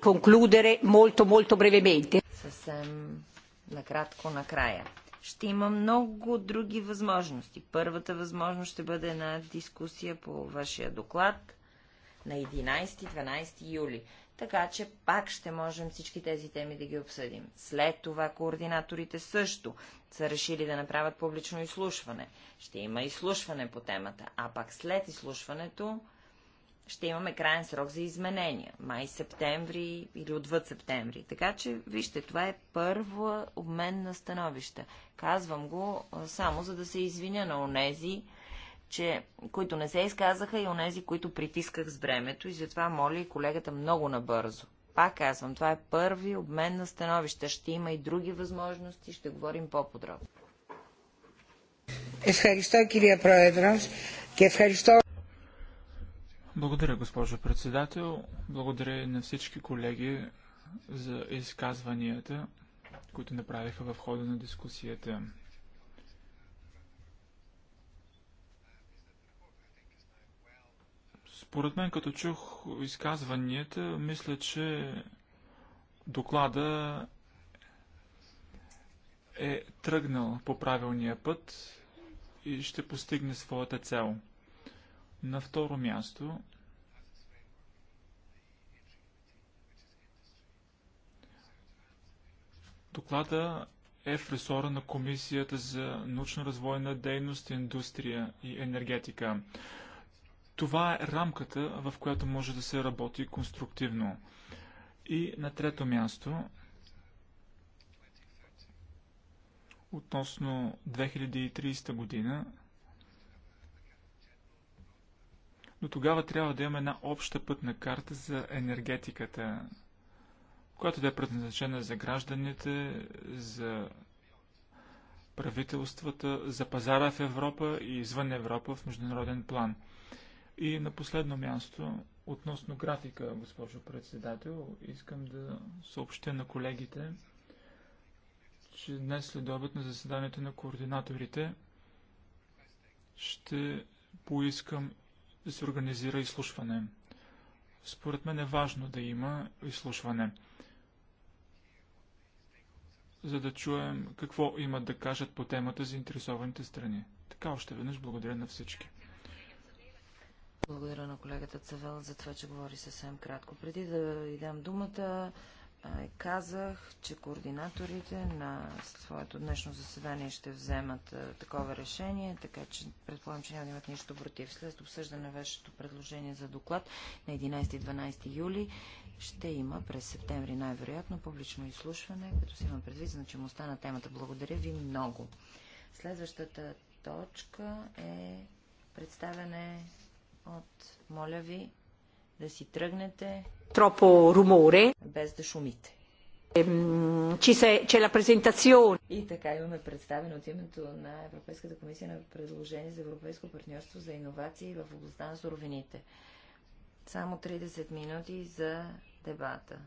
concludere molto, molto brevemente. накратко накрая. Ще има много други възможности. Първата възможност ще бъде на дискусия по вашия доклад на 11-12 юли. Така че пак ще можем всички тези теми да ги обсъдим. След това координаторите също са решили да направят публично изслушване. Ще има изслушване по темата, а пак след изслушването ще имаме крайен срок за изменения. Май-септември или отвъд септември. Така че, вижте, това е първо обмен на становища. Казвам го само за да се извиня на онези, че, които не се изказаха и онези, които притисках с времето и затова моля и колегата много набързо. Пак казвам, това е първи обмен на становища. Ще има и други възможности, ще говорим по-подробно. Ευχαριστώ, κυρία Πρόεδρος, και ευχαριστώ благодаря, госпожо председател. Благодаря на всички колеги за изказванията, които направиха в хода на дискусията. Според мен, като чух изказванията, мисля, че доклада е тръгнал по правилния път и ще постигне своята цел. На второ място, доклада е в ресора на Комисията за научно-развойна дейност, индустрия и енергетика. Това е рамката, в която може да се работи конструктивно. И на трето място, относно 2030 година, но тогава трябва да имаме една обща пътна карта за енергетиката, която да е предназначена за гражданите, за правителствата, за пазара в Европа и извън Европа в международен план. И на последно място, относно графика, госпожо председател, искам да съобщя на колегите, че днес след обед на заседанието на координаторите ще поискам да се организира изслушване. Според мен е важно да има изслушване, за да чуем какво имат да кажат по темата за интересованите страни. Така още веднъж благодаря на всички. Благодаря на колегата Цавел за това, че говори съвсем кратко. Преди да ви дам думата, Казах, че координаторите на своето днешно заседание ще вземат такова решение, така че предполагам, че няма да имат нищо против. След обсъждане вашето предложение за доклад на 11 12 юли ще има през септември най-вероятно публично изслушване, като си има предвид значимостта на темата. Благодаря ви много. Следващата точка е представяне от, моля ви, да си тръгнете. Тропо руморе. Без да шумите. Чи се, че е ла презентацион. И така имаме представено от името на Европейската комисия на предложение за европейско партньорство за иновации в областта на суровините. Само 30 минути за дебата.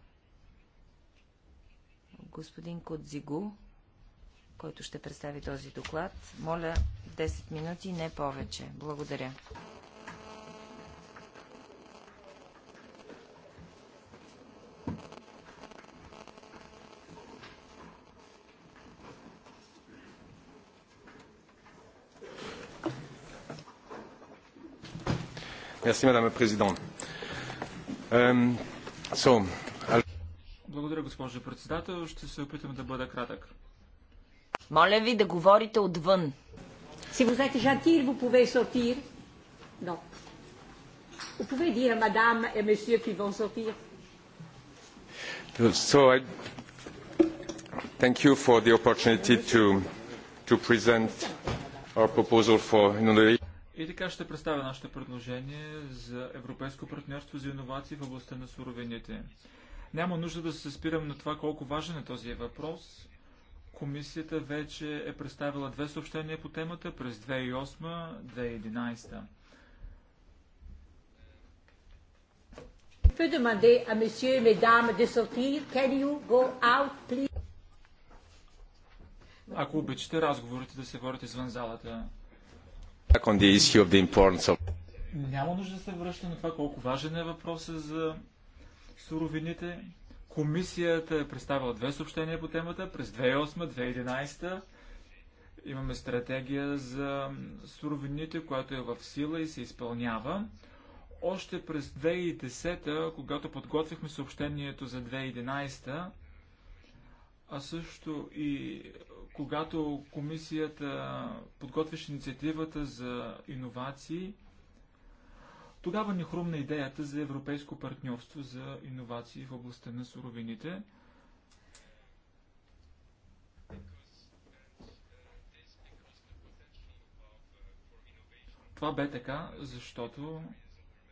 Господин Кодзигу, който ще представи този доклад, моля 10 минути, не повече. Благодаря. Madame la Présidente. So, I... Благодаря, госпожо председател. Ще се опитам да бъда кратък. Моля ви да говорите отвън. Си vous êtes gentil, vous pouvez sortir. Non. Vous pouvez dire madame et monsieur qui vont sortir. So I thank you for the opportunity to, to present our proposal for inundation. И така ще представя нашето предложение за Европейско партньорство за иновации в областта на суровините. Няма нужда да се спирам на това колко важен е този въпрос. Комисията вече е представила две съобщения по темата през 2008-2011. Ако обичате разговорите да се водят извън залата. Няма нужда да се връща на това колко важен е въпросът за суровините. Комисията е представила две съобщения по темата през 2008-2011. Имаме стратегия за суровините, която е в сила и се изпълнява. Още през 2010, когато подготвихме съобщението за 2011, а също и когато комисията подготвяше инициативата за иновации, тогава ни хрумна идеята за европейско партньорство за иновации в областта на суровините. Това бе така, защото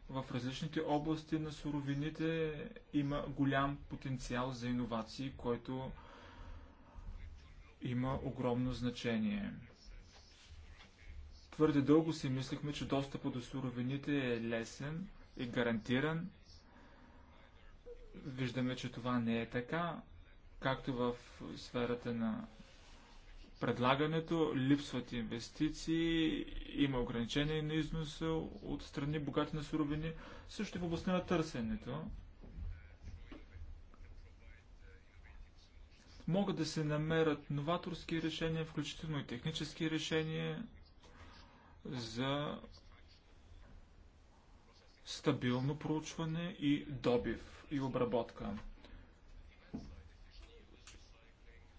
в различните области на суровините има голям потенциал за иновации, който има огромно значение. Твърде дълго си мислихме, че достъпът до суровините е лесен и гарантиран. Виждаме, че това не е така, както в сферата на предлагането, липсват инвестиции, има ограничения на износа от страни богати на суровини, също и в областта на търсенето. Могат да се намерят новаторски решения, включително и технически решения за стабилно проучване и добив и обработка.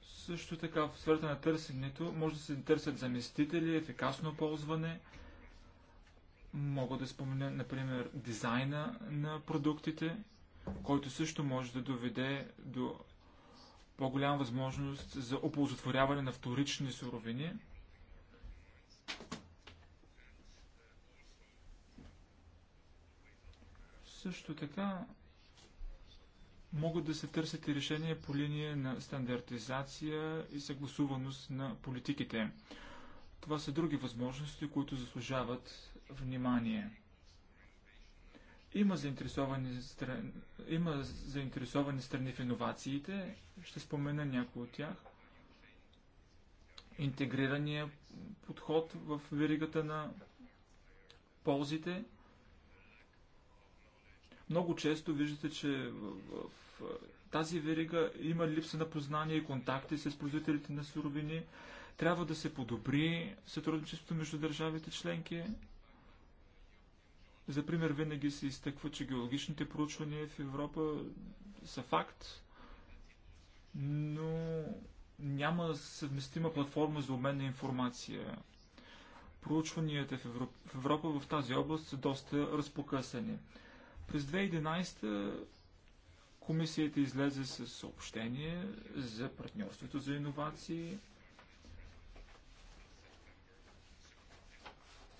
Също така в сферата на търсенето може да се търсят заместители, ефикасно ползване. Мога да спомена, например, дизайна на продуктите, който също може да доведе до по-голяма възможност за оползотворяване на вторични суровини. Също така могат да се търсят и решения по линия на стандартизация и съгласуваност на политиките. Това са други възможности, които заслужават внимание. Има заинтересовани, страни, има заинтересовани страни в иновациите. Ще спомена някои от тях. Интегрирания подход в веригата на ползите. Много често виждате, че в тази верига има липса на познание и контакти с производителите на суровини. Трябва да се подобри сътрудничеството между държавите членки, за пример, винаги се изтъква, че геологичните проучвания в Европа са факт, но няма съвместима платформа за обмен на информация. Проучванията в Европа, в Европа в тази област са доста разпокъсани. През 2011 комисията излезе с съобщение за партньорството за иновации –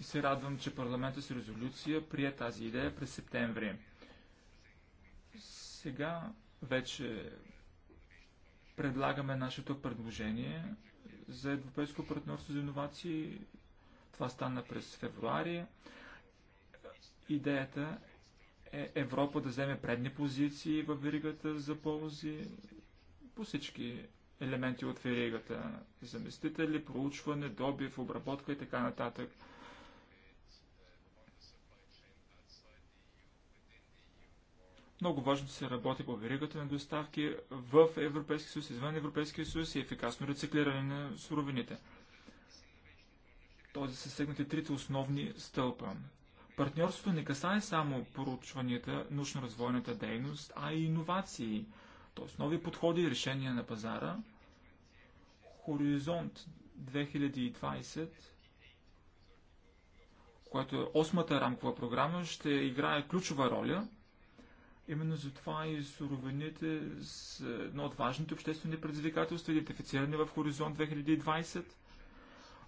И се радвам, че парламента с резолюция прие тази идея през септември. Сега вече предлагаме нашето предложение за Европейско партньорство за иновации. Това стана през февруари. Идеята е Европа да вземе предни позиции в веригата за ползи по всички елементи от веригата. Заместители, проучване, добив, обработка и така нататък. Много важно да се работи по веригата на доставки в Европейския съюз, извън Европейския съюз и ефикасно рециклиране на суровините. Този са сегнати трите основни стълпа. Партньорството не касае само поручванията, научно-развойната дейност, а и иновации, т.е. нови подходи и решения на пазара. Хоризонт 2020 което е осмата рамкова програма, ще играе ключова роля – Именно затова и суровините са едно от важните обществени предизвикателства, идентифицирани в Хоризонт 2020.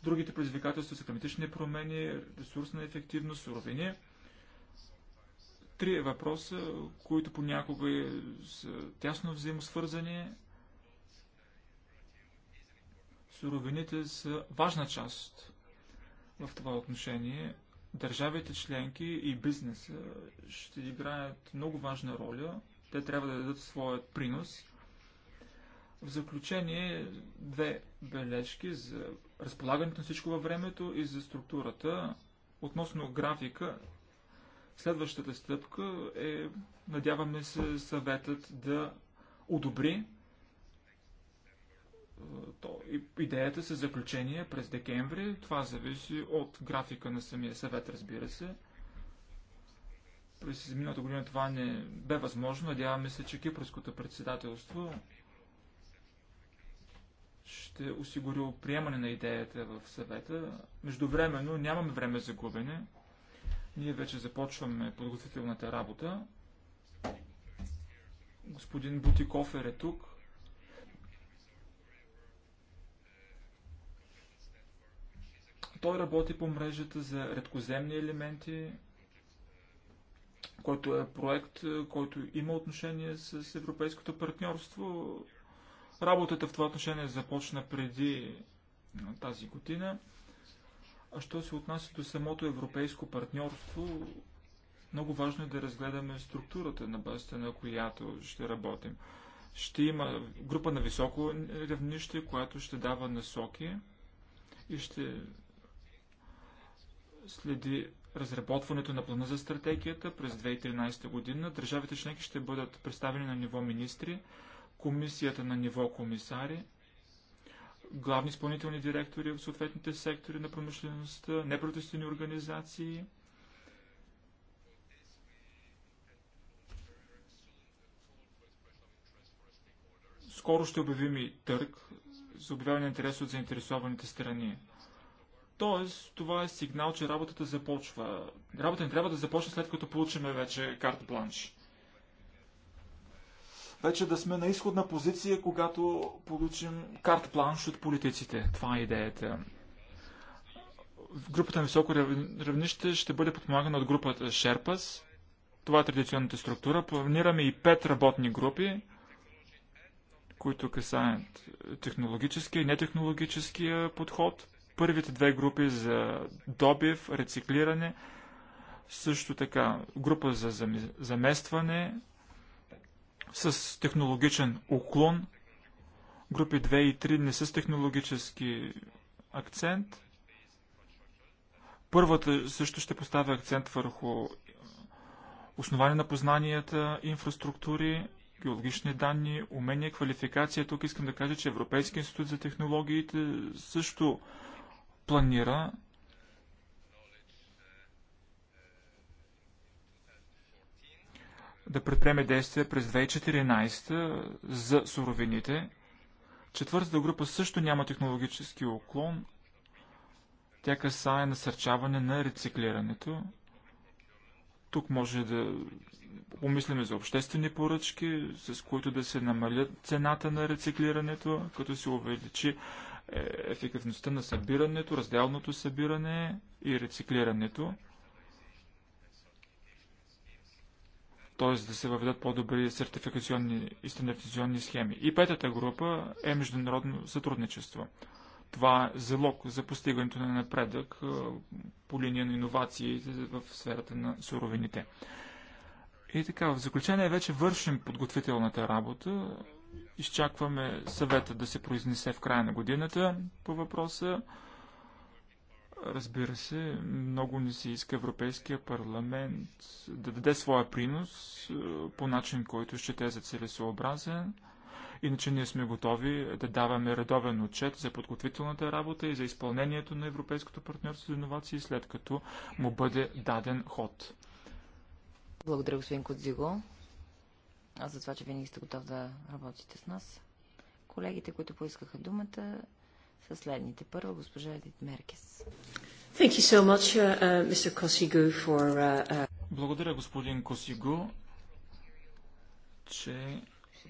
Другите предизвикателства са климатични промени, ресурсна ефективност, суровини. Три е въпроса, които понякога са тясно взаимосвързани. Суровините са важна част в това отношение Държавите членки и бизнеса ще играят много важна роля. Те трябва да дадат своят принос. В заключение, две бележки за разполагането на всичко във времето и за структурата. Относно графика, следващата стъпка е, надяваме се, съветът да одобри то идеята с заключение през декември, това зависи от графика на самия съвет, разбира се. През миналата година това не бе възможно. Надяваме се, че кипърското председателство ще осигури приемане на идеята в съвета. Междувременно нямаме време за губене. Ние вече започваме подготвителната работа. Господин Бутиков е тук Той работи по мрежата за редкоземни елементи, който е проект, е, който има отношение с европейското партньорство. Работата в това отношение започна преди тази година. А що се отнася до самото европейско партньорство, много важно е да разгледаме структурата на базата, на която ще работим. Ще има група на високо равнище, която ще дава насоки и ще следи разработването на плана за стратегията през 2013 година. Държавите членки ще бъдат представени на ниво министри, комисията на ниво комисари, главни изпълнителни директори в съответните сектори на промишлеността, неправителствени организации. Скоро ще обявим и търг за обявяване на интерес от заинтересованите страни. Тоест, това е сигнал, че работата започва. Работа не трябва да започне след като получиме вече карт бланш. Вече да сме на изходна позиция, когато получим карт бланш от политиците. Това е идеята. групата на високо равнище ще бъде подпомагана от групата Шерпас. Това е традиционната структура. Планираме и пет работни групи, които касаят технологическия и нетехнологическия подход – първите две групи за добив, рециклиране, също така група за заместване с технологичен уклон. Групи 2 и 3 не с технологически акцент. Първата също ще поставя акцент върху основане на познанията, инфраструктури, геологични данни, умения, квалификация. Тук искам да кажа, че Европейския институт за технологиите също планира да предприеме действия през 2014 за суровините. Четвъртата група също няма технологически уклон. Тя касае насърчаване на рециклирането. Тук може да помислим за обществени поръчки, с които да се намалят цената на рециклирането, като се увеличи ефикасността на събирането, разделното събиране и рециклирането. т.е. да се въведат по-добри сертификационни и стандартизационни схеми. И петата група е международно сътрудничество. Това е залог за постигането на напредък е, по линия на иновациите в сферата на суровините. И така, в заключение вече вършим подготвителната работа. Изчакваме съвета да се произнесе в края на годината по въпроса. Разбира се, много не се иска Европейския парламент да даде своя принос е, по начин, който ще те за целесообразен. Иначе ние сме готови да даваме редовен отчет за подготвителната работа и за изпълнението на Европейското партньорство за иновации, след като му бъде даден ход. Благодаря, господин Кодзиго а за това, че винаги сте готов да работите с нас. Колегите, които поискаха думата, са следните. Първа госпожа Едит Меркес. Thank you so much, uh, uh Mr. Kosigu, for, uh, uh... Благодаря, господин Косигу, че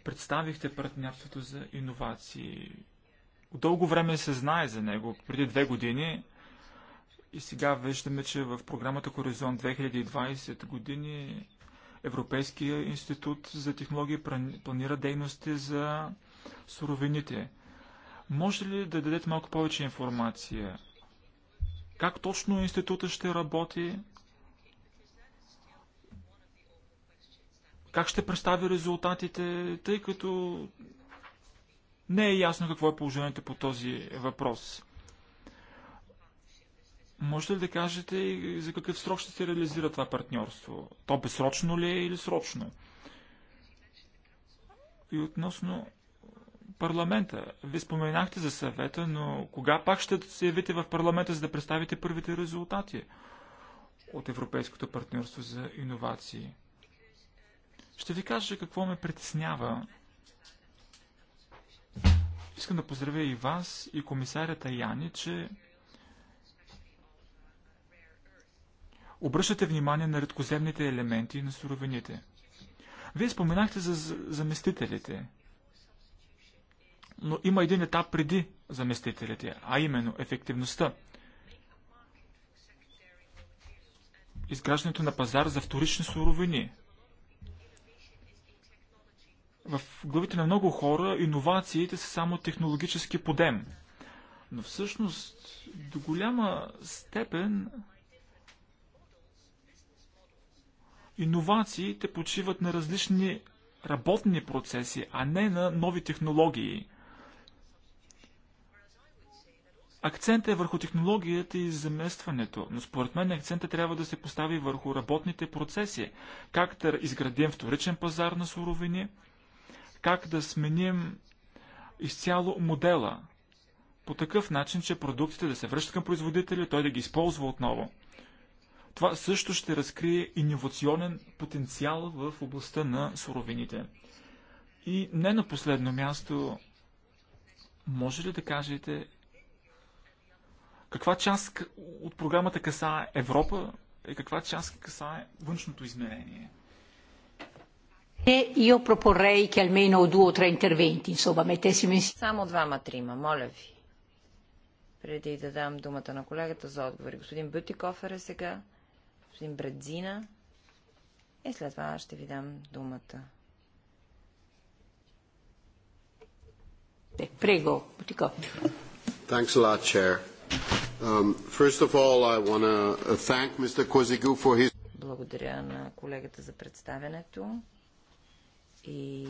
представихте партньорството за иновации. Дълго време се знае за него, преди две години. И сега виждаме, че в програмата Хоризонт 2020 години Европейския институт за технологии планира дейности за суровините. Може ли да дадете малко повече информация? Как точно института ще работи? Как ще представи резултатите, тъй като не е ясно какво е положението по този въпрос. Можете ли да кажете и за какъв срок ще се реализира това партньорство? То безсрочно ли е или срочно? И относно парламента. Вие споменахте за съвета, но кога пак ще се явите в парламента, за да представите първите резултати от Европейското партньорство за иновации? Ще ви кажа какво ме притеснява. Искам да поздравя и вас, и комисарята Яни, че обръщате внимание на редкоземните елементи на суровините. Вие споменахте за заместителите, но има един етап преди заместителите, а именно ефективността. Изграждането на пазар за вторични суровини. В главите на много хора иновациите са само технологически подем. Но всъщност до голяма степен Иновациите почиват на различни работни процеси, а не на нови технологии. Акцентът е върху технологията и заместването, но според мен акцентът трябва да се постави върху работните процеси. Как да изградим вторичен пазар на суровини, как да сменим изцяло модела, по такъв начин, че продуктите да се връщат към производителя, той да ги използва отново. Това също ще разкрие иновационен потенциал в областта на суровините. И не на последно място, може ли да кажете каква част от програмата касае Европа и каква част касае външното измерение? Е, io proporrei che almeno due o tre interventi, insomma, mettessimo insieme. Само двама-трима, моля ви. Преди да дам думата на колегата за отговори. Господин Бютикофер е сега господин Бредзина и след това ще ви дам думата. Е, прего, Бутико. Thanks a lot, Chair. Um, first of all, I want to uh, thank Mr. Kozigu for his... Благодаря на колегата за представянето и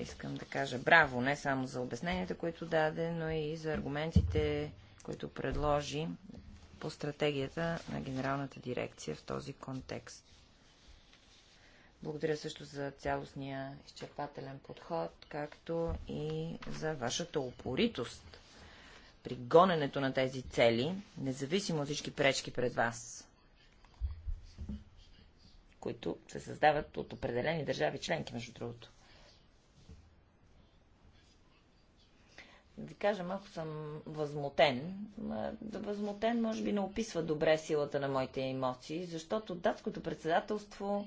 искам да кажа браво, не само за обясненията, които даде, но и за аргументите, които предложи по стратегията на Генералната дирекция в този контекст. Благодаря също за цялостния изчерпателен подход, както и за вашата упоритост при гоненето на тези цели, независимо от всички пречки пред вас, които се създават от определени държави членки, между другото. да кажа, ако съм възмутен, възмутен може би не описва добре силата на моите емоции, защото датското председателство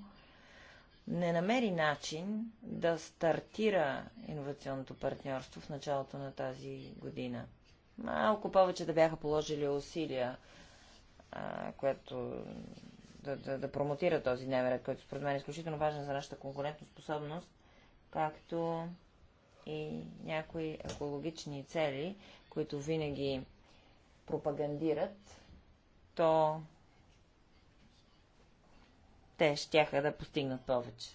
не намери начин да стартира инновационното партньорство в началото на тази година. Малко повече да бяха положили усилия, а, което да, да, да промотира този дневен който според мен е изключително важен за нашата конкурентоспособност, както и някои екологични цели, които винаги пропагандират, то те щяха да постигнат повече.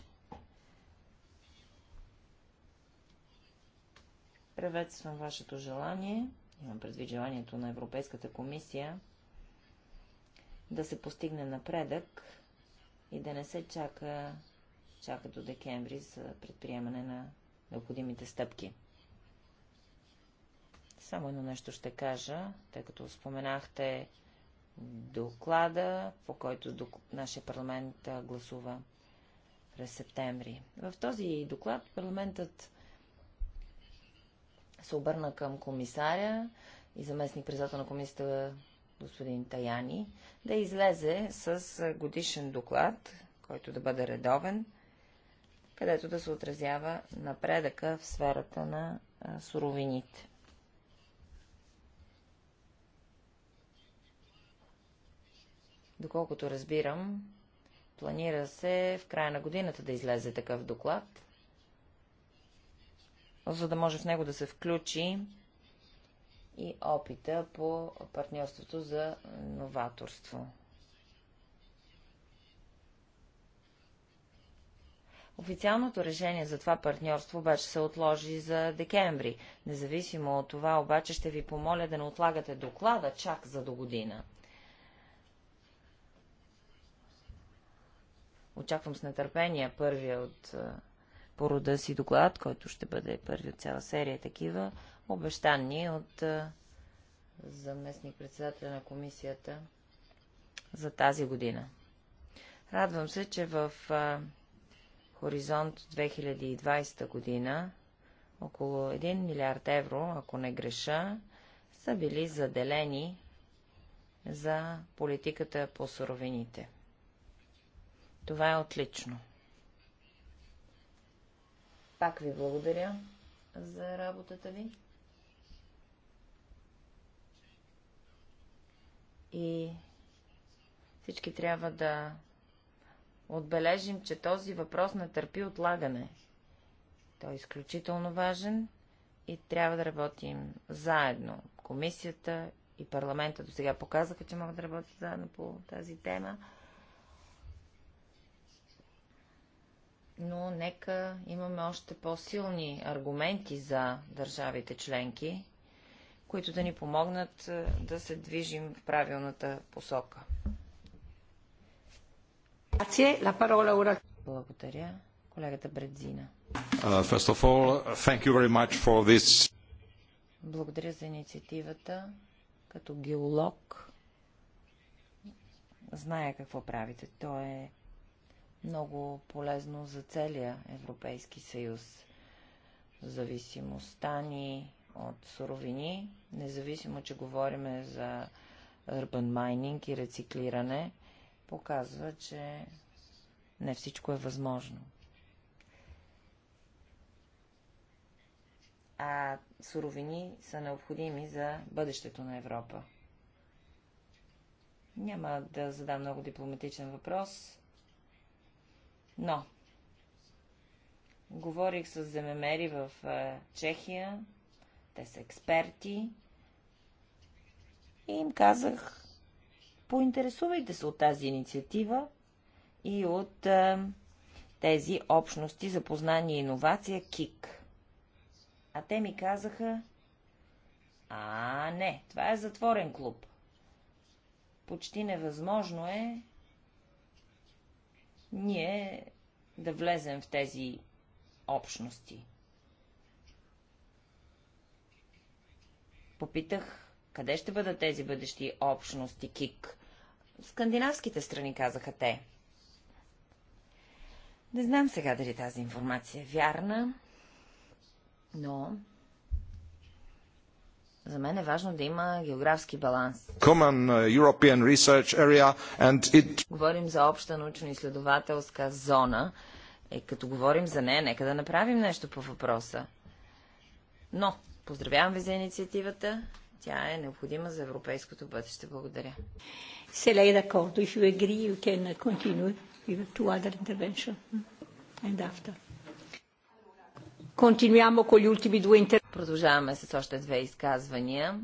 Приветствам вашето желание, имам предвид желанието на Европейската комисия, да се постигне напредък и да не се чака, чака до декември за предприемане на необходимите стъпки. Само едно нещо ще кажа, тъй като споменахте доклада, по който нашия парламент гласува през септември. В този доклад парламентът се обърна към комисаря и заместник председател на комисията господин Таяни да излезе с годишен доклад, който да бъде редовен, където да се отразява напредъка в сферата на суровините. Доколкото разбирам, планира се в края на годината да излезе такъв доклад, за да може в него да се включи и опита по партньорството за новаторство. Официалното решение за това партньорство обаче се отложи за декември. Независимо от това обаче ще ви помоля да не отлагате доклада чак за до година. Очаквам с нетърпение първия от порода си доклад, който ще бъде първи от цяла серия такива, обещани от заместник председателя на комисията за тази година. Радвам се, че в Хоризонт 2020 година около 1 милиард евро, ако не греша, са били заделени за политиката по суровините. Това е отлично. Пак ви благодаря за работата ви. И всички трябва да отбележим, че този въпрос не търпи отлагане. Той е изключително важен и трябва да работим заедно. Комисията и парламента до сега показаха, че могат да работят заедно по тази тема. Но нека имаме още по-силни аргументи за държавите членки, които да ни помогнат е, да се движим в правилната посока. Благодаря. Колегата Бредзина. Uh, all, uh, Благодаря за инициативата. Като геолог зная какво правите. То е много полезно за целия Европейски съюз. Зависимостта ни от суровини, независимо, че говориме за urban mining и рециклиране – показва, че не всичко е възможно. А суровини са необходими за бъдещето на Европа. Няма да задам много дипломатичен въпрос, но говорих с земемери в е, Чехия, те са експерти, и им казах, Поинтересувайте се от тази инициатива и от а, е, тези общности за познание и иновация КИК. А те ми казаха, а не, това е затворен клуб. Почти невъзможно е ние да влезем в тези общности. Попитах къде ще бъдат тези бъдещи общности КИК? Скандинавските страни, казаха те. Не знам сега дали тази информация е вярна, но за мен е важно да има географски баланс. Uh, it... Говорим за обща научно-изследователска зона. Е, като говорим за нея, нека да направим нещо по въпроса. Но, поздравявам ви за инициативата тя е необходима за европейското бъдеще. Благодаря. d'accordo, if you agree, you can continue with two other intervention mm-hmm. and after. Continuiamo con gli ultimi due Продължаваме с още две изказвания.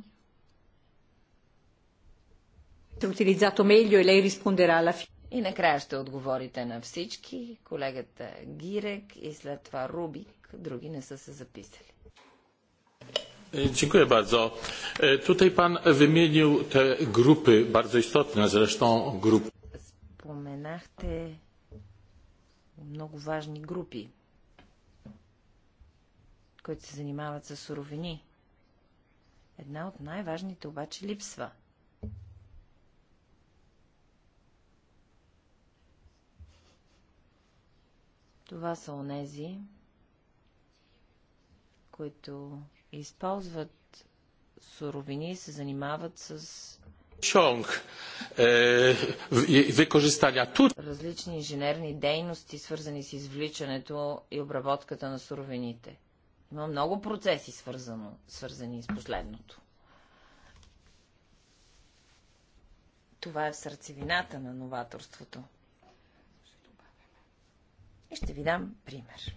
Utilizzato meglio e lei risponderà alla fine. И накрая ще отговорите на всички. Колегата Гирек и след това Рубик. Други не са се записали. E, dziękuję bardzo. E, tutaj pan wymienił te grupy, bardzo istotne zresztą grupy. Споменахте много важни групи, които се занимават с суровини. Една от най-важните обаче липсва. Това са онези, които използват суровини и се занимават с е, Различни инженерни дейности, свързани с извличането и обработката на суровините. Има много процеси, свързано, свързани с последното. Това е в сърцевината на новаторството. И ще ви дам пример.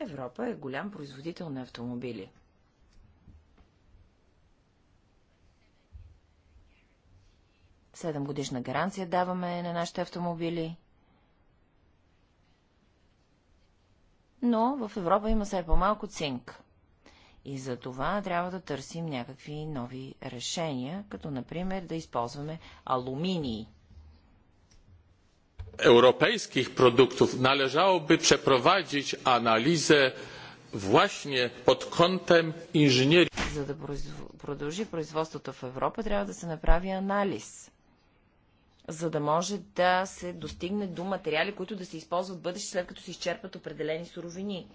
Европа е голям производител на автомобили. Седем годишна гаранция даваме на нашите автомобили. Но в Европа има все по-малко цинк. И за това трябва да търсим някакви нови решения, като например да използваме алуминий europejskich produktów należałoby przeprowadzić analizę właśnie под kątem inżynierii. За да продължи производството в Европа, трябва да се направи анализ, за да може да се достигне до материали, които да се използват в бъдеще, след като се изчерпат определени суровини.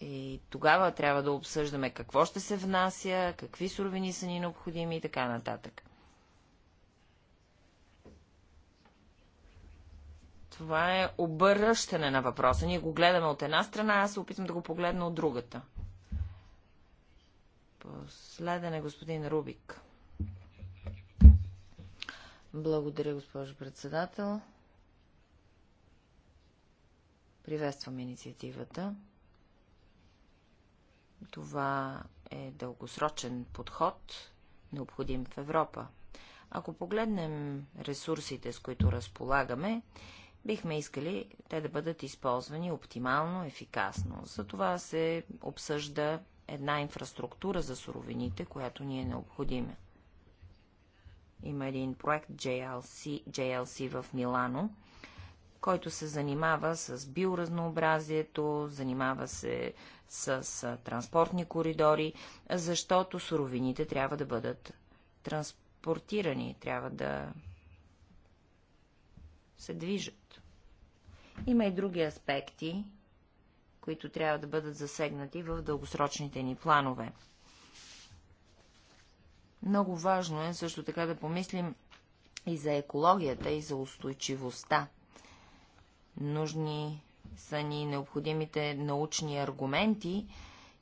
И тогава трябва да обсъждаме какво ще се внася, какви суровини са ни необходими и така нататък. Това е обръщане на въпроса. Ние го гледаме от една страна, аз се опитвам да го погледна от другата. Последен е господин Рубик. Благодаря, госпожо председател. Приветствам инициативата. Това е дългосрочен подход, необходим в Европа. Ако погледнем ресурсите, с които разполагаме, бихме искали те да бъдат използвани оптимално, ефикасно. За това се обсъжда една инфраструктура за суровините, която ни е необходима. Има един проект JLC, JLC в Милано, който се занимава с биоразнообразието, занимава се с, с транспортни коридори, защото суровините трябва да бъдат транспортирани, трябва да се движат. Има и други аспекти, които трябва да бъдат засегнати в дългосрочните ни планове. Много важно е също така да помислим и за екологията, и за устойчивостта. Нужни са ни необходимите научни аргументи,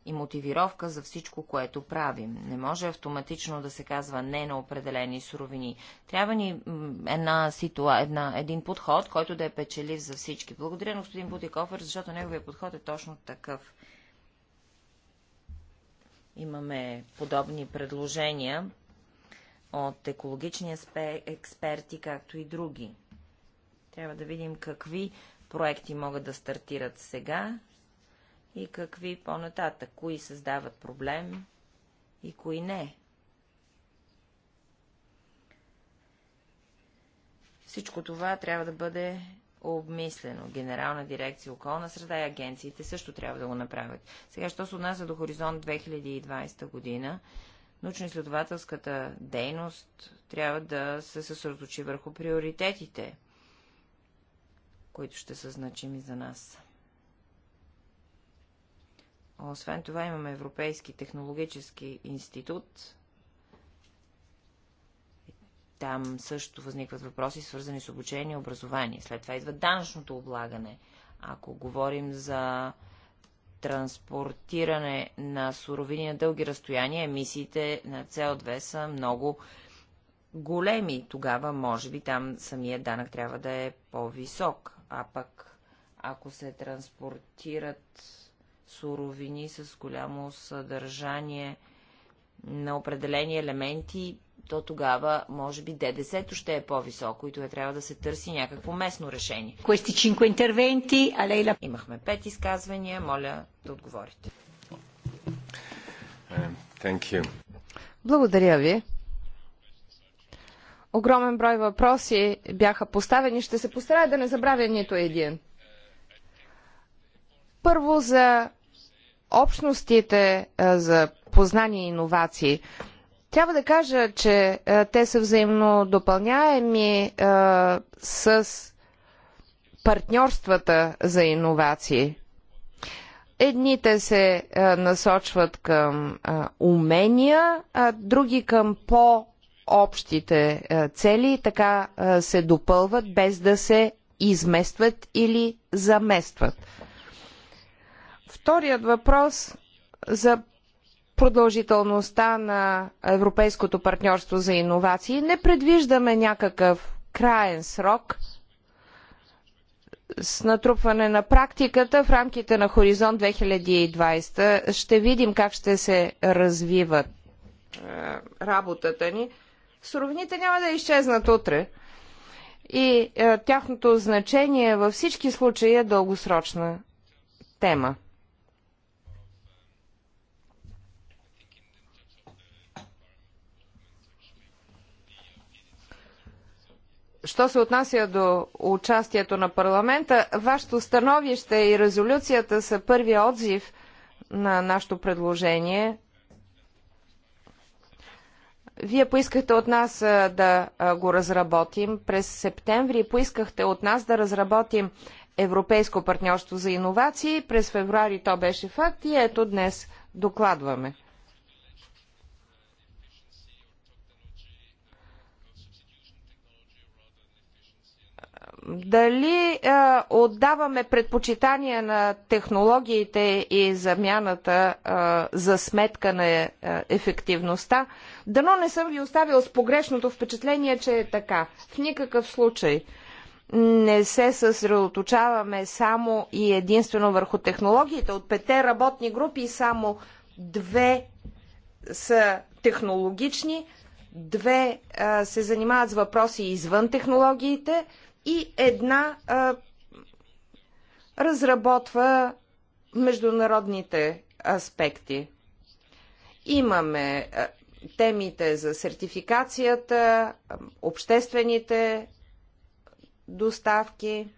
и мотивировка за всичко, което правим. Не може автоматично да се казва не на определени суровини. Трябва ни една ситуа, една, един подход, който да е печелив за всички. Благодаря на господин Бутикофер, защото неговия подход е точно такъв. Имаме подобни предложения от екологични експерти, както и други. Трябва да видим какви проекти могат да стартират сега и какви по-нататък, кои създават проблем и кои не. Всичко това трябва да бъде обмислено. Генерална дирекция околна среда и агенциите също трябва да го направят. Сега, що се отнася до хоризонт 2020 година, научно-изследователската дейност трябва да се съсредоточи върху приоритетите, които ще са значими за нас. Освен това имаме Европейски технологически институт. Там също възникват въпроси, свързани с обучение и образование. След това идва данъчното облагане. Ако говорим за транспортиране на суровини на дълги разстояния, емисиите на CO2 са много големи. Тогава, може би, там самия данък трябва да е по-висок. А пък, ако се транспортират суровини с голямо съдържание на определени елементи, то тогава, може би, ДДС-то ще е по-високо и това трябва да се търси някакво местно решение. Имахме пет изказвания, моля да отговорите. Е, thank you. Благодаря ви. Огромен брой въпроси бяха поставени. Ще се постарая да не забравя нито един. Първо за общностите е, за познание и иновации. Трябва да кажа, че е, те са взаимно допълняеми е, с партньорствата за иновации. Едните се насочват към умения, а други към по-общите цели, така се допълват без да се изместват или заместват. Вторият въпрос за продължителността на Европейското партньорство за иновации. Не предвиждаме някакъв краен срок с натрупване на практиката в рамките на Хоризонт 2020. Ще видим как ще се развива е, работата ни. Суровините няма да изчезнат утре. И е, тяхното значение във всички случаи е дългосрочна тема. що се отнася до участието на парламента, вашето становище и резолюцията са първия отзив на нашето предложение. Вие поискахте от нас да го разработим. През септември поискахте от нас да разработим Европейско партньорство за иновации. През февруари то беше факт и ето днес докладваме. дали а, отдаваме предпочитание на технологиите и замяната а, за сметка на а, е, ефективността. Дано не съм ви оставил с погрешното впечатление, че е така. В никакъв случай не се съсредоточаваме само и единствено върху технологиите. От пете работни групи само две са технологични, две а, се занимават с въпроси извън технологиите – и една а, разработва международните аспекти. Имаме а, темите за сертификацията, обществените доставки,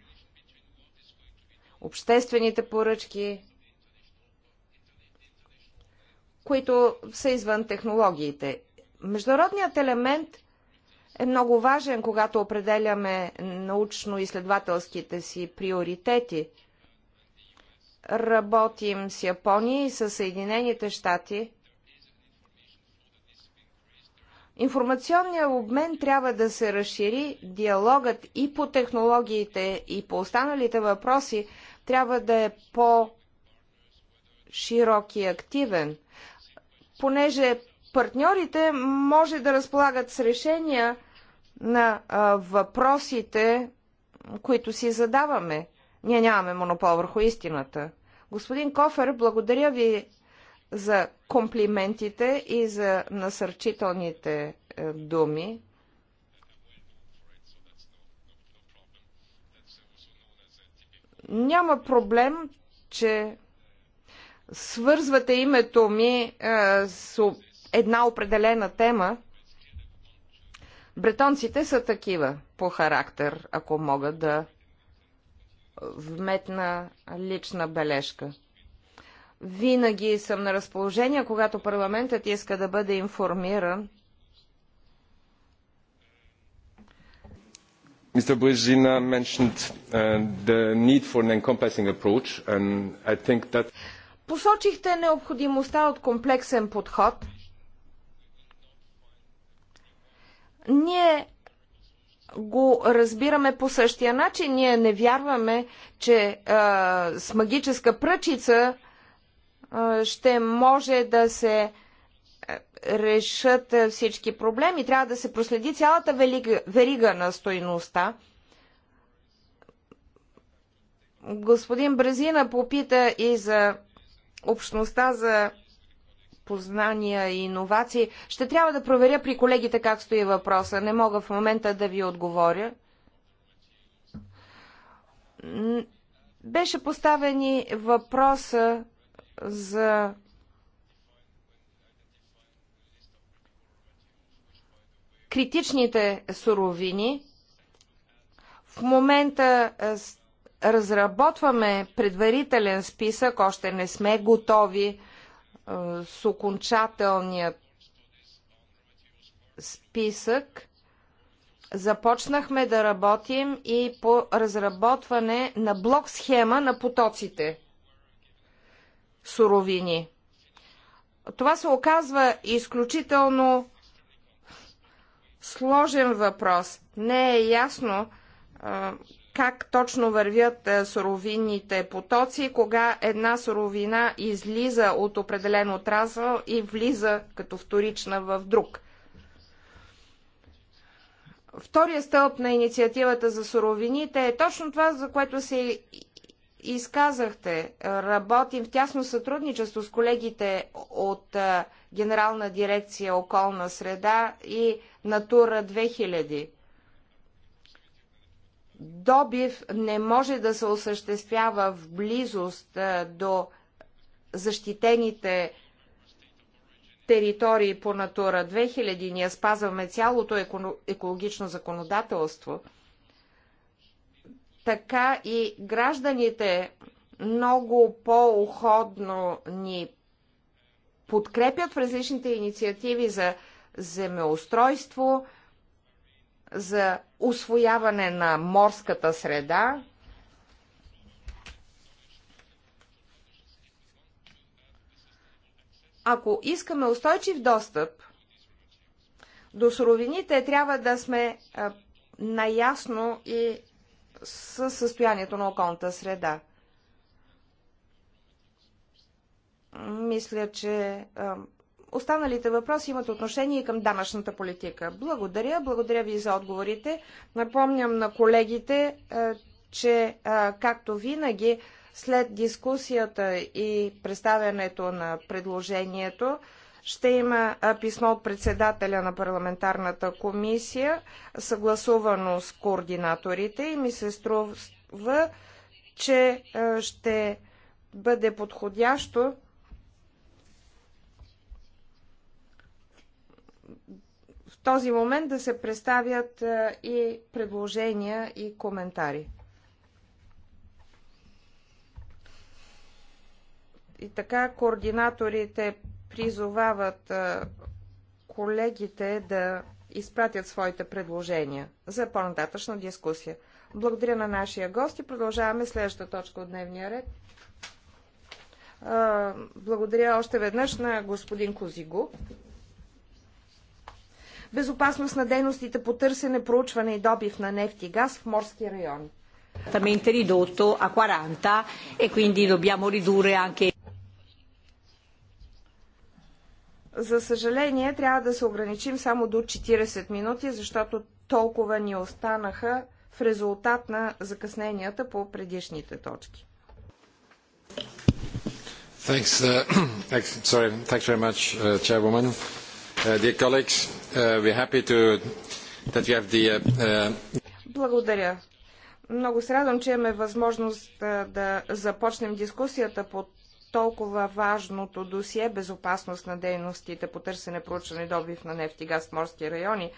обществените поръчки, които са извън технологиите. Международният елемент – е много важен, когато определяме научно-изследователските си приоритети. Работим с Япония и с Съединените щати. Информационният обмен трябва да се разшири, диалогът и по технологиите, и по останалите въпроси трябва да е по-широк и активен, понеже партньорите може да разполагат с решения на въпросите, които си задаваме. Ние нямаме монопол върху истината. Господин Кофер, благодаря ви за комплиментите и за насърчителните е, думи. Няма проблем, че свързвате името ми е, с една определена тема. Бретонците са такива по характер, ако мога да вметна лична бележка. Винаги съм на разположение, когато парламентът иска да бъде информиран. Mr. Brigina mentioned uh, the need for an encompassing approach, and I think that... Посочихте необходимостта от комплексен подход – Ние го разбираме по същия начин. Ние не вярваме, че а, с магическа пръчица а, ще може да се решат всички проблеми. Трябва да се проследи цялата велига, верига на стойността. Господин Бразина попита и за общността за познания и иновации. Ще трябва да проверя при колегите как стои въпроса. Не мога в момента да ви отговоря. Беше поставени въпроса за критичните суровини. В момента разработваме предварителен списък, още не сме готови с окончателният списък, започнахме да работим и по разработване на блок схема на потоците суровини. Това се оказва изключително сложен въпрос. Не е ясно как точно вървят е, суровинните потоци, кога една суровина излиза от определен отрасъл и влиза като вторична в друг. Втория стълб на инициативата за суровините е точно това, за което се изказахте. Работим в тясно сътрудничество с колегите от е, Генерална дирекция околна среда и Натура 2000 добив не може да се осъществява в близост до защитените територии по Натура 2000, ние спазваме цялото екологично законодателство, така и гражданите много по-уходно ни подкрепят в различните инициативи за земеустройство, за освояване на морската среда, Ако искаме устойчив достъп до суровините, трябва да сме е, наясно и със състоянието на околната среда. Мисля, че е, Останалите въпроси имат отношение и към данъчната политика. Благодаря, благодаря ви за отговорите. Напомням на колегите, е, че е, както винаги след дискусията и представянето на предложението ще има е, писмо от председателя на парламентарната комисия, съгласувано с координаторите и ми се струва, че ще бъде подходящо този момент да се представят и предложения и коментари. И така координаторите призовават колегите да изпратят своите предложения за по-нататъчна дискусия. Благодаря на нашия гост и продължаваме следващата точка от дневния ред. Благодаря още веднъж на господин Козигу безопасност на дейностите по търсене, проучване и добив на нефти и газ в морски райони. ridotto a 40 e quindi dobbiamo ridurre anche За съжаление, трябва да се ограничим само до 40 минути, защото толкова ни останаха в резултат на закъсненията по предишните точки. Thanks, uh, sorry, thanks very much, uh, Chairwoman. Uh, dear colleagues, uh, we're happy to, that we have the... Uh... uh Благодаря. Много се радвам, че имаме възможност да започнем дискусията по толкова важното досие безопасност на дейностите по търсене, проучване и добив на нефти и газ в морски райони.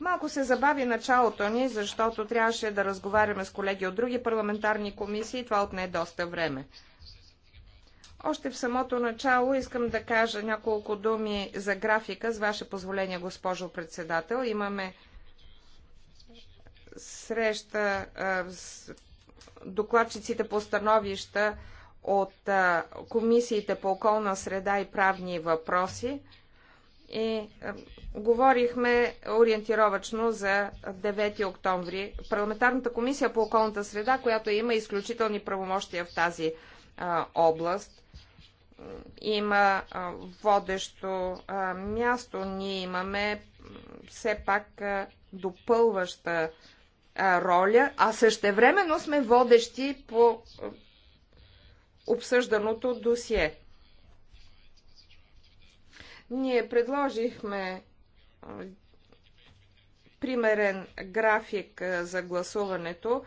Малко се забави началото ни, защото трябваше да разговаряме с колеги от други парламентарни комисии и това отне е доста време. Още в самото начало искам да кажа няколко думи за графика. С ваше позволение, госпожо председател, имаме среща с докладчиците по становища от комисиите по околна среда и правни въпроси и говорихме ориентировачно за 9 октомври. Парламентарната комисия по околната среда, която има изключителни правомощия в тази област, има водещо място. Ние имаме все пак допълваща роля, а същевременно сме водещи по обсъжданото досие. Ние предложихме примерен график за гласуването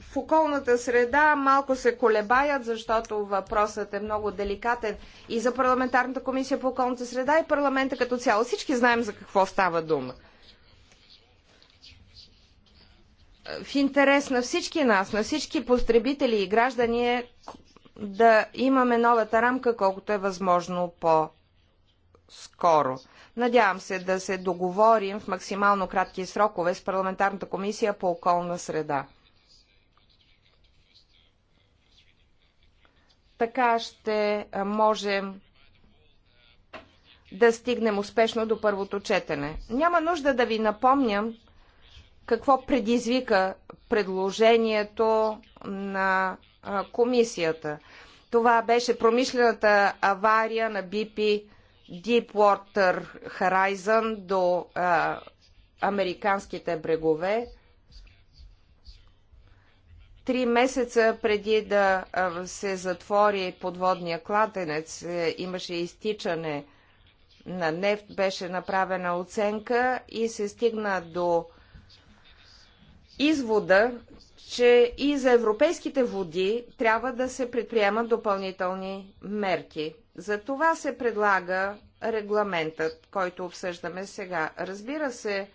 в околната среда малко се колебаят, защото въпросът е много деликатен и за парламентарната комисия по околната среда и парламента като цяло. Всички знаем за какво става дума. В интерес на всички нас, на всички потребители и граждани е да имаме новата рамка, колкото е възможно по-скоро. Надявам се да се договорим в максимално кратки срокове с парламентарната комисия по околна среда. Така ще можем да стигнем успешно до първото четене. Няма нужда да ви напомням какво предизвика предложението на комисията. Това беше промишлената авария на BP Deepwater Horizon до а, американските брегове. Три месеца преди да се затвори подводния кладенец, е, имаше изтичане на нефт, беше направена оценка и се стигна до извода, че и за европейските води трябва да се предприемат допълнителни мерки. За това се предлага регламентът, който обсъждаме сега. Разбира се,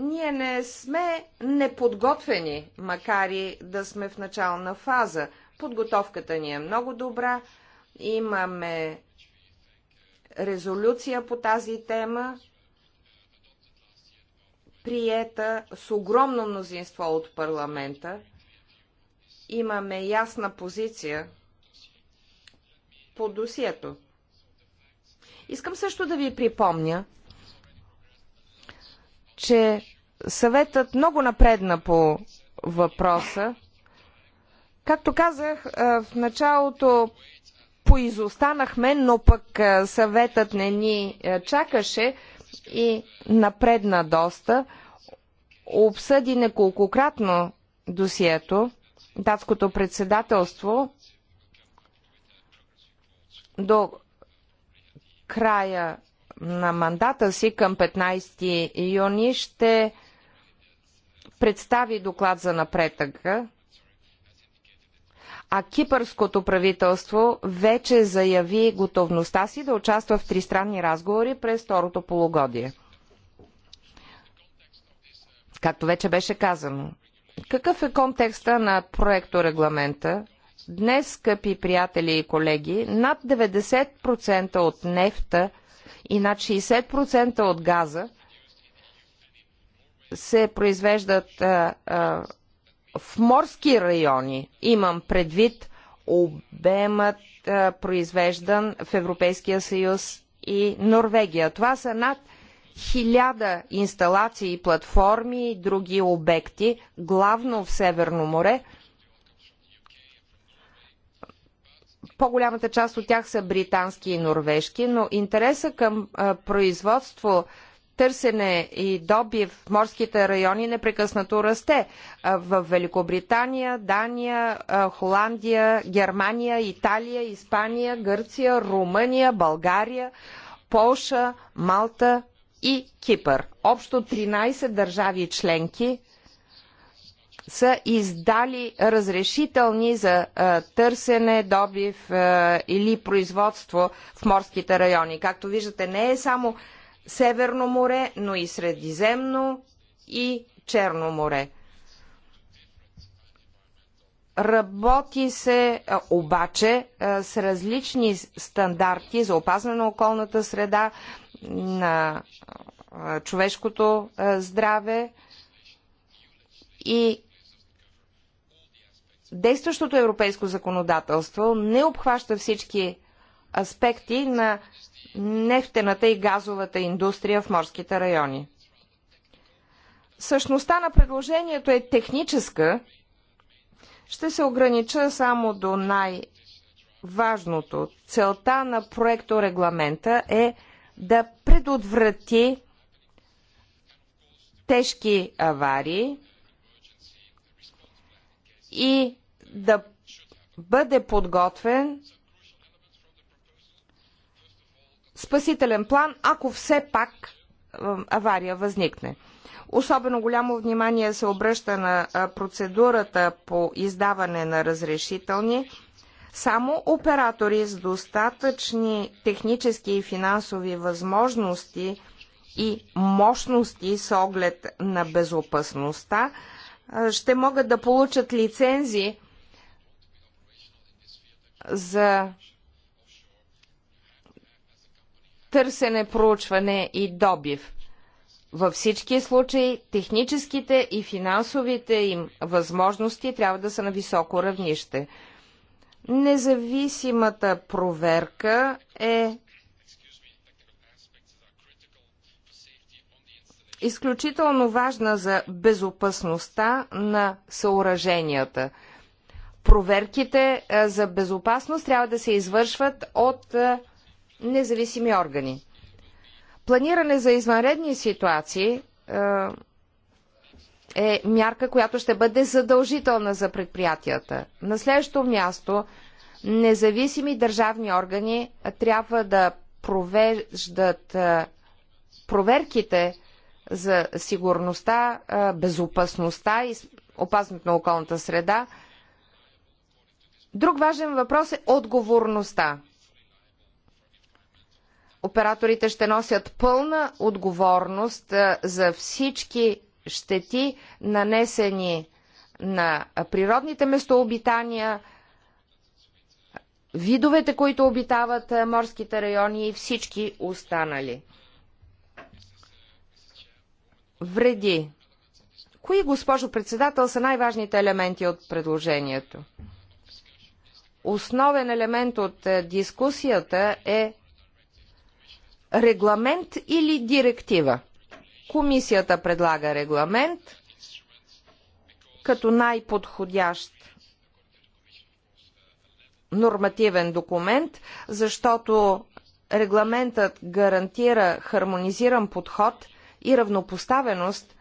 ние не сме неподготвени, макар и да сме в начална фаза. Подготовката ни е много добра. Имаме резолюция по тази тема, приета с огромно мнозинство от парламента. Имаме ясна позиция по досието. Искам също да ви припомня, че съветът много напредна по въпроса. Както казах, в началото поизостанахме, но пък съветът не ни чакаше и напредна доста. Обсъди неколкократно досието. Датското председателство до края на мандата си към 15 юни ще представи доклад за напредъка, а кипърското правителство вече заяви готовността си да участва в тристранни разговори през второто полугодие. Както вече беше казано. Какъв е контекста на проекто регламента? Днес, скъпи приятели и колеги, над 90% от нефта – и над 60% от газа се произвеждат а, а, в морски райони. Имам предвид обемът а, произвеждан в Европейския съюз и Норвегия. Това са над хиляда инсталации, платформи и други обекти, главно в Северно море – По-голямата част от тях са британски и норвежки, но интереса към производство търсене и добив в морските райони непрекъснато расте. В Великобритания, Дания, Холандия, Германия, Италия, Испания, Гърция, Румъния, България, Полша, Малта и Кипър. Общо 13 държави членки са издали разрешителни за търсене, добив или производство в морските райони. Както виждате, не е само Северно море, но и Средиземно и Черно море. Работи се обаче с различни стандарти за опазване на околната среда, на човешкото здраве и действащото европейско законодателство не обхваща всички аспекти на нефтената и газовата индустрия в морските райони. Същността на предложението е техническа. Ще се огранича само до най-важното. Целта на проекто регламента е да предотврати тежки аварии и да бъде подготвен спасителен план, ако все пак авария възникне. Особено голямо внимание се обръща на процедурата по издаване на разрешителни. Само оператори с достатъчни технически и финансови възможности и мощности с оглед на безопасността ще могат да получат лицензи за търсене, проучване и добив. Във всички случаи техническите и финансовите им възможности трябва да са на високо равнище. Независимата проверка е изключително важна за безопасността на съоръженията. Проверките за безопасност трябва да се извършват от независими органи. Планиране за извънредни ситуации е мярка, която ще бъде задължителна за предприятията. На следващо място, независими държавни органи трябва да провеждат проверките за сигурността, безопасността и опасното на околната среда. Друг важен въпрос е отговорността. Операторите ще носят пълна отговорност за всички щети, нанесени на природните местообитания, видовете, които обитават морските райони и всички останали вреди. Кои, госпожо председател, са най-важните елементи от предложението? Основен елемент от е, дискусията е регламент или директива. Комисията предлага регламент като най-подходящ нормативен документ, защото регламентът гарантира хармонизиран подход – и равнопоставеност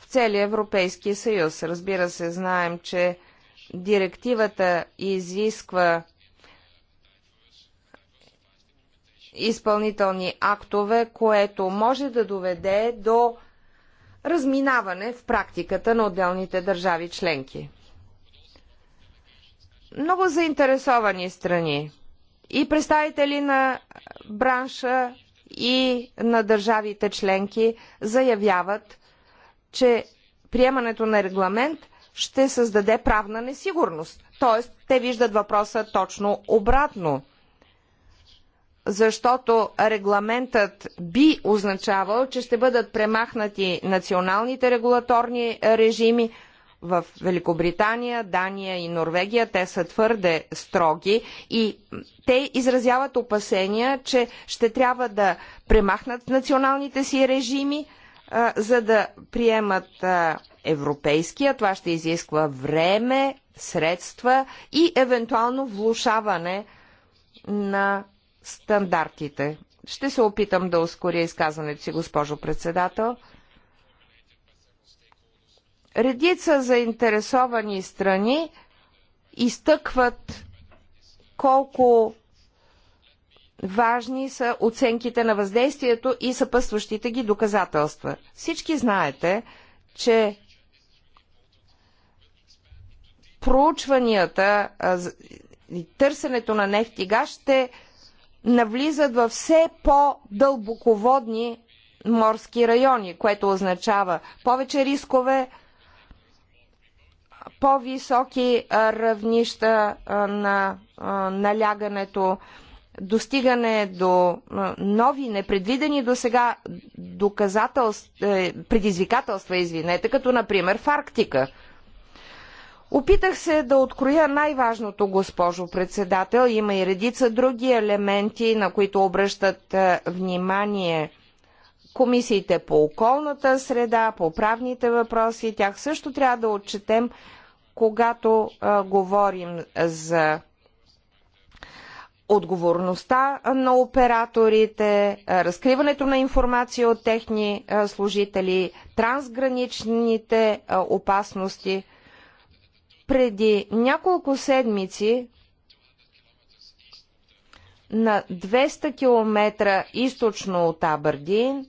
в целия Европейския съюз. Разбира се, знаем, че директивата изисква изпълнителни актове, което може да доведе до разминаване в практиката на отделните държави членки. Много заинтересовани страни и представители на бранша и на държавите членки заявяват, че приемането на регламент ще създаде правна несигурност. Тоест, те виждат въпроса точно обратно. Защото регламентът би означавал, че ще бъдат премахнати националните регулаторни режими, в Великобритания, Дания и Норвегия те са твърде строги и те изразяват опасения, че ще трябва да премахнат националните си режими, а, за да приемат а, европейския. Това ще изисква време, средства и евентуално влушаване на стандартите. Ще се опитам да ускоря изказването си, госпожо председател. Редица заинтересовани страни изтъкват колко важни са оценките на въздействието и съпътстващите ги доказателства. Всички знаете, че проучванията и търсенето на нефт и газ ще навлизат във все по-дълбоководни морски райони, което означава повече рискове, по-високи равнища на налягането, достигане до нови, непредвидени до сега е, предизвикателства, извинете, като например в Арктика. Опитах се да откроя най-важното, госпожо председател. Има и редица други елементи, на които обръщат е, внимание комисиите по околната среда, по правните въпроси. Тях също трябва да отчетем когато а, говорим за отговорността на операторите, разкриването на информация от техни служители, трансграничните опасности. Преди няколко седмици на 200 км източно от Абърдин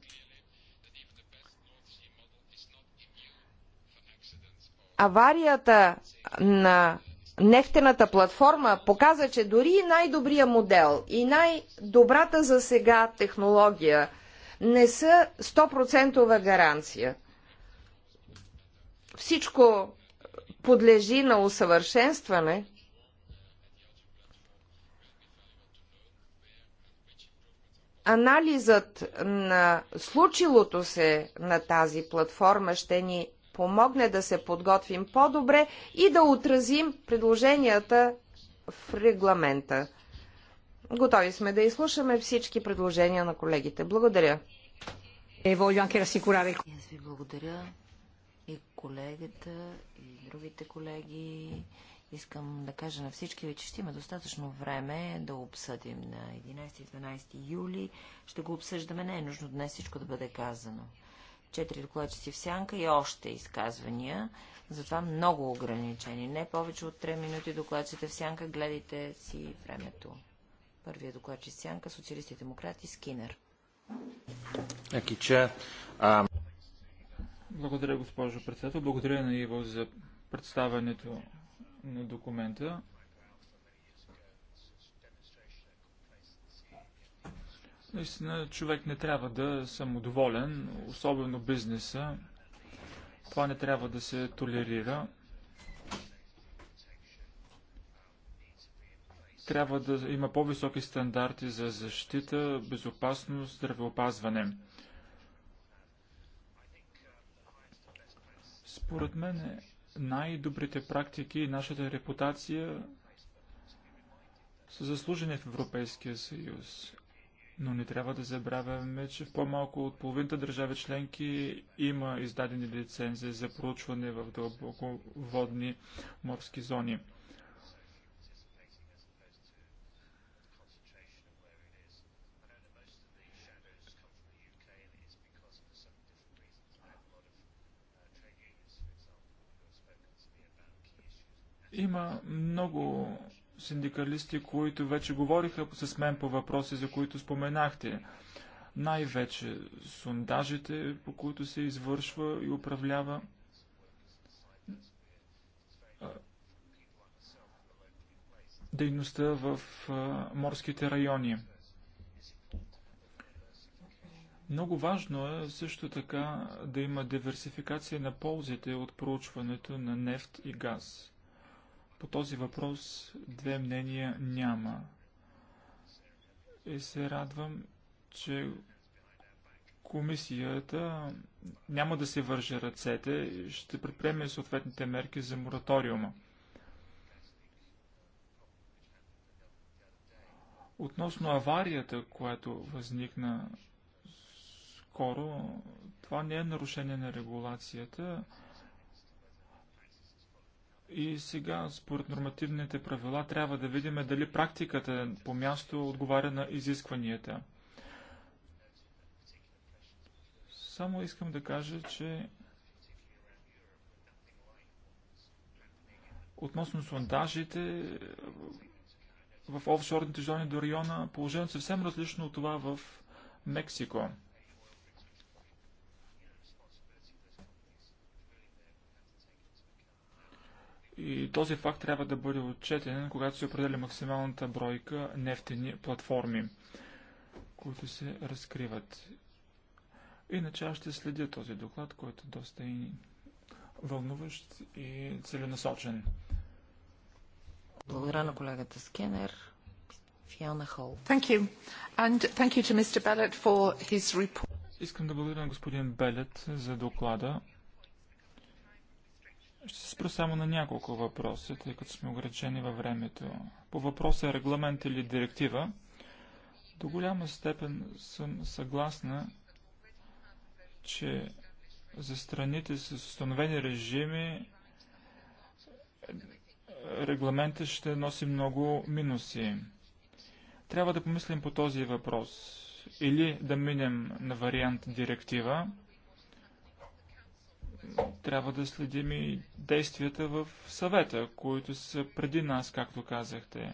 аварията на нефтената платформа показа, че дори най-добрия модел и най-добрата за сега технология не са 100% гаранция. Всичко подлежи на усъвършенстване. Анализът на случилото се на тази платформа ще ни помогне да се подготвим по-добре и да отразим предложенията в регламента. Готови сме да изслушаме всички предложения на колегите. Благодаря. Е, voglio anche rassicurare. Аз ви благодаря и колегата, и другите колеги. Искам да кажа на всички ви, че ще има достатъчно време да обсъдим на 11-12 юли. Ще го обсъждаме. Не е нужно днес всичко да бъде казано. Четири докладчици в сянка и още изказвания. Затова много ограничени. Не повече от 3 минути докладчите в сянка. Гледайте си времето. Първият докладчи в сянка, социалисти демократи, Скинер. Um, Благодаря, госпожо председател. Благодаря на Иво за представянето на документа. Наистина човек не трябва да е самодоволен, особено бизнеса. Това не трябва да се толерира. Трябва да има по-високи стандарти за защита, безопасност, здравеопазване. Според мен най-добрите практики и нашата репутация са заслужени в Европейския съюз. Но не трябва да забравяме, че в по-малко от половината държави членки има издадени лицензии за проучване в дълбоководни морски зони. Има много синдикалисти, които вече говориха с мен по въпроси, за които споменахте. Най-вече сондажите, по които се извършва и управлява дейността в морските райони. Много важно е също така да има диверсификация на ползите от проучването на нефт и газ. По този въпрос две мнения няма. И се радвам, че комисията няма да се върже ръцете и ще предприеме съответните мерки за мораториума. Относно аварията, която възникна скоро, това не е нарушение на регулацията. И сега, според нормативните правила, трябва да видим дали практиката по място отговаря на изискванията. Само искам да кажа, че относно сондажите в офшорните зони до района, положението е съвсем различно от това в Мексико. И този факт трябва да бъде отчетен, когато се определя максималната бройка нефтени платформи, които се разкриват. Иначе аз ще следя този доклад, който е доста и вълнуващ и целенасочен. Благодаря на колегата Скенер. Фиона Хол. Искам да благодаря на господин Белет за доклада. Ще се спра само на няколко въпроса, тъй като сме ограничени във времето. По въпроса е регламент или директива, до голяма степен съм съгласна, че за страните с установени режими регламента ще носи много минуси. Трябва да помислим по този въпрос. Или да минем на вариант директива, трябва да следим и действията в съвета, които са преди нас, както казахте.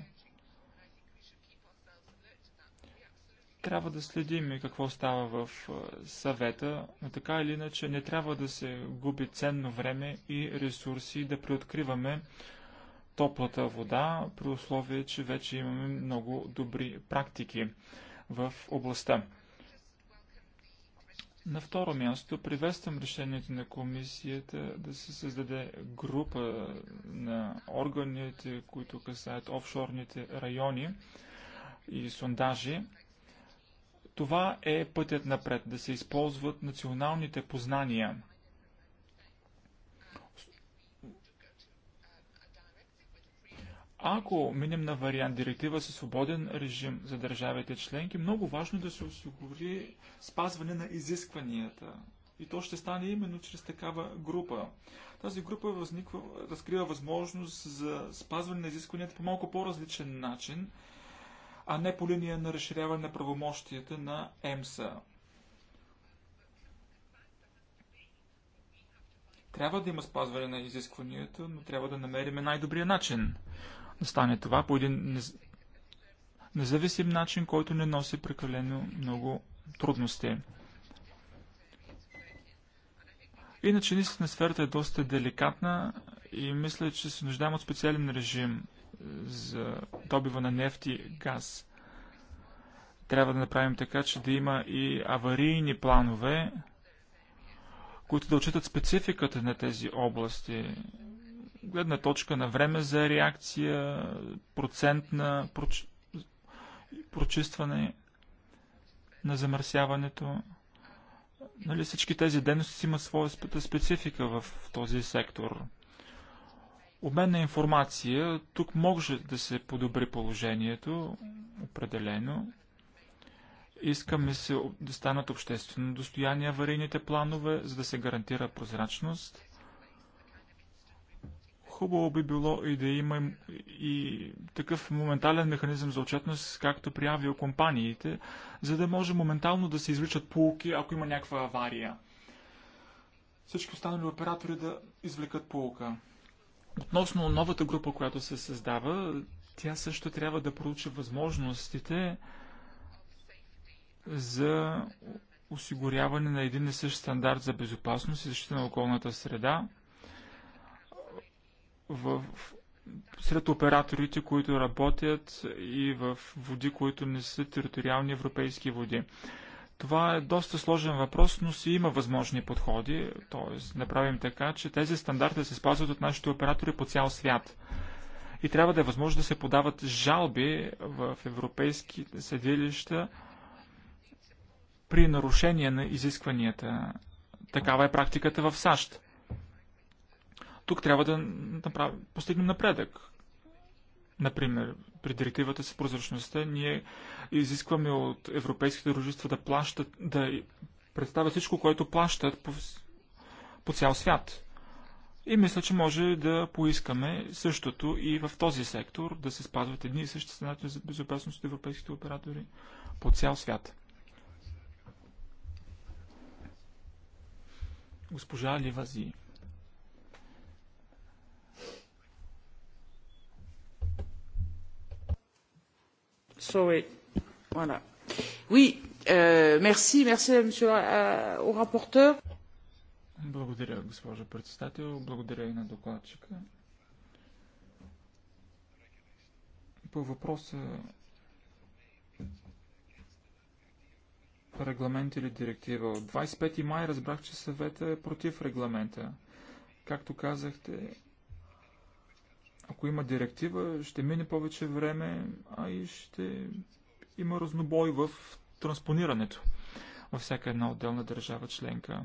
Трябва да следим и какво става в съвета, но така или иначе не трябва да се губи ценно време и ресурси да преоткриваме топлата вода, при условие, че вече имаме много добри практики в областта. На второ място приветствам решението на комисията да се създаде група на органите, които касаят офшорните райони и сондажи. Това е пътят напред, да се използват националните познания – Ако минем на вариант директива със свободен режим за държавите членки, много важно е да се осигури спазване на изискванията. И то ще стане именно чрез такава група. Тази група възниква, разкрива възможност за спазване на изискванията по малко по-различен начин, а не по линия на разширяване на правомощията на ЕМСА. Трябва да има спазване на изискванията, но трябва да намерим най-добрия начин да стане това по един независим начин, който не носи прекалено много трудности. Иначе на сферата е доста деликатна и мисля, че се нуждаем от специален режим е, за добива на нефти и газ. Трябва да направим така, че да има и аварийни планове, които да отчитат спецификата на тези области, гледна точка на време за реакция, процент на проч... прочистване на замърсяването. Нали, всички тези дейности имат своя специфика в този сектор. Обмен на информация, тук може да се подобри положението, определено. Искаме се да станат обществено достояние аварийните планове, за да се гарантира прозрачност. Хубаво би било и да има и такъв моментален механизъм за отчетност, както при авиокомпаниите, за да може моментално да се извличат полуки, ако има някаква авария. Всички останали оператори да извлекат полука. Относно новата група, която се създава, тя също трябва да проучи възможностите за осигуряване на един и същ стандарт за безопасност и защита на околната среда в, сред операторите, които работят и в води, които не са териториални европейски води. Това е доста сложен въпрос, но си има възможни подходи, т.е. направим така, че тези стандарти се спазват от нашите оператори по цял свят. И трябва да е възможно да се подават жалби в европейски съдилища при нарушение на изискванията. Такава е практиката в САЩ. Тук трябва да направим, постигнем напредък. Например, при директивата с прозрачността ние изискваме от европейските дружества да плащат, да представят всичко, което плащат по, по цял свят. И мисля, че може да поискаме същото и в този сектор да се спазват едни и същи стандарти за безопасност от европейските оператори по цял свят. Госпожа Ливази. Благодаря, госпожо председател. Благодаря и на докладчика. По въпроса регламент или директива. От 25 май разбрах, че съвета е против регламента. Както казахте, ако има директива, ще мине повече време, а и ще има разнобой в транспонирането във всяка една отделна държава членка.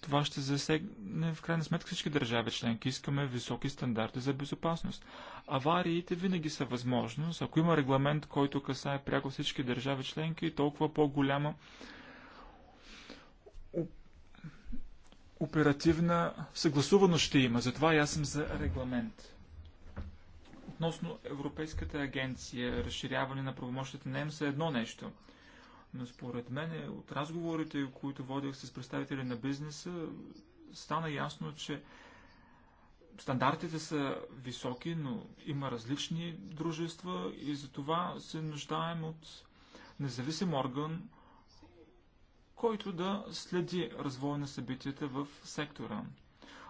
Това ще засегне в крайна сметка всички държави членки. Искаме високи стандарти за безопасност. Авариите винаги са възможност. Ако има регламент, който касае пряко всички държави членки, толкова по-голяма оперативна съгласуваност ще има. Затова и аз съм за регламент. Относно Европейската агенция, разширяване на правомощите на ЕМС е едно нещо. Но според мен от разговорите, които водих с представители на бизнеса, стана ясно, че стандартите са високи, но има различни дружества и затова се нуждаем от независим орган, който да следи развоя на събитията в сектора,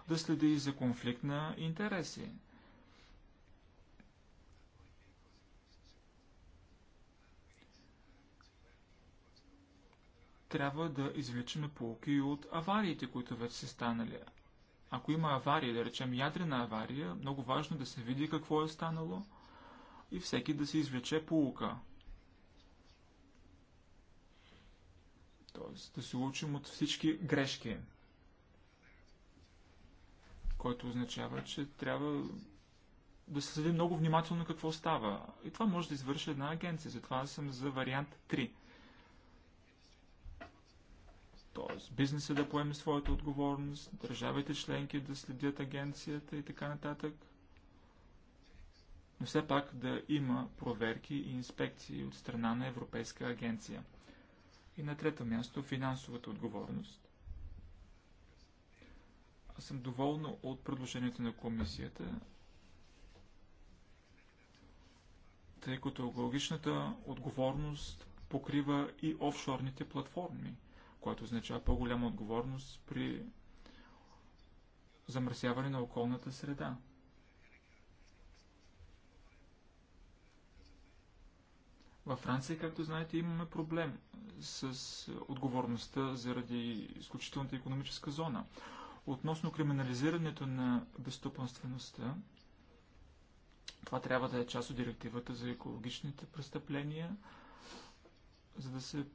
да следи и за конфликт на интереси. Трябва да извличаме полки от авариите, които вече са станали. Ако има авария, да речем ядрена авария, много важно да се види какво е станало и всеки да се извлече полука. Тоест да се учим от всички грешки, което означава, че трябва да се следи много внимателно какво става. И това може да извърши една агенция, затова съм за вариант 3. Тоест, бизнеса да поеме своята отговорност, държавите членки да следят агенцията и така нататък. Но все пак да има проверки и инспекции от страна на Европейска агенция. И на трето място финансовата отговорност. Аз съм доволна от предложението на комисията, тъй като екологичната отговорност покрива и офшорните платформи, което означава по-голяма отговорност при замърсяване на околната среда. Във Франция, както знаете, имаме проблем с отговорността заради изключителната економическа зона. Относно криминализирането на безступанствеността, това трябва да е част от директивата за екологичните престъпления, за да се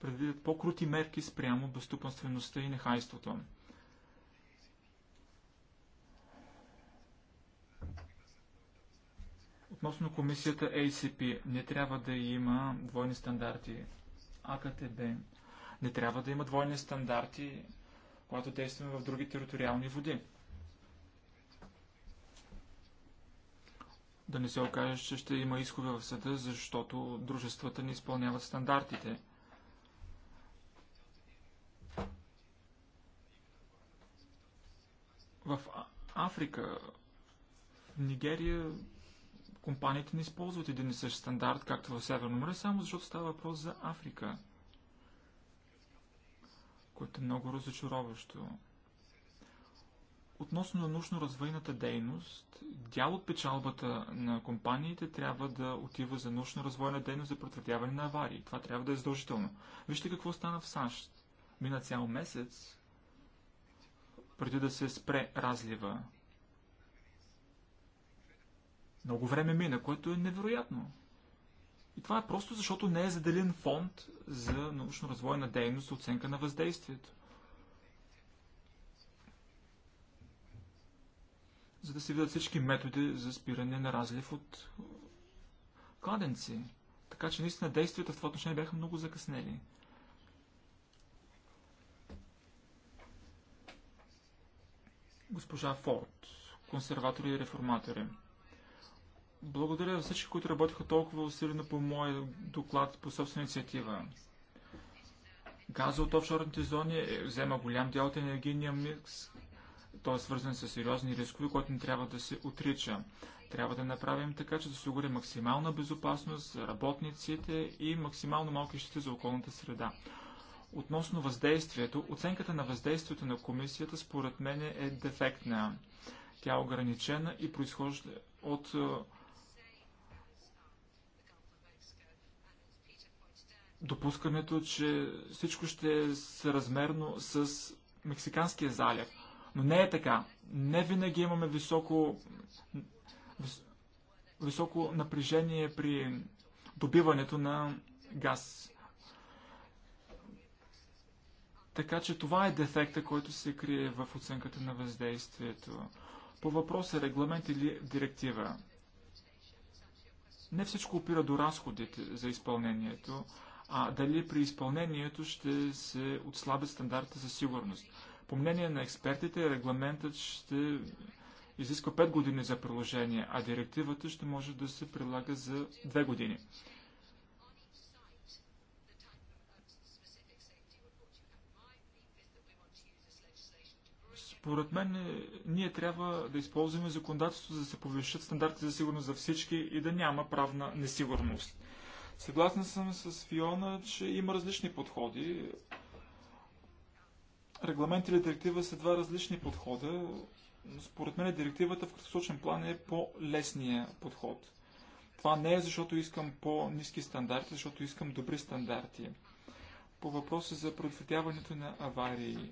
предвидят по-крути мерки спрямо безступанствеността и нехайството. Относно комисията ACP, не трябва да има двойни стандарти. АКТБ, не трябва да има двойни стандарти, когато действаме в други териториални води. Да не се окаже, че ще има искове в съда, защото дружествата не изпълняват стандартите. В Африка, в Нигерия, компаниите не използват един и същ стандарт, както в Северно море, само защото става въпрос за Африка, което е много разочароващо. Относно на научно-развойната дейност, дял от печалбата на компаниите трябва да отива за научно-развойна дейност за предотвратяване на аварии. Това трябва да е задължително. Вижте какво стана в САЩ. Мина цял месец, преди да се спре разлива много време мина, което е невероятно. И това е просто защото не е заделен фонд за научно-развойна дейност, оценка на въздействието. За да се видят всички методи за спиране на разлив от кладенци. Така че наистина действията в това отношение бяха много закъснели. Госпожа Форд, консерватори и реформатори. Благодаря за всички, които работиха толкова усилено по моя доклад по собствена инициатива. Газа от офшорните зони е, взема голям дял от енергийния микс. Той е свързан с сериозни рискове, които не трябва да се отрича. Трябва да направим така, че да се максимална безопасност за работниците и максимално малки щети за околната среда. Относно въздействието, оценката на въздействието на комисията според мен е дефектна. Тя е ограничена и произхожда от допускането, че всичко ще е съразмерно с Мексиканския залив. Но не е така. Не винаги имаме високо, високо напрежение при добиването на газ. Така че това е дефекта, който се крие в оценката на въздействието. По въпроса регламент или директива. Не всичко опира до разходите за изпълнението а дали при изпълнението ще се отслабят стандарта за сигурност. По мнение на експертите, регламентът ще изисква 5 години за приложение, а директивата ще може да се прилага за 2 години. Според мен, ние трябва да използваме законодателството, за да се повишат стандарти за сигурност за всички и да няма правна несигурност. Съгласен съм с Фиона, че има различни подходи. Регламент или директива са два различни подхода. Според мен директивата в краткосрочен план е по-лесния подход. Това не е защото искам по-низки стандарти, защото искам добри стандарти. По въпроса за предотвратяването на аварии.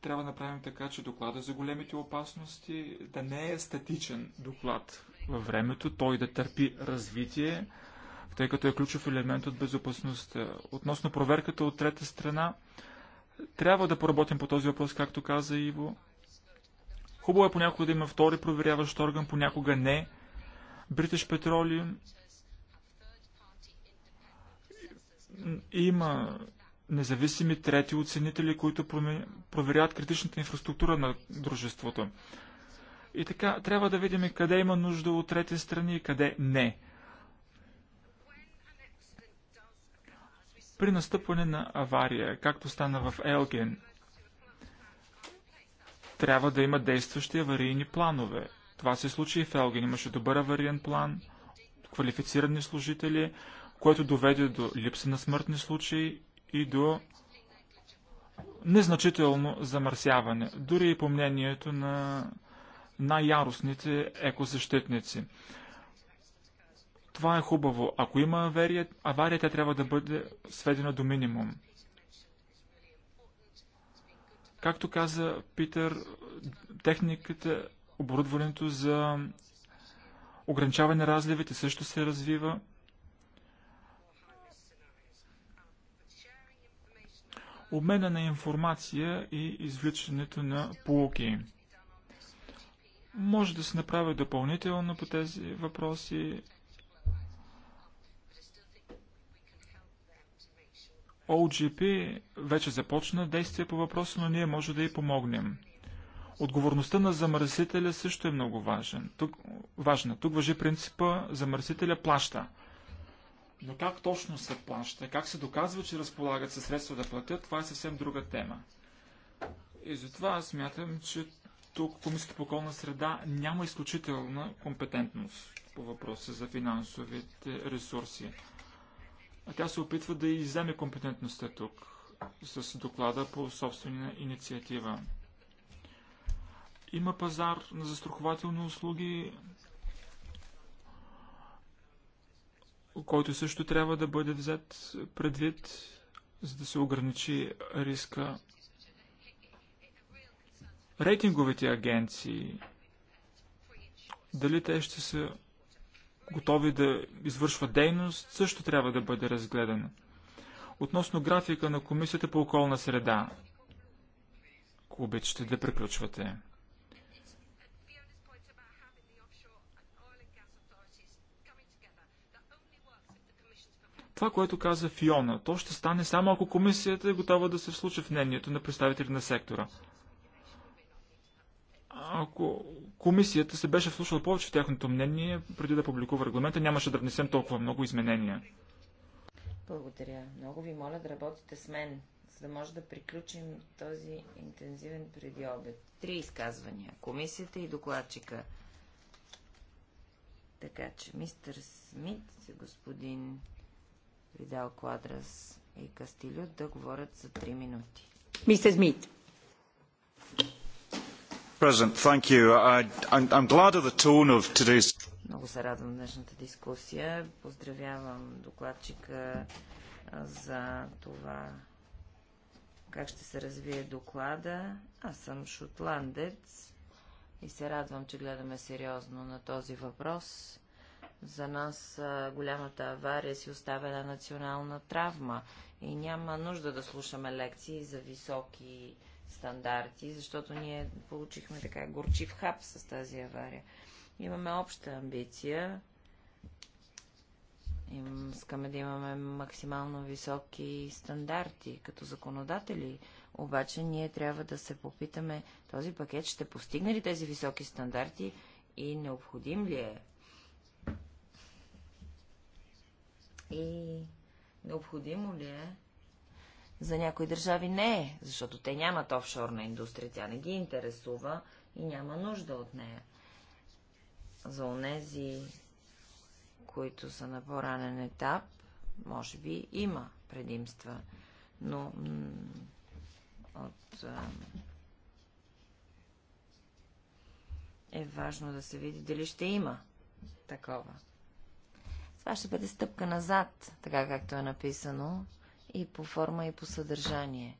Трябва да направим така, че доклада за големите опасности да не е статичен доклад, във времето, той да търпи развитие, тъй като е ключов елемент от безопасността. Относно проверката от трета страна, трябва да поработим по този въпрос, както каза Иво. Хубаво е понякога да има втори проверяващ орган, понякога не. Бритиш Петролиум има независими трети оценители, които проверяват критичната инфраструктура на дружеството. И така, трябва да видим къде има нужда от трети страни и къде не. При настъпване на авария, както стана в Елген, трябва да има действащи аварийни планове. Това се случи и в Елген. Имаше добър авариен план, квалифицирани служители, което доведе до липса на смъртни случаи и до незначително замърсяване, дори и по мнението на най-яростните екозащитници. Това е хубаво. Ако има авария, аварията трябва да бъде сведена до минимум. Както каза Питър, техниката, оборудването за ограничаване на разливите също се развива. Обмена на информация и извличането на полуки. Може да се направи допълнително по тези въпроси. OGP вече започна действие по въпроса, но ние може да й помогнем. Отговорността на замърсителя също е много важен. Тук, важна. Тук въжи принципа замърсителя плаща. Но как точно се плаща, как се доказва, че разполагат със средства да платят, това е съвсем друга тема. И затова аз смятам, че тук Комисията по околна среда няма изключителна компетентност по въпроса за финансовите ресурси. А тя се опитва да изземе компетентността тук с доклада по собствена инициатива. Има пазар на застрахователни услуги, който също трябва да бъде взет предвид, за да се ограничи риска рейтинговите агенции, дали те ще са готови да извършват дейност, също трябва да бъде разгледано. Относно графика на Комисията по околна среда, ако обичате да приключвате. Това, което каза Фиона, то ще стане само ако комисията е готова да се случи в мнението на представители на сектора. Ако комисията се беше вслушала повече в тяхното мнение, преди да публикува регламента, нямаше да внесем толкова много изменения. Благодаря. Много ви моля да работите с мен, за да може да приключим този интензивен преди обед. Три изказвания. Комисията и докладчика. Така че, мистер Смит, господин Видал Квадрас и Кастилю да говорят за три минути. Мистер Смит. President. I, am glad of the tone of today's... Много се радвам днешната дискусия. Поздравявам докладчика за това как ще се развие доклада. Аз съм шотландец и се радвам, че гледаме сериозно на този въпрос. За нас голямата авария си оставя една национална травма и няма нужда да слушаме лекции за високи стандарти, защото ние получихме така горчив хап с тази авария. Имаме обща амбиция. искаме да имаме максимално високи стандарти като законодатели. Обаче ние трябва да се попитаме този пакет ще постигне ли тези високи стандарти и необходим ли е. И необходимо ли е за някои държави не е, защото те нямат офшорна индустрия, тя не ги интересува и няма нужда от нея. За онези, които са на по-ранен етап, може би има предимства, но от, е важно да се види дали ще има такова. Това ще бъде стъпка назад, така както е написано, и по форма и по съдържание.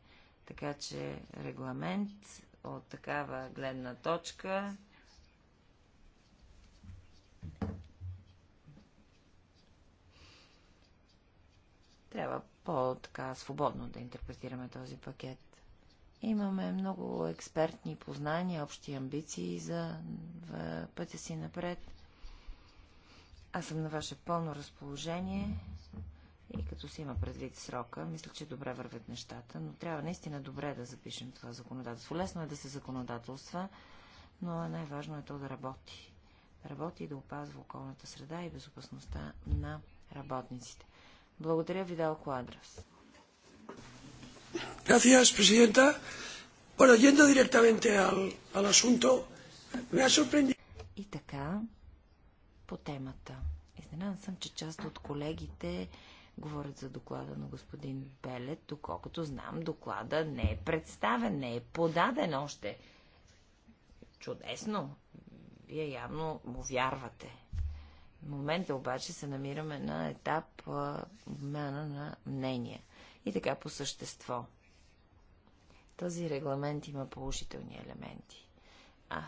Така че регламент от такава гледна точка трябва по-така свободно да интерпретираме този пакет. Имаме много експертни познания, общи амбиции за пътя си напред. Аз съм на ваше пълно разположение. И като си има предвид срока, мисля, че добре вървят нещата, но трябва наистина добре да запишем това законодателство. Лесно е да се законодателства, но най-важно е то да работи. Да работи и да опазва околната среда и безопасността на работниците. Благодаря ви, Дал Куадрас. Благодаря, президента. Bueno, yendo directamente al, al asunto, me ha sorprendido... И така, по темата. Изненадан съм, че част от колегите Говорят за доклада на господин Белет. Доколкото знам, доклада не е представен, не е подаден още. Чудесно! Вие явно му вярвате. В момента обаче се намираме на етап обмяна на мнения. И така по същество. Този регламент има положителни елементи. А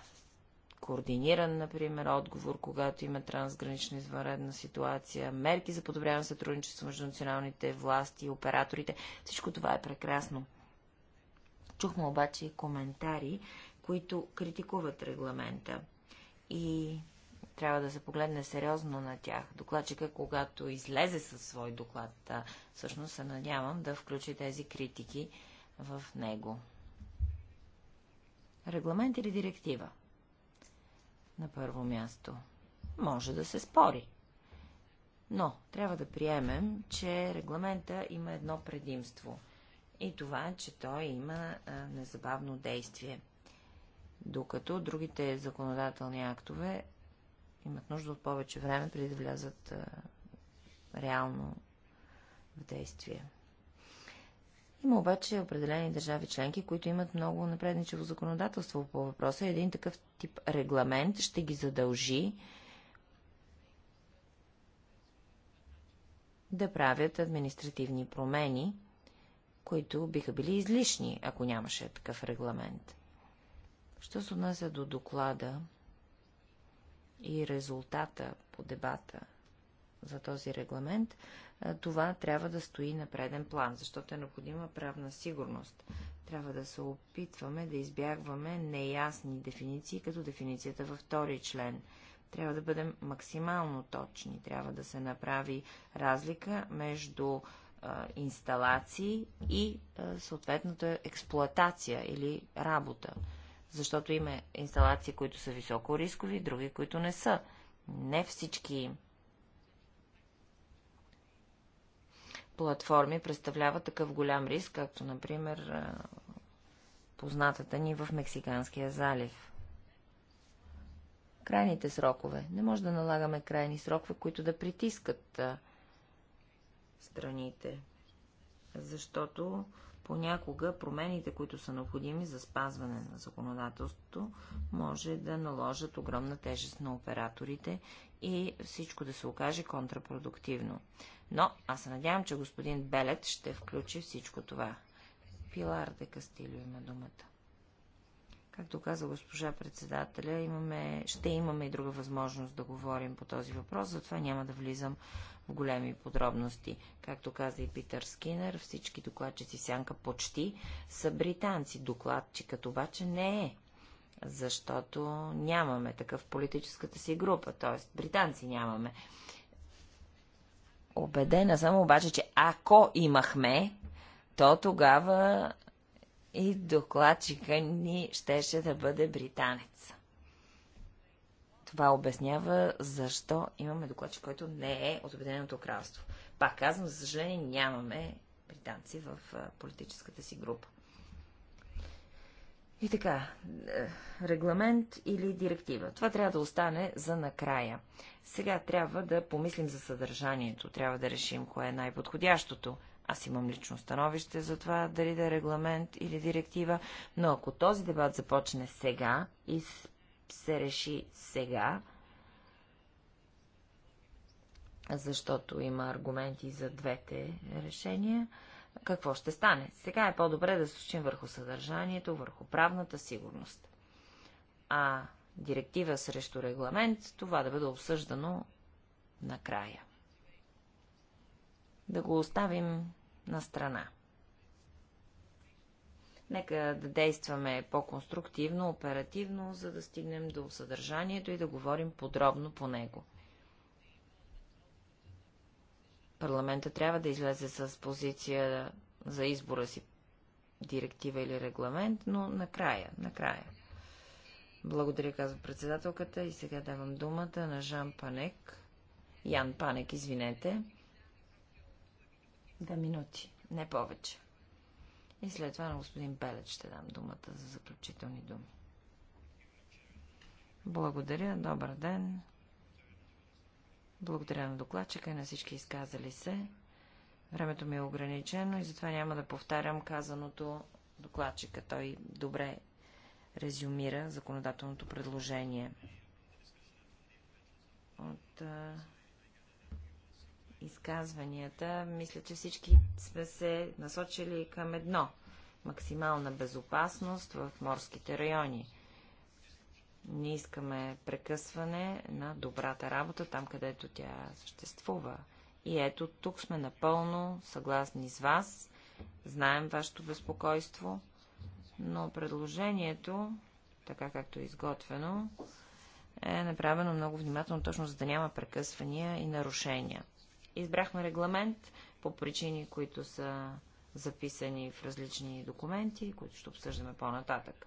координиран, например, отговор, когато има трансгранична извънредна ситуация, мерки за подобряване на сътрудничество между националните власти и операторите. Всичко това е прекрасно. Чухме обаче и коментари, които критикуват регламента. И трябва да се погледне сериозно на тях. Докладчика, когато излезе със свой доклад, всъщност се надявам да включи тези критики в него. Регламент или директива? на първо място. Може да се спори. Но трябва да приемем, че регламента има едно предимство. И това, е, че той има незабавно действие. Докато другите законодателни актове имат нужда от повече време, преди да влязат а, реално в действие. Има обаче определени държави членки, които имат много напредничево законодателство по въпроса. Един такъв тип регламент ще ги задължи да правят административни промени, които биха били излишни, ако нямаше такъв регламент. Що се отнася до доклада и резултата по дебата за този регламент, това трябва да стои на преден план, защото е необходима правна сигурност. Трябва да се опитваме да избягваме неясни дефиниции, като дефиницията във втори член. Трябва да бъдем максимално точни. Трябва да се направи разлика между а, инсталации и а, съответната експлоатация или работа. Защото има инсталации, които са високо рискови, други, които не са. Не всички платформи представляват такъв голям риск, както, например, познатата ни в Мексиканския залив. Крайните срокове. Не може да налагаме крайни срокове, които да притискат страните, защото Понякога промените, които са необходими за спазване на законодателството, може да наложат огромна тежест на операторите и всичко да се окаже контрапродуктивно. Но аз се надявам, че господин Белет ще включи всичко това. Пилар де Кастилио има думата. Както каза госпожа председателя, имаме, ще имаме и друга възможност да говорим по този въпрос, затова няма да влизам големи подробности. Както каза и Питър Скинер, всички докладчици сянка почти са британци. Докладчикът обаче не е, защото нямаме такъв политическата си група, т.е. британци нямаме. Обедена съм обаче, че ако имахме, то тогава и докладчика ни щеше да бъде британец. Това обяснява защо имаме докладчик, който не е от Обединеното кралство. Пак казвам, за съжаление нямаме британци в политическата си група. И така, е, регламент или директива. Това трябва да остане за накрая. Сега трябва да помислим за съдържанието, трябва да решим кое е най-подходящото. Аз имам лично становище за това, дали да е регламент или директива, но ако този дебат започне сега и се реши сега, защото има аргументи за двете решения, какво ще стане? Сега е по-добре да се случим върху съдържанието, върху правната сигурност. А директива срещу регламент, това да бъде обсъждано накрая. Да го оставим на страна. Нека да действаме по-конструктивно, оперативно, за да стигнем до съдържанието и да говорим подробно по него. Парламента трябва да излезе с позиция за избора си директива или регламент, но накрая, накрая. Благодаря, казва председателката и сега давам думата на Жан Панек. Ян Панек, извинете. Две минути, не повече. И след това на господин Белет ще дам думата за заключителни думи. Благодаря, добър ден. Благодаря на докладчика и на всички изказали се. Времето ми е ограничено и затова няма да повтарям казаното докладчика. Той добре резюмира законодателното предложение. От изказванията, мисля, че всички сме се насочили към едно – максимална безопасност в морските райони. Не искаме прекъсване на добрата работа там, където тя съществува. И ето, тук сме напълно съгласни с вас, знаем вашето безпокойство, но предложението, така както е изготвено, е направено много внимателно, точно за да няма прекъсвания и нарушения. Избрахме регламент по причини, които са записани в различни документи, които ще обсъждаме по-нататък.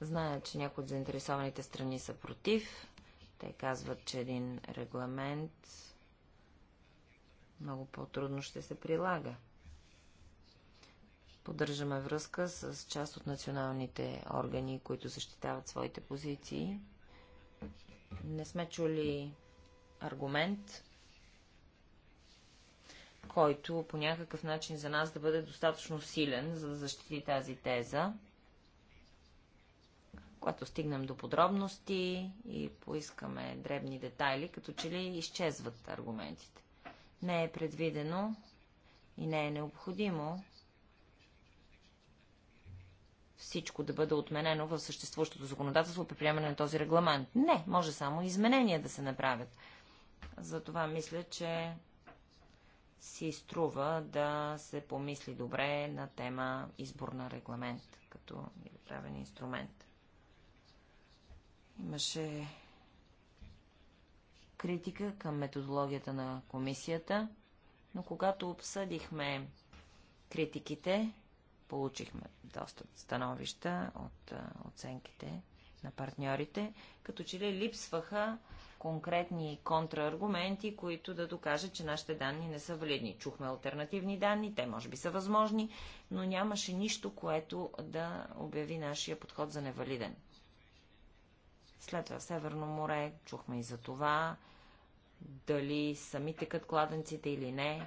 Зная, че някои от заинтересованите страни са против. Те казват, че един регламент много по-трудно ще се прилага. Поддържаме връзка с част от националните органи, които защитават своите позиции. Не сме чули аргумент, който по някакъв начин за нас да бъде достатъчно силен, за да защити тази теза. Когато стигнем до подробности и поискаме дребни детайли, като че ли изчезват аргументите. Не е предвидено и не е необходимо всичко да бъде отменено в съществуващото законодателство при приемане на този регламент. Не, може само изменения да се направят. Затова мисля, че си струва да се помисли добре на тема избор на регламент като правен инструмент. Имаше критика към методологията на комисията, но когато обсъдихме критиките, получихме доста становища от оценките на партньорите, като че ли липсваха конкретни контраргументи, които да докажат, че нашите данни не са валидни. Чухме альтернативни данни, те може би са възможни, но нямаше нищо, което да обяви нашия подход за невалиден. След това Северно море чухме и за това, дали самите кът кладенците или не.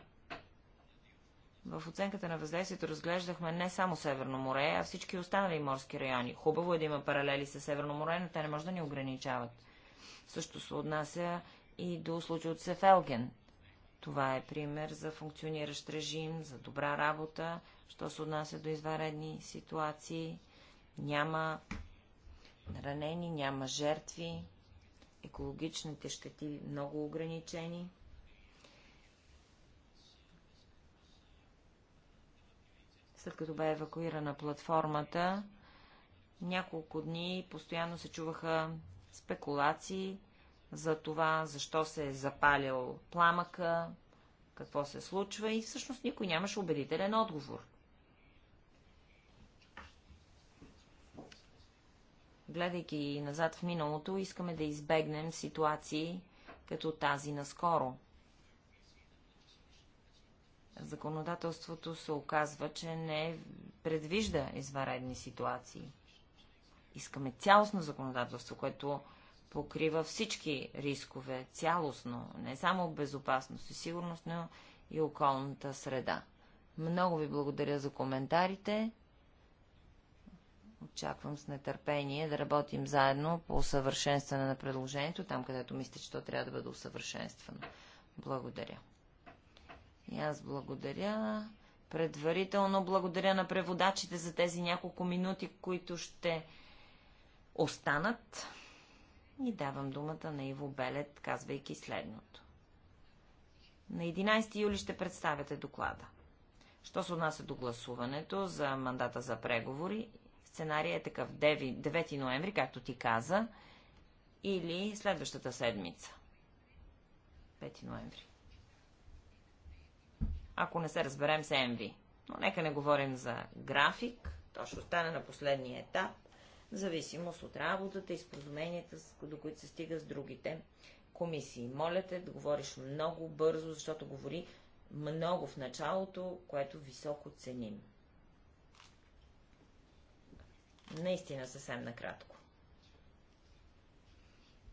В оценката на въздействието разглеждахме не само Северно море, а всички останали морски райони. Хубаво е да има паралели с Северно море, но те не може да ни ограничават. Също се отнася и до случай от Сефелген. Това е пример за функциониращ режим, за добра работа, що се отнася до изваредни ситуации. Няма ранени, няма жертви, екологичните щети много ограничени. След като бе евакуирана платформата, няколко дни постоянно се чуваха спекулации за това, защо се е запалил пламъка, какво се случва и всъщност никой нямаше убедителен отговор. Гледайки назад в миналото, искаме да избегнем ситуации като тази наскоро. Законодателството се оказва, че не предвижда изваредни ситуации – Искаме цялостно законодателство, което покрива всички рискове, цялостно, не само безопасност и сигурност, но и околната среда. Много ви благодаря за коментарите. Очаквам с нетърпение да работим заедно по усъвършенстване на предложението, там където мисля, че то трябва да бъде усъвършенствано. Благодаря. И аз благодаря. Предварително благодаря на преводачите за тези няколко минути, които ще останат. И давам думата на Иво Белет, казвайки следното. На 11 юли ще представяте доклада. Що се отнася до гласуването за мандата за преговори, сценария е такъв 9, 9 ноември, както ти каза, или следващата седмица. 5 ноември. Ако не се разберем с МВ. Но нека не говорим за график. То ще остане на последния етап в зависимост от работата и споразуменията, до които се стига с другите комисии. Моля те да говориш много бързо, защото говори много в началото, което високо ценим. Наистина съвсем накратко.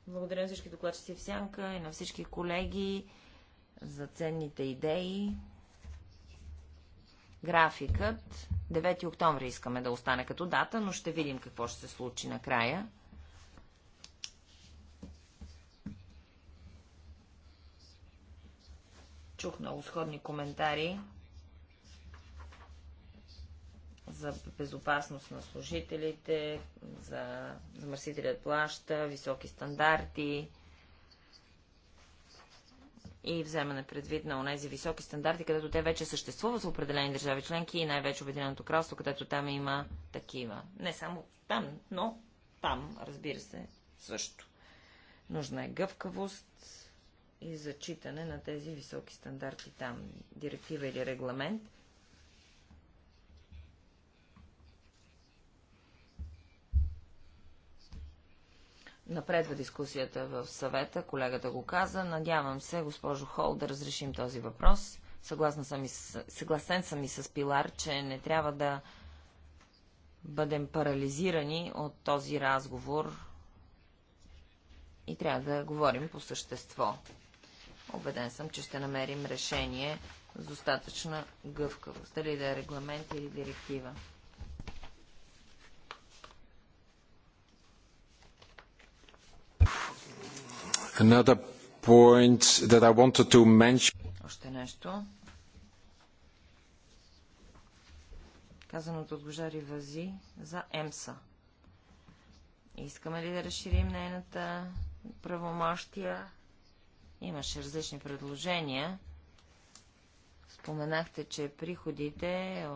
Благодаря на всички докладчици в Сянка и на всички колеги за ценните идеи. Графикът 9 октомври искаме да остане като дата, но ще видим какво ще се случи накрая. Чух много сходни коментари за безопасност на служителите, за замърсителят плаща, високи стандарти, и вземане предвид на тези високи стандарти, където те вече съществуват в определени държави членки и най-вече Обединеното кралство, където там има такива. Не само там, но там, разбира се, също. Нужна е гъвкавост и зачитане на тези високи стандарти там. Директива или регламент – Напредва дискусията в съвета, колегата го каза. Надявам се, госпожо Хол, да разрешим този въпрос. Съгласна съм и с... Съгласен съм и с Пилар, че не трябва да бъдем парализирани от този разговор и трябва да говорим по същество. Обеден съм, че ще намерим решение с достатъчна гъвкавост, дали да е регламент или директива. Another point that I wanted to mention. Още нещо. Казаното от Божари Вази за ЕМСА. Искаме ли да разширим нейната правомощия? Имаше различни предложения. Споменахте, че приходите е,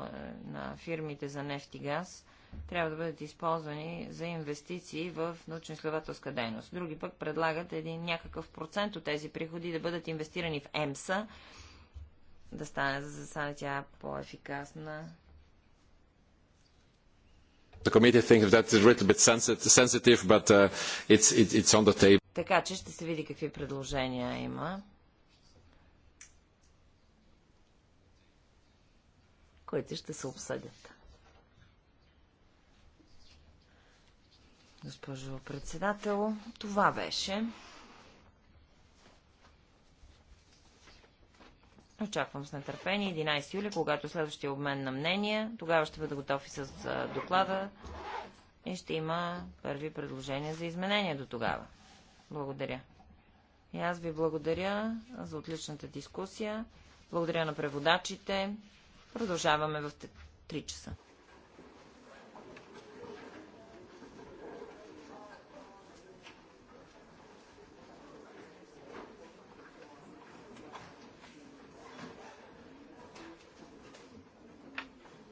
на фирмите за нефт и газ трябва да бъдат използвани за инвестиции в научно-изследователска дейност. Други пък предлагат един някакъв процент от тези приходи да бъдат инвестирани в ЕМСА, да стане, за да стане тя по-ефикасна. Така че ще се види какви предложения има. които ще се обсъдят. госпожо председател. Това беше. Очаквам с нетърпение 11 юли, когато следващия обмен на мнения. Тогава ще бъда готов и с доклада и ще има първи предложения за изменения до тогава. Благодаря. И аз ви благодаря за отличната дискусия. Благодаря на преводачите. Продължаваме в 3 часа.